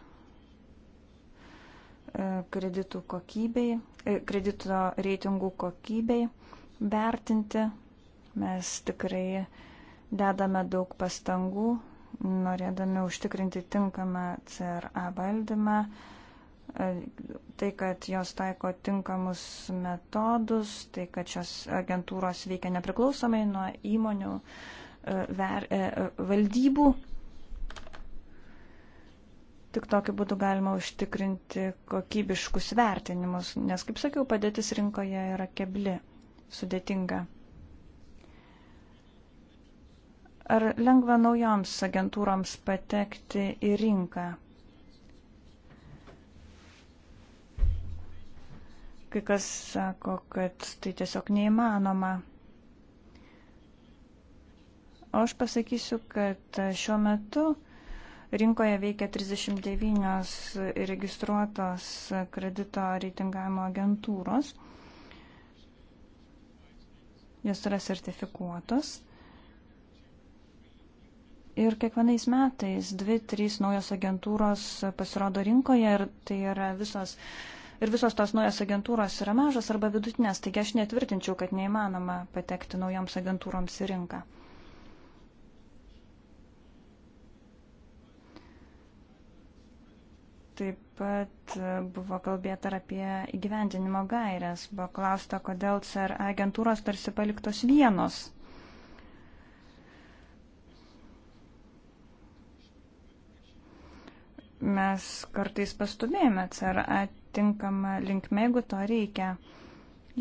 kreditų kokybei, e, kredito reitingų kokybei vertinti. Mes tikrai dedame daug pastangų, norėdami užtikrinti tinkamą CRA valdymą, e, tai, kad jos taiko tinkamus metodus, tai, kad šios agentūros veikia nepriklausomai nuo įmonių, uh, E, ver, e, e, valdybų. Tik tokiu būdu galima užtikrinti kokybiškus vertinimus, nes, kaip sakiau, padėtis rinkoje yra kebli, sudėtinga. Ar lengva naujoms agentūroms patekti į rinką? Kai kas sako, kad tai tiesiog neįmanoma. O aš pasakysiu, kad šiuo metu rinkoje veikia 39 registruotos kredito reitingavimo agentūros. Jos yra sertifikuotos. Ir kiekvienais metais dvi, trys naujos agentūros pasirodo rinkoje ir tai yra visos. Ir visos tos naujos agentūros yra mažos arba vidutinės, taigi aš netvirtinčiau, kad neįmanoma patekti naujoms agentūroms į rinką. Taip pat e, buvo kalbėta ir apie įgyvendinimo gairias. Buvo klausta, kodėl CR agentūros tarsi paliktos vienos. Mes kartais pastumėjome CR atinkamą linkmę, jeigu to reikia.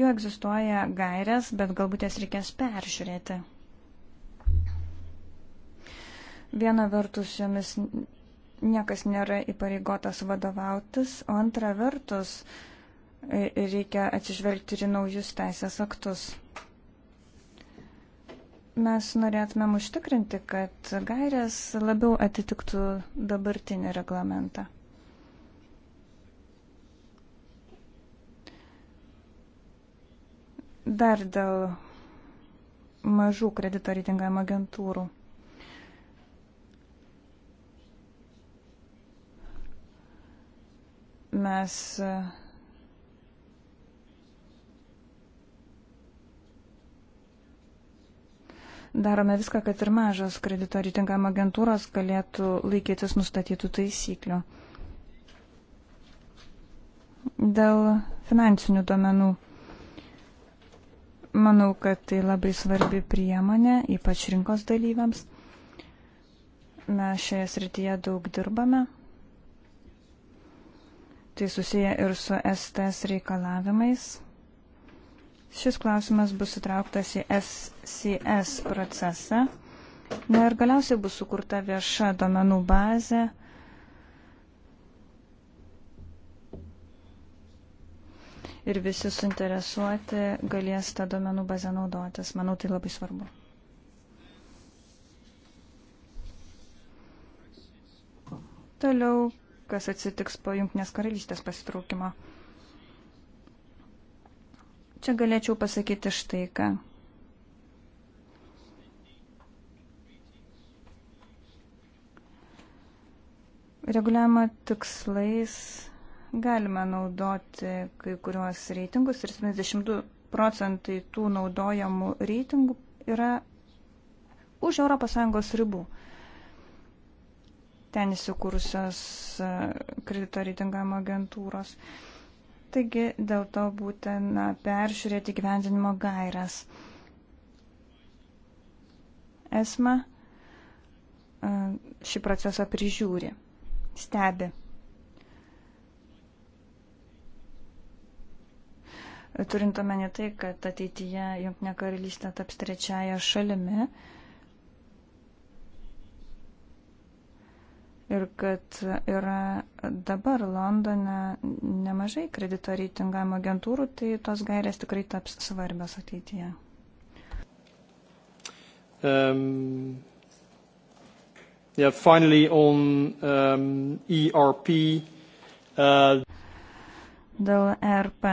Jau egzistuoja gairias, bet galbūt jas reikės peržiūrėti. Viena vertus jomis niekas nėra įpareigotas vadovautis, o antra vertus e, reikia atsižvelgti ir naujus teisės aktus. Mes norėtumėm užtikrinti, kad gairės labiau atitiktų dabartinį reglamentą. Dar dėl mažų kredito reitingavimo agentūrų. mes e, darome viską, kad ir mažos kredito reitingam agentūros galėtų laikytis nustatytų taisyklių. Dėl finansinių duomenų. Manau, kad tai labai svarbi priemonė, ypač rinkos dalyviams. Mes šioje srityje daug dirbame. Tai susiję ir su STS reikalavimais. Šis klausimas bus įtrauktas į SCS procesą. Na ir galiausiai bus sukurta vieša domenų bazė. Ir visi suinteresuoti galės tą domenų bazę naudotis. Manau, tai labai svarbu. Toliau kas atsitiks po Junktinės karalystės pasitraukimo. Čia galėčiau pasakyti štai ką. Reguliavimo tikslais galima naudoti kai kuriuos reitingus ir 72 procentai tų naudojamų reitingų yra už ES ribų ten įsikūrusios e, kredito reitingavimo agentūros. Taigi dėl to būtina peržiūrėti gyvendinimo gairias. ESMA e, šį procesą prižiūri, stebi. Turint omeny tai, kad ateityje Junktinė karalystė taps trečiaja šalimi, uh, ir kad yra dabar Londone nemažai kredito reitingavimo agentūrų, tai tos gairės tikrai taps svarbios ateityje. Um, yeah, finally on um, ERP. Uh... Dėl ERP.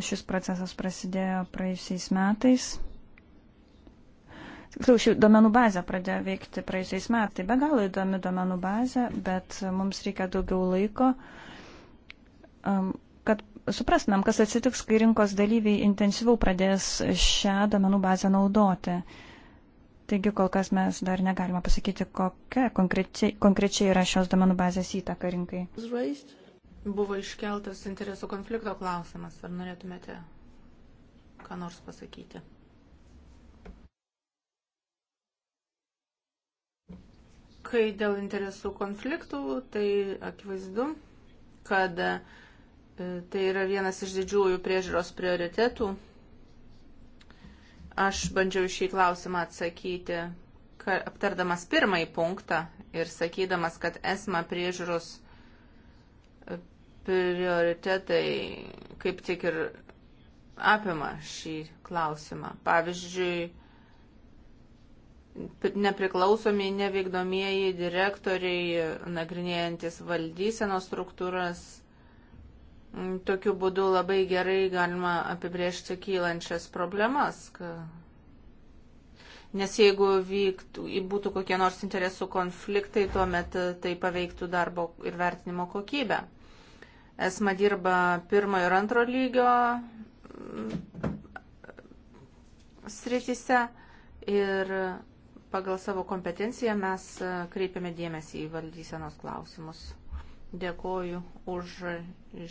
Šis procesas prasidėjo praėjusiais metais. Tiksliau, ši duomenų bazė pradėjo veikti praeisiais metais. Be galo įdomi duomenų bazė, bet e, mums reikia daugiau laiko, kad suprastumėm, kas atsitiks, kai rinkos dalyviai intensyviau pradės šią duomenų bazę naudoti. Taigi kol kas mes dar negalime pasakyti, kokia konkrečiai, konkrečiai yra šios domenų bazės įtaka rinkai. Buvo iškeltas interesų konflikto klausimas. Ar norėtumėte ką nors pasakyti? Kai dėl interesų konfliktų, tai akivaizdu, kad e, tai yra vienas iš didžiųjų priežiūros prioritetų. Aš bandžiau šį klausimą atsakyti, aptardamas pirmąjį punktą ir sakydamas, kad esma priežiūros e, prioritetai kaip tik ir apima šį klausimą. Pavyzdžiui, nepriklausomi nevykdomieji direktoriai, nagrinėjantis valdysenos struktūras. Mm, tokiu būdu labai gerai galima apibriežti kylančias problemas. Nes jeigu vyktų, būtų kokie nors interesų konfliktai, tuomet e, tai paveiktų darbo ir vertinimo kokybę. Esma dirba pirmojo ir antro lygio mm, sritise ir pagal savo kompetenciją mes e, kreipiame dėmesį į valdysenos klausimus. Dėkoju už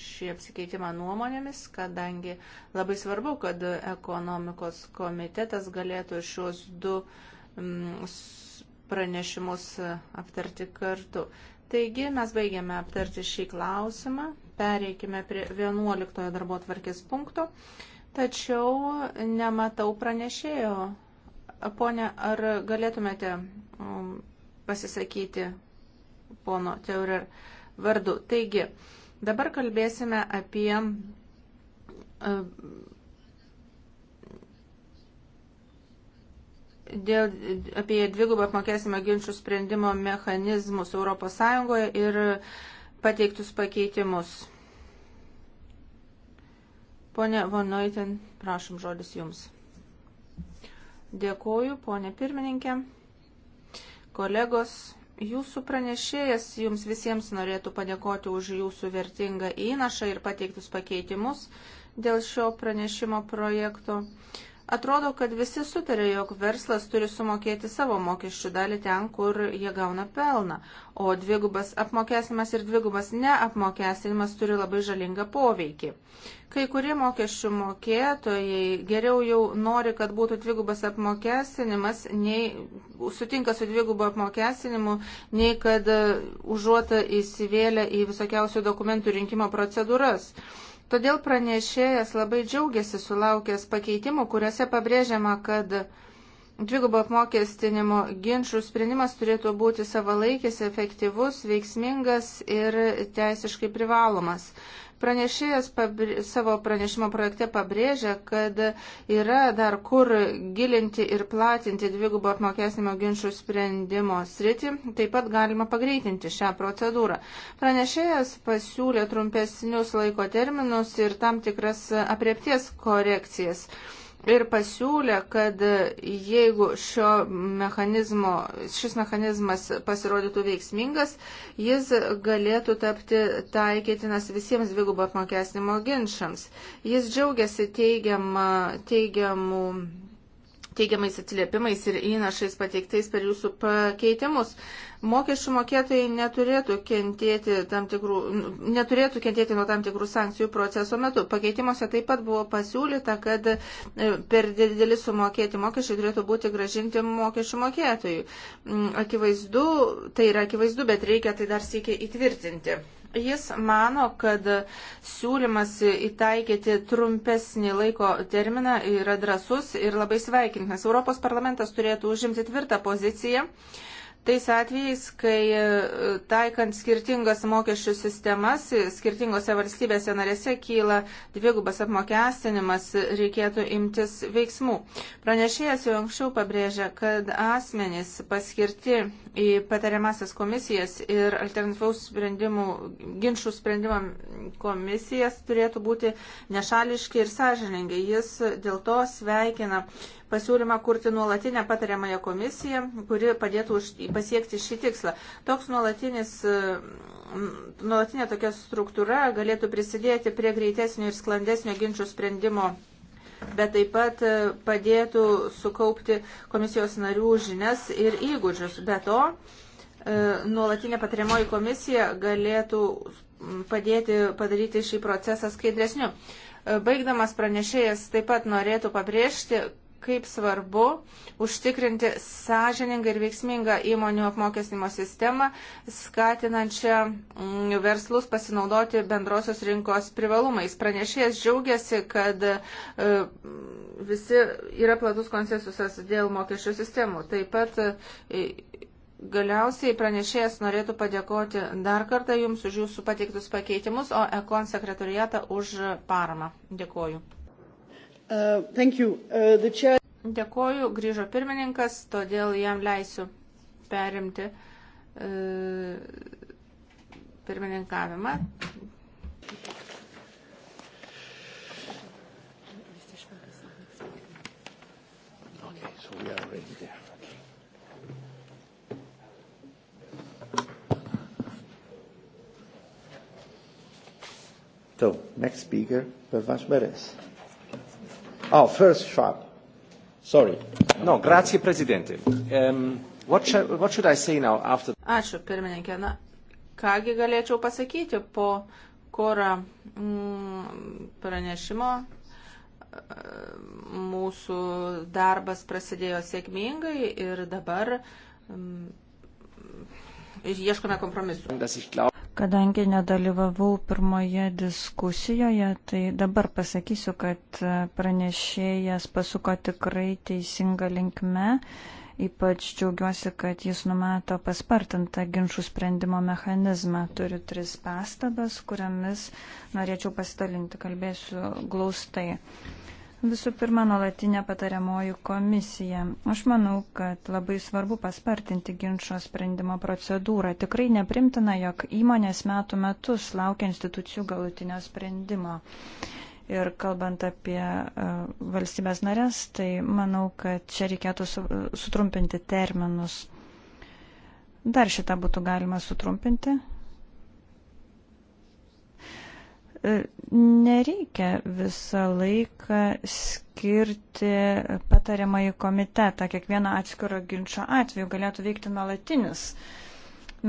šį apsikeitimą nuomonėmis, kadangi labai svarbu, kad ekonomikos komitetas galėtų šios du pranešimus e, aptarti kartu. Taigi mes baigėme aptarti šį klausimą, pereikime prie 11 darbo tvarkės punkto, tačiau nematau pranešėjo Pone, ar galėtumėte um, pasisakyti pono Teurer vardu? Taigi, dabar kalbėsime apie um, dėl, apie dvigubą apmokėsime ginčių sprendimo mechanizmus ES ir pateiktus pakeitimus. Pone Von Neuten, prašom žodis Jums. Dėkoju, ponė pirmininkė. Kolegos, jūsų pranešėjas jums visiems norėtų padėkoti už jūsų vertingą įnašą ir pateiktus pakeitimus dėl šio pranešimo projekto. Atrodo, kad visi sutarė, jog verslas turi sumokėti savo mokesčių dalį ten, kur jie gauna pelną, o dvigubas apmokestinimas ir dvigubas neapmokestinimas turi labai žalingą poveikį. Kai kurie mokesčių mokėtojai geriau jau nori, kad būtų dvigubas apmokestinimas, nei sutinka su dvigubu apmokestinimu, nei kad e, užuota įsivėlė į visokiausių dokumentų rinkimo procedūras. Todėl pranešėjas labai džiaugiasi sulaukęs pakeitimų, kuriuose pabrėžiama, kad Dvigubo apmokestinimo ginčių sprendimas turėtų būti savalaikis, efektyvus, veiksmingas ir teisiškai privalomas. Pranešėjas pabri, savo pranešimo projekte pabrėžia, kad yra dar kur gilinti ir platinti dvigubo apmokestinimo ginčių sprendimo sritį, taip pat galima pagreitinti šią procedūrą. Pranešėjas pasiūlė trumpesnius laiko terminus ir tam tikras apriepties korekcijas ir pasiūlė, kad jeigu šio mechanizmo, šis mechanizmas pasirodytų veiksmingas, jis galėtų tapti taikytinas visiems dvigubą apmokestinimo ginčiams. Jis džiaugiasi teigiamą, teigiamų teigiamais atsiliepimais ir įnašais pateiktais per jūsų pakeitimus. Mokesčių mokėtojai neturėtų kentėti, tikrų, neturėtų kentėti nuo tam tikrų sankcijų proceso metu. Pakeitimuose taip pat buvo pasiūlyta, kad e, per didelį sumokėti mokesčiai turėtų būti gražinti mokesčių mokėtojų. Mm, akivaizdu, tai yra akivaizdu, bet reikia tai dar sėkiai įtvirtinti. Jis mano, kad siūlymas įtaikyti trumpesnį laiko terminą yra drasus ir labai sveikintinas. Europos parlamentas turėtų užimti tvirtą poziciją tais atvejais, kai e, taikant skirtingas mokesčių sistemas, skirtingose valstybėse narėse kyla dvigubas apmokestinimas, reikėtų imtis veiksmų. Pranešėjas jau anksčiau pabrėžė, kad asmenys paskirti į patariamasias komisijas ir alternatyvaus sprendimų, ginčių sprendimą komisijas turėtų būti nešališki ir sąžiningai. Jis dėl to sveikina pasiūlymą kurti nuolatinę patariamąją komisiją, kuri padėtų pasiekti šį tikslą. Toks nuolatinis, e, nuolatinė tokia struktūra galėtų prisidėti prie greitesnio ir sklandesnio ginčių sprendimo bet taip pat e, padėtų sukaupti komisijos narių žinias ir įgūdžius. Be to, e, nuolatinė patariamoji komisija galėtų padėti padaryti šį procesą skaidresniu. Baigdamas pranešėjas taip pat norėtų pabrėžti, kaip svarbu užtikrinti sąžiningą ir veiksmingą įmonių apmokestinimo sistemą, skatinančią mm, verslus pasinaudoti bendrosios rinkos privalumais. Pranešėjas džiaugiasi, kad e, visi yra platus konsensusas dėl mokesčių sistemų. Taip pat e, Galiausiai pranešėjas norėtų padėkoti dar kartą Jums už Jūsų pateiktus pakeitimus, o Ekon sekretariatą už paramą. Dėkoju. Uh, uh, chair... Dėkoju, grįžo pirmininkas, todėl jam leisiu perimti uh, pirmininkavimą. Okay, so we are ready there. Então, next speaker, Pervaz Beres. Oh, first Schwab. Sorry. No, grazie, Presidente. Um, what, sh what should I say now after... Ačiū, pirmininkė. Na, kągi galėčiau pasakyti po korą mm, pranešimo. Ehm, mūsų darbas prasidėjo sėkmingai ir dabar mm, ir ieškome kompromisų. Kadangi nedalyvavau pirmoje diskusijoje, tai dabar pasakysiu, kad e, pranešėjas pasuko tikrai teisinga linkme. Ypač džiaugiuosi, kad jis numato paspartintą ginčių sprendimo mechanizmą. Turiu tris pastabas, kuriamis norėčiau pasidalinti, kalbėsiu glaustai. Visų pirma, nuolatinė patariamoji komisija. Aš manau, kad labai svarbu paspartinti ginčio sprendimo procedūrą. Tikrai neprimtina, jog įmonės metų metus laukia institucijų galutinio sprendimo. Ir kalbant apie e, valstybės narės, tai manau, kad čia reikėtų sutrumpinti terminus. Dar šitą būtų galima sutrumpinti, E, nereikia visą laiką skirti patariamą į komitetą. Kiekvieno atskiro ginčio atveju galėtų veikti nuolatinis.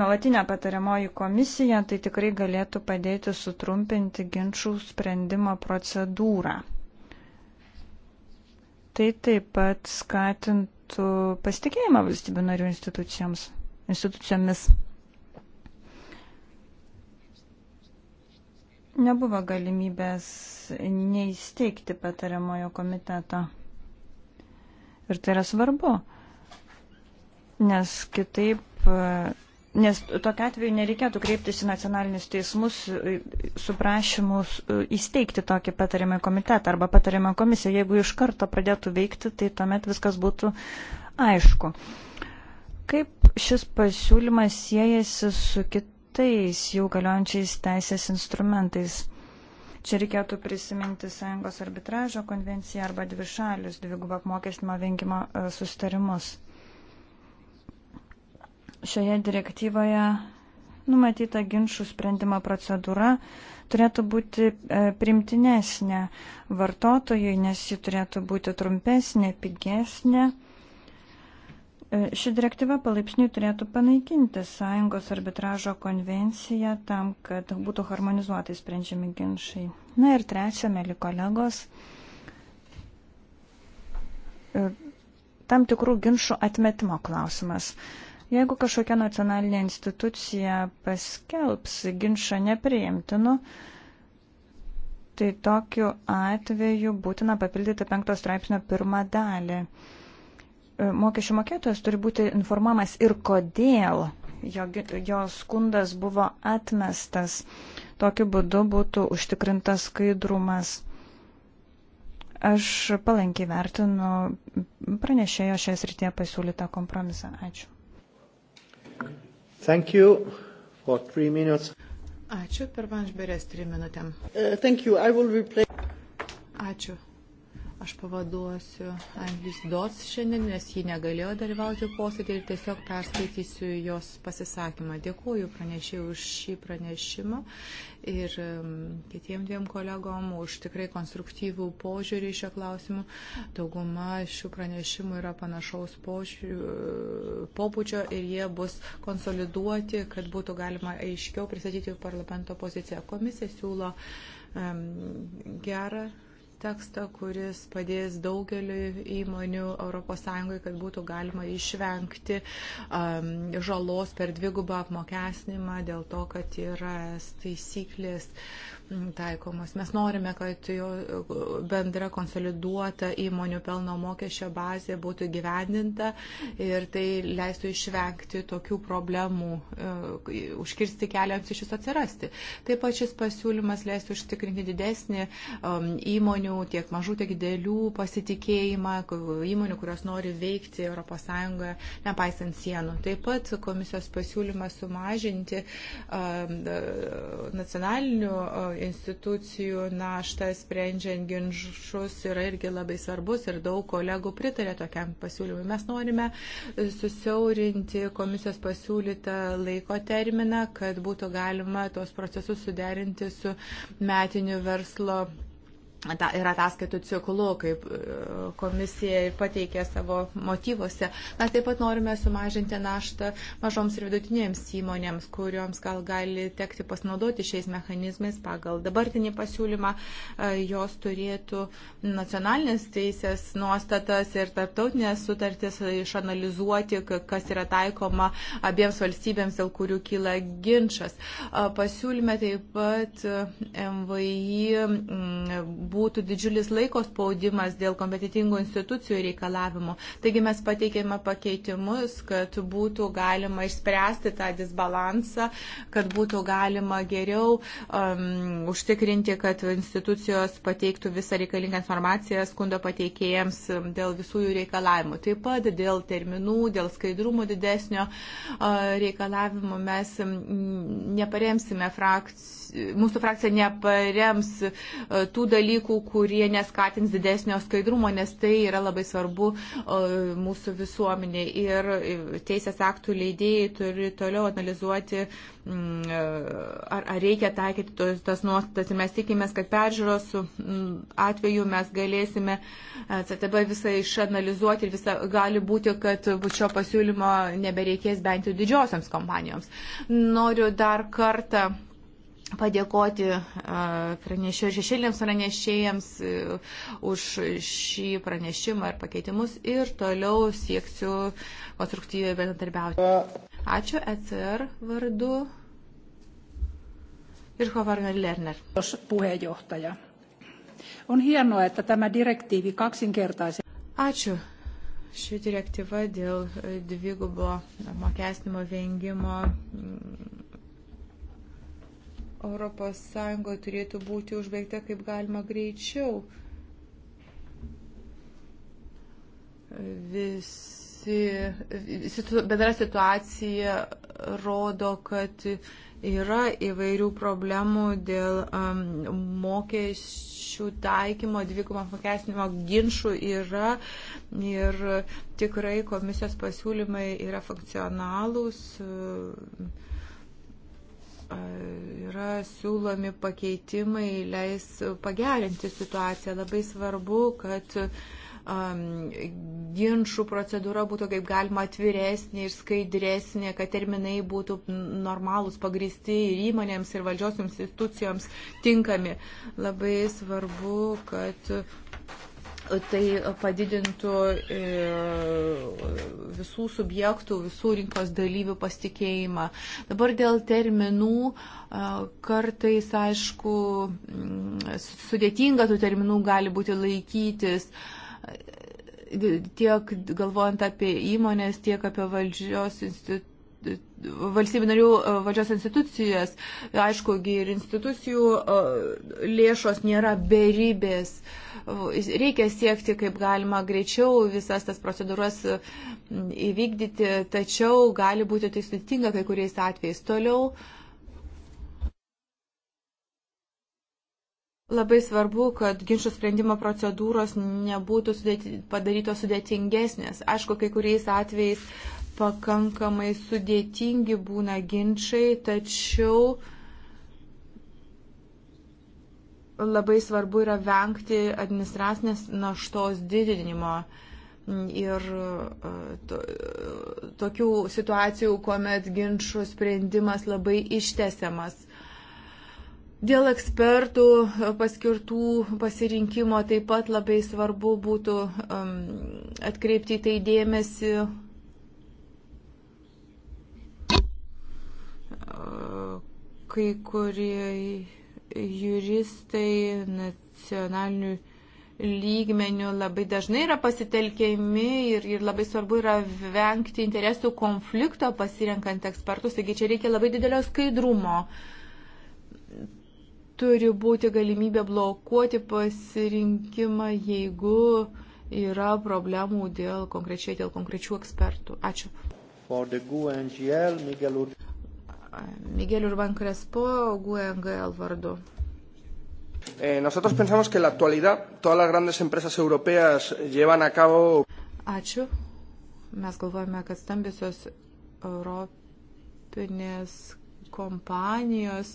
Nuolatinė patariamoji komisija tai tikrai galėtų padėti sutrumpinti ginčių sprendimo procedūrą. Tai taip pat skatintų pasitikėjimą valstybių narių institucijomis. nebuvo galimybės neįsteigti patariamojo komiteto. Ir tai yra svarbu, nes kitaip, nes tokia atveju nereikėtų kreiptis į nacionalinius teismus su prašymu įsteigti tokį patariamą komitetą arba patariamą komisiją. Jeigu iš karto pradėtų veikti, tai tuomet viskas būtų aišku. Kaip šis pasiūlymas siejasi su kitu? kitais jau galiojančiais teisės instrumentais. Čia reikėtų prisiminti Sąjungos arbitražo konvenciją arba dvišalius dvigubą apmokestinimo vengimo e, sustarimus. Šioje direktyvoje numatyta ginčių sprendimo procedūra turėtų būti e, primtinesnė vartotojui, nes ji turėtų būti trumpesnė, pigesnė. E, ši direktyva palaipsniui turėtų panaikinti Sąjungos arbitražo konvenciją tam, kad būtų harmonizuotai sprendžiami ginčiai. Na ir trečia, mėly kolegos, e, tam tikrų ginčių atmetimo klausimas. Jeigu kažkokia nacionalinė institucija paskelbs ginčą nepriimtinu, tai tokiu atveju būtina papildyti penktos straipsnio pirmą dalį. E, mokesčių mokėtojas turi būti informuomas ir kodėl jo, jo skundas buvo atmestas. Tokiu būdu būtų užtikrintas skaidrumas. Aš palankiai vertinu pranešėjo šią srityje pasiūlytą kompromisą. Ačiū. Thank you for three minutes. Ačiū per Vanžberės trim minutėm. Uh, thank you. I will replay. Ačiū. Aš pavaduosiu Anglis Dots šiandien, nes ji negalėjo dalyvauti posėdį ir tiesiog perskaitysiu jos pasisakymą. Dėkuoju pranešėjai už šį pranešimą ir um, kitiem dviem kolegom už tikrai konstruktyvų požiūrį šio klausimu. Dauguma šių pranešimų yra panašaus popučio uh, ir jie bus konsoliduoti, kad būtų galima aiškiau pristatyti parlamento poziciją. Komisija siūlo um, gerą tekstą, kuris padės daugeliu įmonių ES, kad būtų galima išvengti um, žalos per dvigubą apmokesnimą dėl to, kad yra taisyklės taikomos. Mes norime, kad bendra konsoliduota įmonių pelno mokesčio bazė būtų gyvendinta ir tai leistų išvengti tokių problemų, e, užkirsti keliams iš jis atsirasti. Taip pat šis pasiūlymas leistų užtikrinti didesnį um, įmonių, tiek mažų, tiek didelių pasitikėjimą, įmonių, kurios nori veikti ES, nepaisant sienų. Taip pat komisijos pasiūlymas sumažinti um, e, nacionalinių e, institucijų naštą sprendžiant ginčius yra irgi labai svarbus ir daug kolegų pritarė tokiam pasiūlymui. Mes norime susiaurinti komisijos pasiūlytą laiko terminą, kad būtų galima tos procesus suderinti su metiniu verslo ta, ir ataskaitų ciklu, kaip e, komisija ir pateikė savo motyvuose. Mes taip pat norime sumažinti naštą mažoms ir vidutinėms įmonėms, kurioms gal gali tekti pasinaudoti šiais mechanizmais pagal dabartinį pasiūlymą. E, jos turėtų nacionalinės teisės nuostatas ir tarptautinės sutartis išanalizuoti, kas yra taikoma abiems valstybėms, dėl kurių kyla ginčas. E, pasiūlyme taip pat MVI būtų didžiulis laiko spaudimas dėl kompetitingų institucijų reikalavimų. Taigi mes pateikėme pakeitimus, kad būtų galima išspręsti tą disbalansą, kad būtų galima geriau um, užtikrinti, kad institucijos pateiktų visą reikalingą informaciją skundo pateikėjams um, dėl visų jų reikalavimų. Taip pat dėl terminų, dėl skaidrumo didesnio uh, reikalavimų mes um, neparemsime frakcijų mūsų frakcija neparems e, tų dalykų, kurie neskatins didesnio skaidrumo, nes tai yra labai svarbu e, mūsų visuomenė. Ir e, teisės aktų leidėjai turi toliau analizuoti, mm, ar, ar reikia taikyti tos, tas nuostatas. Ir mes tikimės, kad peržiūros mm, atveju mes galėsime CTB visą išanalizuoti ir visą, gali būti, kad šio pasiūlymo nebereikės bent jau didžiosioms kompanijoms. Noriu dar kartą padėkoti e, pranešėjų šešėlėms pranešėjams e, už šį pranešimą ir pakeitimus ir toliau sieksiu konstruktyviai bendradarbiauti. Ačiū ECR vardu. Irko Varner Lerner. Puheenjohtaja. On hienoa, että tämä direktiivi kaksinkertaisen. Ačiū. Ši direktyva dėl dvigubo apmokestinimo vengimo ES turėtų būti užbaigta kaip galima greičiau. Visi, situ, bendra situacija rodo, kad yra įvairių problemų dėl um, mokesčių taikymo, dvigumo apmokestinimo ginčių yra ir tikrai komisijos pasiūlymai yra funkcionalūs. Uh, yra siūlomi pakeitimai, leis pagerinti situaciją. Labai svarbu, kad ginčių procedūra būtų kaip galima atviresnė ir skaidresnė, kad terminai būtų normalūs, pagristi ir įmonėms, ir valdžios institucijoms tinkami. Labai svarbu, kad tai padidintų e, visų subjektų, visų rinkos dalyvių pasitikėjimą. Dabar dėl terminų e, kartais, aišku, mm, sudėtinga tų terminų gali būti laikytis e, tiek galvojant apie įmonės, tiek apie valdžios institucijų valstybių narių valdžios institucijas. Aišku, ir institucijų lėšos nėra beribės. Uh, Reikia siekti, kaip galima greičiau visas tas procedūras įvykdyti, tačiau gali būti tai sudėtinga kai kuriais atvejais. Toliau labai svarbu, kad ginčių sprendimo procedūros nebūtų sudėti, padarytos sudėtingesnės. Aišku, kai kuriais atvejais pakankamai sudėtingi būna ginčiai, tačiau uh, labai svarbu yra vengti administracinės naštos didinimo. Ir e, to, tokių situacijų, kuomet ginčių sprendimas labai ištesiamas. Dėl ekspertų paskirtų pasirinkimo taip pat labai svarbu būtų um, atkreipti į tai dėmesį. E, kai kurie juristai nacionalinių lygmenių labai dažnai yra pasitelkiami ir, ir labai svarbu yra vengti interesų konflikto pasirenkant ekspertus, taigi čia reikia labai didelio skaidrumo. Turi būti galimybė blokuoti pasirinkimą, jeigu yra problemų dėl konkrečiai dėl konkrečių ekspertų. Ačiū. Miguel Urbán Crespo, GUNGL vardu. Eh, nosotros pensamos que en la actualidad todas las grandes empresas europeas llevan a cabo. Ačiū. Mes galvojame, kad stambiosios europinės kompanijos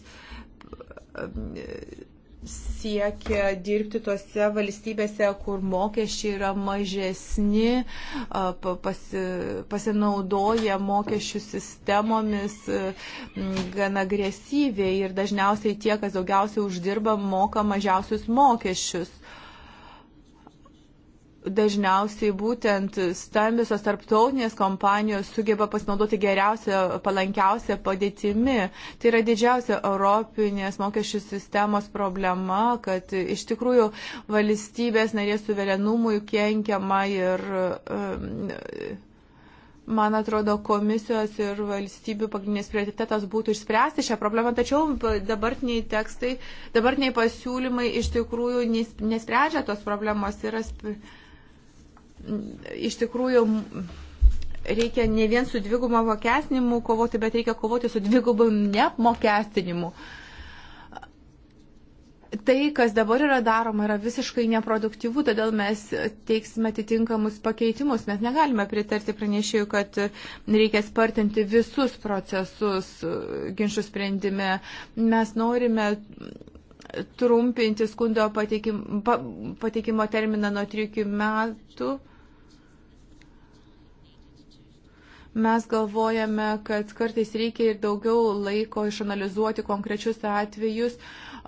siekia dirbti tose valstybėse, kur mokesčiai yra mažesni, pasi, pasinaudoja mokesčių sistemomis gana agresyviai ir dažniausiai tie, kas daugiausiai uždirba, moka mažiausius mokesčius. Uh, dažniausiai būtent stambiosios tarptautinės kompanijos sugeba pasinaudoti geriausią, palankiausią padėtimi. Tai yra didžiausia Europinės mokesčių sistemos problema, kad iš tikrųjų valstybės narės suverenumui kenkiama ir. Um, man atrodo, komisijos ir valstybių pagrindinės prioritetas būtų išspręsti šią problemą, tačiau dabartiniai tekstai, dabartiniai pasiūlymai iš tikrųjų nesprendžia tos problemos. Yra sp iš tikrųjų reikia ne vien su dvigubu apmokestinimu kovoti, bet reikia kovoti su dvigubu neapmokestinimu. Tai, kas dabar yra daroma, yra visiškai neproduktyvu, todėl mes teiksime atitinkamus pakeitimus. Mes negalime pritarti pranešėjų, kad reikia spartinti visus procesus ginčių sprendime. Mes norime trumpinti skundo pateikim, pa, pateikimo terminą nuo 3 metų. Mes galvojame, kad kartais reikia ir daugiau laiko išanalizuoti konkrečius atvejus.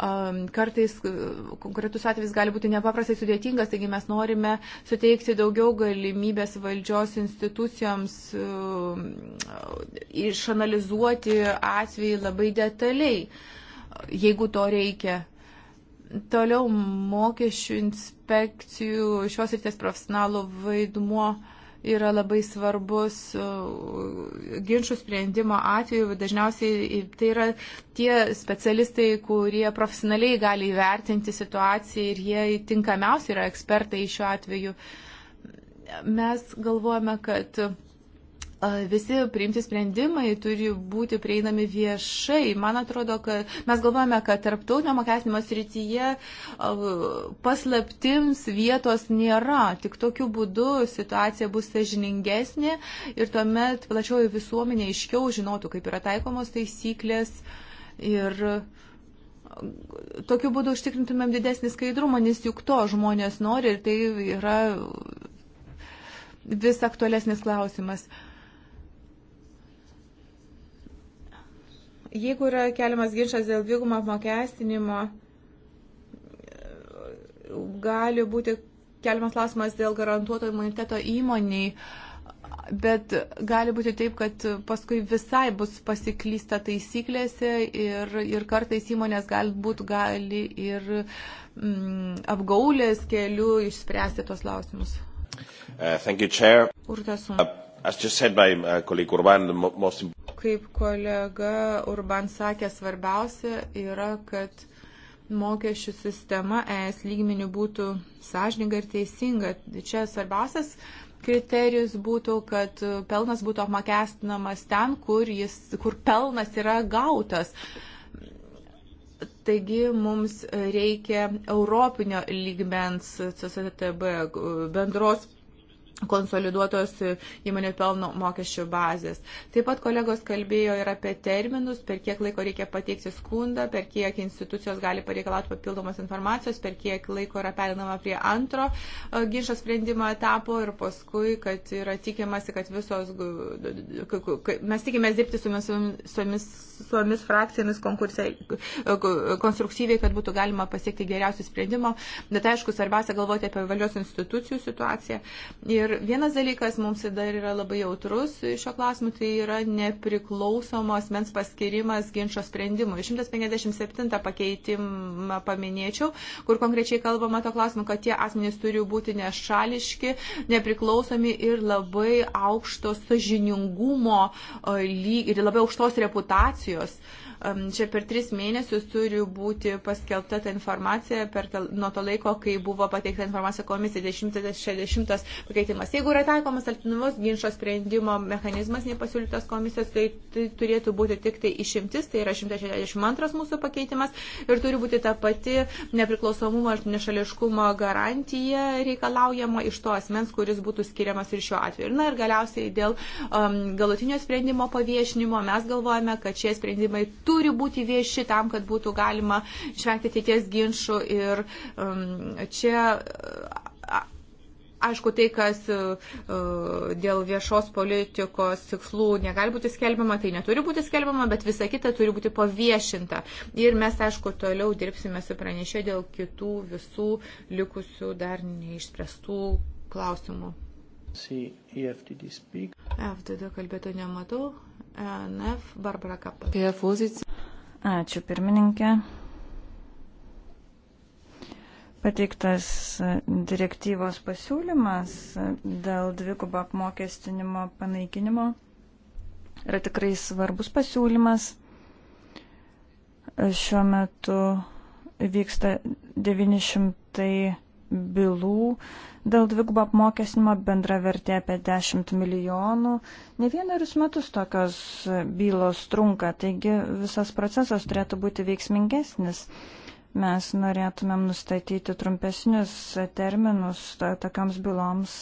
Um, kartais uh, konkretus atvejis gali būti nepaprastai sudėtingas, taigi mes norime suteikti daugiau galimybės valdžios institucijoms um, išanalizuoti atvejį labai detaliai jeigu to reikia. Toliau mokesčių inspekcijų šios rytės profesionalų vaidmuo yra labai svarbus uh, ginčių sprendimo atveju. Dažniausiai tai yra tie specialistai, kurie profesionaliai gali įvertinti situaciją ir jie tinkamiausi yra ekspertai šiuo atveju. Mes galvojame, kad visi priimti sprendimai turi būti prieinami viešai. Man atrodo, kad mes galvojame, kad tarptautinio mokesnimo srityje paslaptims vietos nėra. Tik tokiu būdu situacija bus sažiningesnė ir tuomet plačioji visuomenė aiškiau žinotų, kaip yra taikomos taisyklės. Ir tokiu būdu užtikrintumėm didesnį skaidrumą, nes juk to žmonės nori ir tai yra vis aktualesnis klausimas. Uh, Jeigu yra keliamas ginčas dėl dvigumo apmokestinimo, gali būti keliamas klausimas dėl garantuoto imuniteto įmoniai, bet gali būti taip, kad paskui visai bus pasiklysta taisyklėse ir, ir kartais įmonės galbūt gali ir mm, apgaulės keliu išspręsti tos klausimus. Uh, thank you, Chair. Urtasun. Uh, as just said by uh, colleague Urban, the most important kaip kolega Urban sakė, svarbiausia yra, kad mokesčių sistema ES lygmenių būtų sąžininga ir teisinga. Čia svarbiausias kriterijus būtų, kad pelnas būtų apmokestinamas ten, kur, jis, kur pelnas yra gautas. Taigi mums reikia europinio lygmens CCTB bendros konsoliduotos įmonių pelno mokesčių bazės. Taip pat kolegos kalbėjo ir apie terminus, per kiek laiko reikia pateikti skundą, per kiek institucijos gali pareikalauti papildomos informacijos, per kiek laiko yra perinama prie antro e, ginčio sprendimo etapo ir paskui, kad yra tikimasi, kad visos, mes tikimės dirbti su visomis suomis frakcijomis e, konstruktyviai, kad būtų galima pasiekti geriausių sprendimų, bet aišku, svarbiausia galvoti apie valios institucijų situaciją. Ir Ir vienas dalykas mums dar yra labai jautrus šio klausimu, tai yra nepriklausomo asmens paskirimas ginčio sprendimui. 157 pakeitimą paminėčiau, kur konkrečiai kalbama to klausimu, kad tie asmenys turi būti nešališki, nepriklausomi ir labai aukšto sažiningumo e, ir labai aukštos reputacijos. Uh, Čia per tris mėnesius turi būti paskelbta ta informacija per, nuo to laiko, kai buvo pateikta informacija komisija 1060 pakeitimas. Jeigu yra taikomas alternatyvus ginčio sprendimo mechanizmas nepasiūlytas komisijos, tai, tai turėtų būti tik tai išimtis, tai yra 162 mūsų pakeitimas ir turi būti ta pati nepriklausomumo ir nešališkumo garantija reikalaujama iš to asmens, kuris būtų skiriamas ir šiuo atveju. Na ir galiausiai dėl um, galutinio sprendimo paviešinimo mes galvojame, kad šie sprendimai turi būti vieši tam, kad būtų galima išvengti ateities ginčių. Ir um, čia. Aišku, tai, kas uh, dėl viešos politikos tikslų negali būti skelbiama, tai neturi būti skelbiama, bet visa kita turi būti paviešinta. Ir mes, aišku, toliau dirbsime su pranešė dėl kitų visų likusių dar neišspręstų klausimų. E FDD kalbėto nematau, ENF Barbara Kapel. Ačiū pirmininkė. Pateiktas direktyvos pasiūlymas dėl dvigubo apmokestinimo panaikinimo yra tikrai svarbus pasiūlymas. Šiuo metu vyksta 900 bylų Dėl dvigubo apmokesnimo bendra vertė apie 10 milijonų. Ne vienerius metus tokios bylos trunka, taigi visas procesas turėtų būti veiksmingesnis. Mes norėtumėm nustatyti trumpesnius terminus tokioms byloms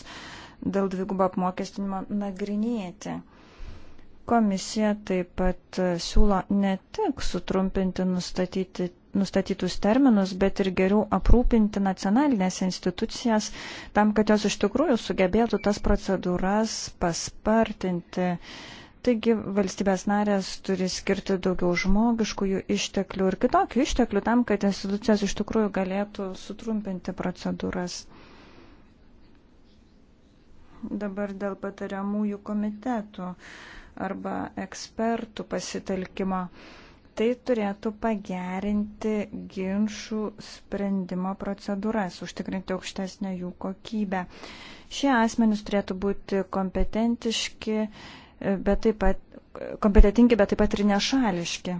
dėl dvigubo apmokestinimo nagrinėti. Komisija taip pat e, siūlo ne tik sutrumpinti nustatytus terminus, bet ir geriau aprūpinti nacionalinės institucijas tam, kad jos iš tikrųjų sugebėtų tas procedūras paspartinti. Taigi valstybės narės turi skirti daugiau žmogiškųjų išteklių ir kitokių išteklių tam, kad institucijos iš tikrųjų galėtų sutrumpinti procedūras. Dabar dėl patariamųjų komitetų. Uh, arba ekspertų pasitelkimo. Tai turėtų pagerinti ginčių sprendimo procedūras, užtikrinti aukštesnę jų kokybę. Šie asmenys turėtų būti kompetentiški, e, bet taip pat kompetitingi, bet taip pat ir nešališki.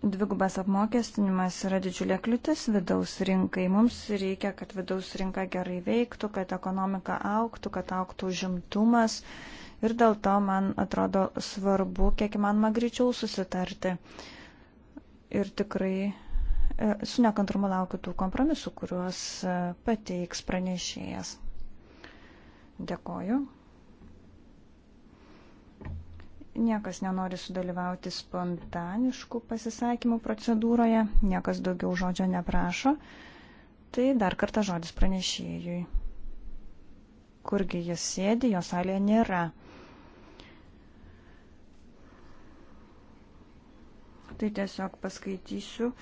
Dvigubas apmokestinimas yra didžiulė kliūtis vidaus rinkai. Mums reikia, kad vidaus rinka gerai veiktų, kad ekonomika auktų, kad auktų žimtumas. Ir dėl to man atrodo svarbu, kiek įmanoma greičiau susitarti. Ir tikrai e, su nekantrumu laukiu tų kompromisų, kuriuos e, pateiks pranešėjas. Dėkoju. Niekas nenori sudalyvauti spontaniškų pasisakymų procedūroje, niekas daugiau žodžio neprašo. Tai dar kartą žodis pranešėjui. Kurgi jis sėdi, jo salėje nėra. Tai tiesiog paskaitysiu,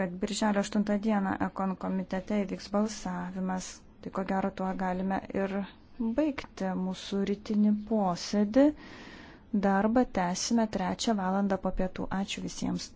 kad birželio 8 dieną ekon komitete įvyks balsavimas. Tai ko gero tuo galime ir baigti mūsų rytinį posėdį. Darbą tęsime trečią valandą po pietų. Ačiū visiems.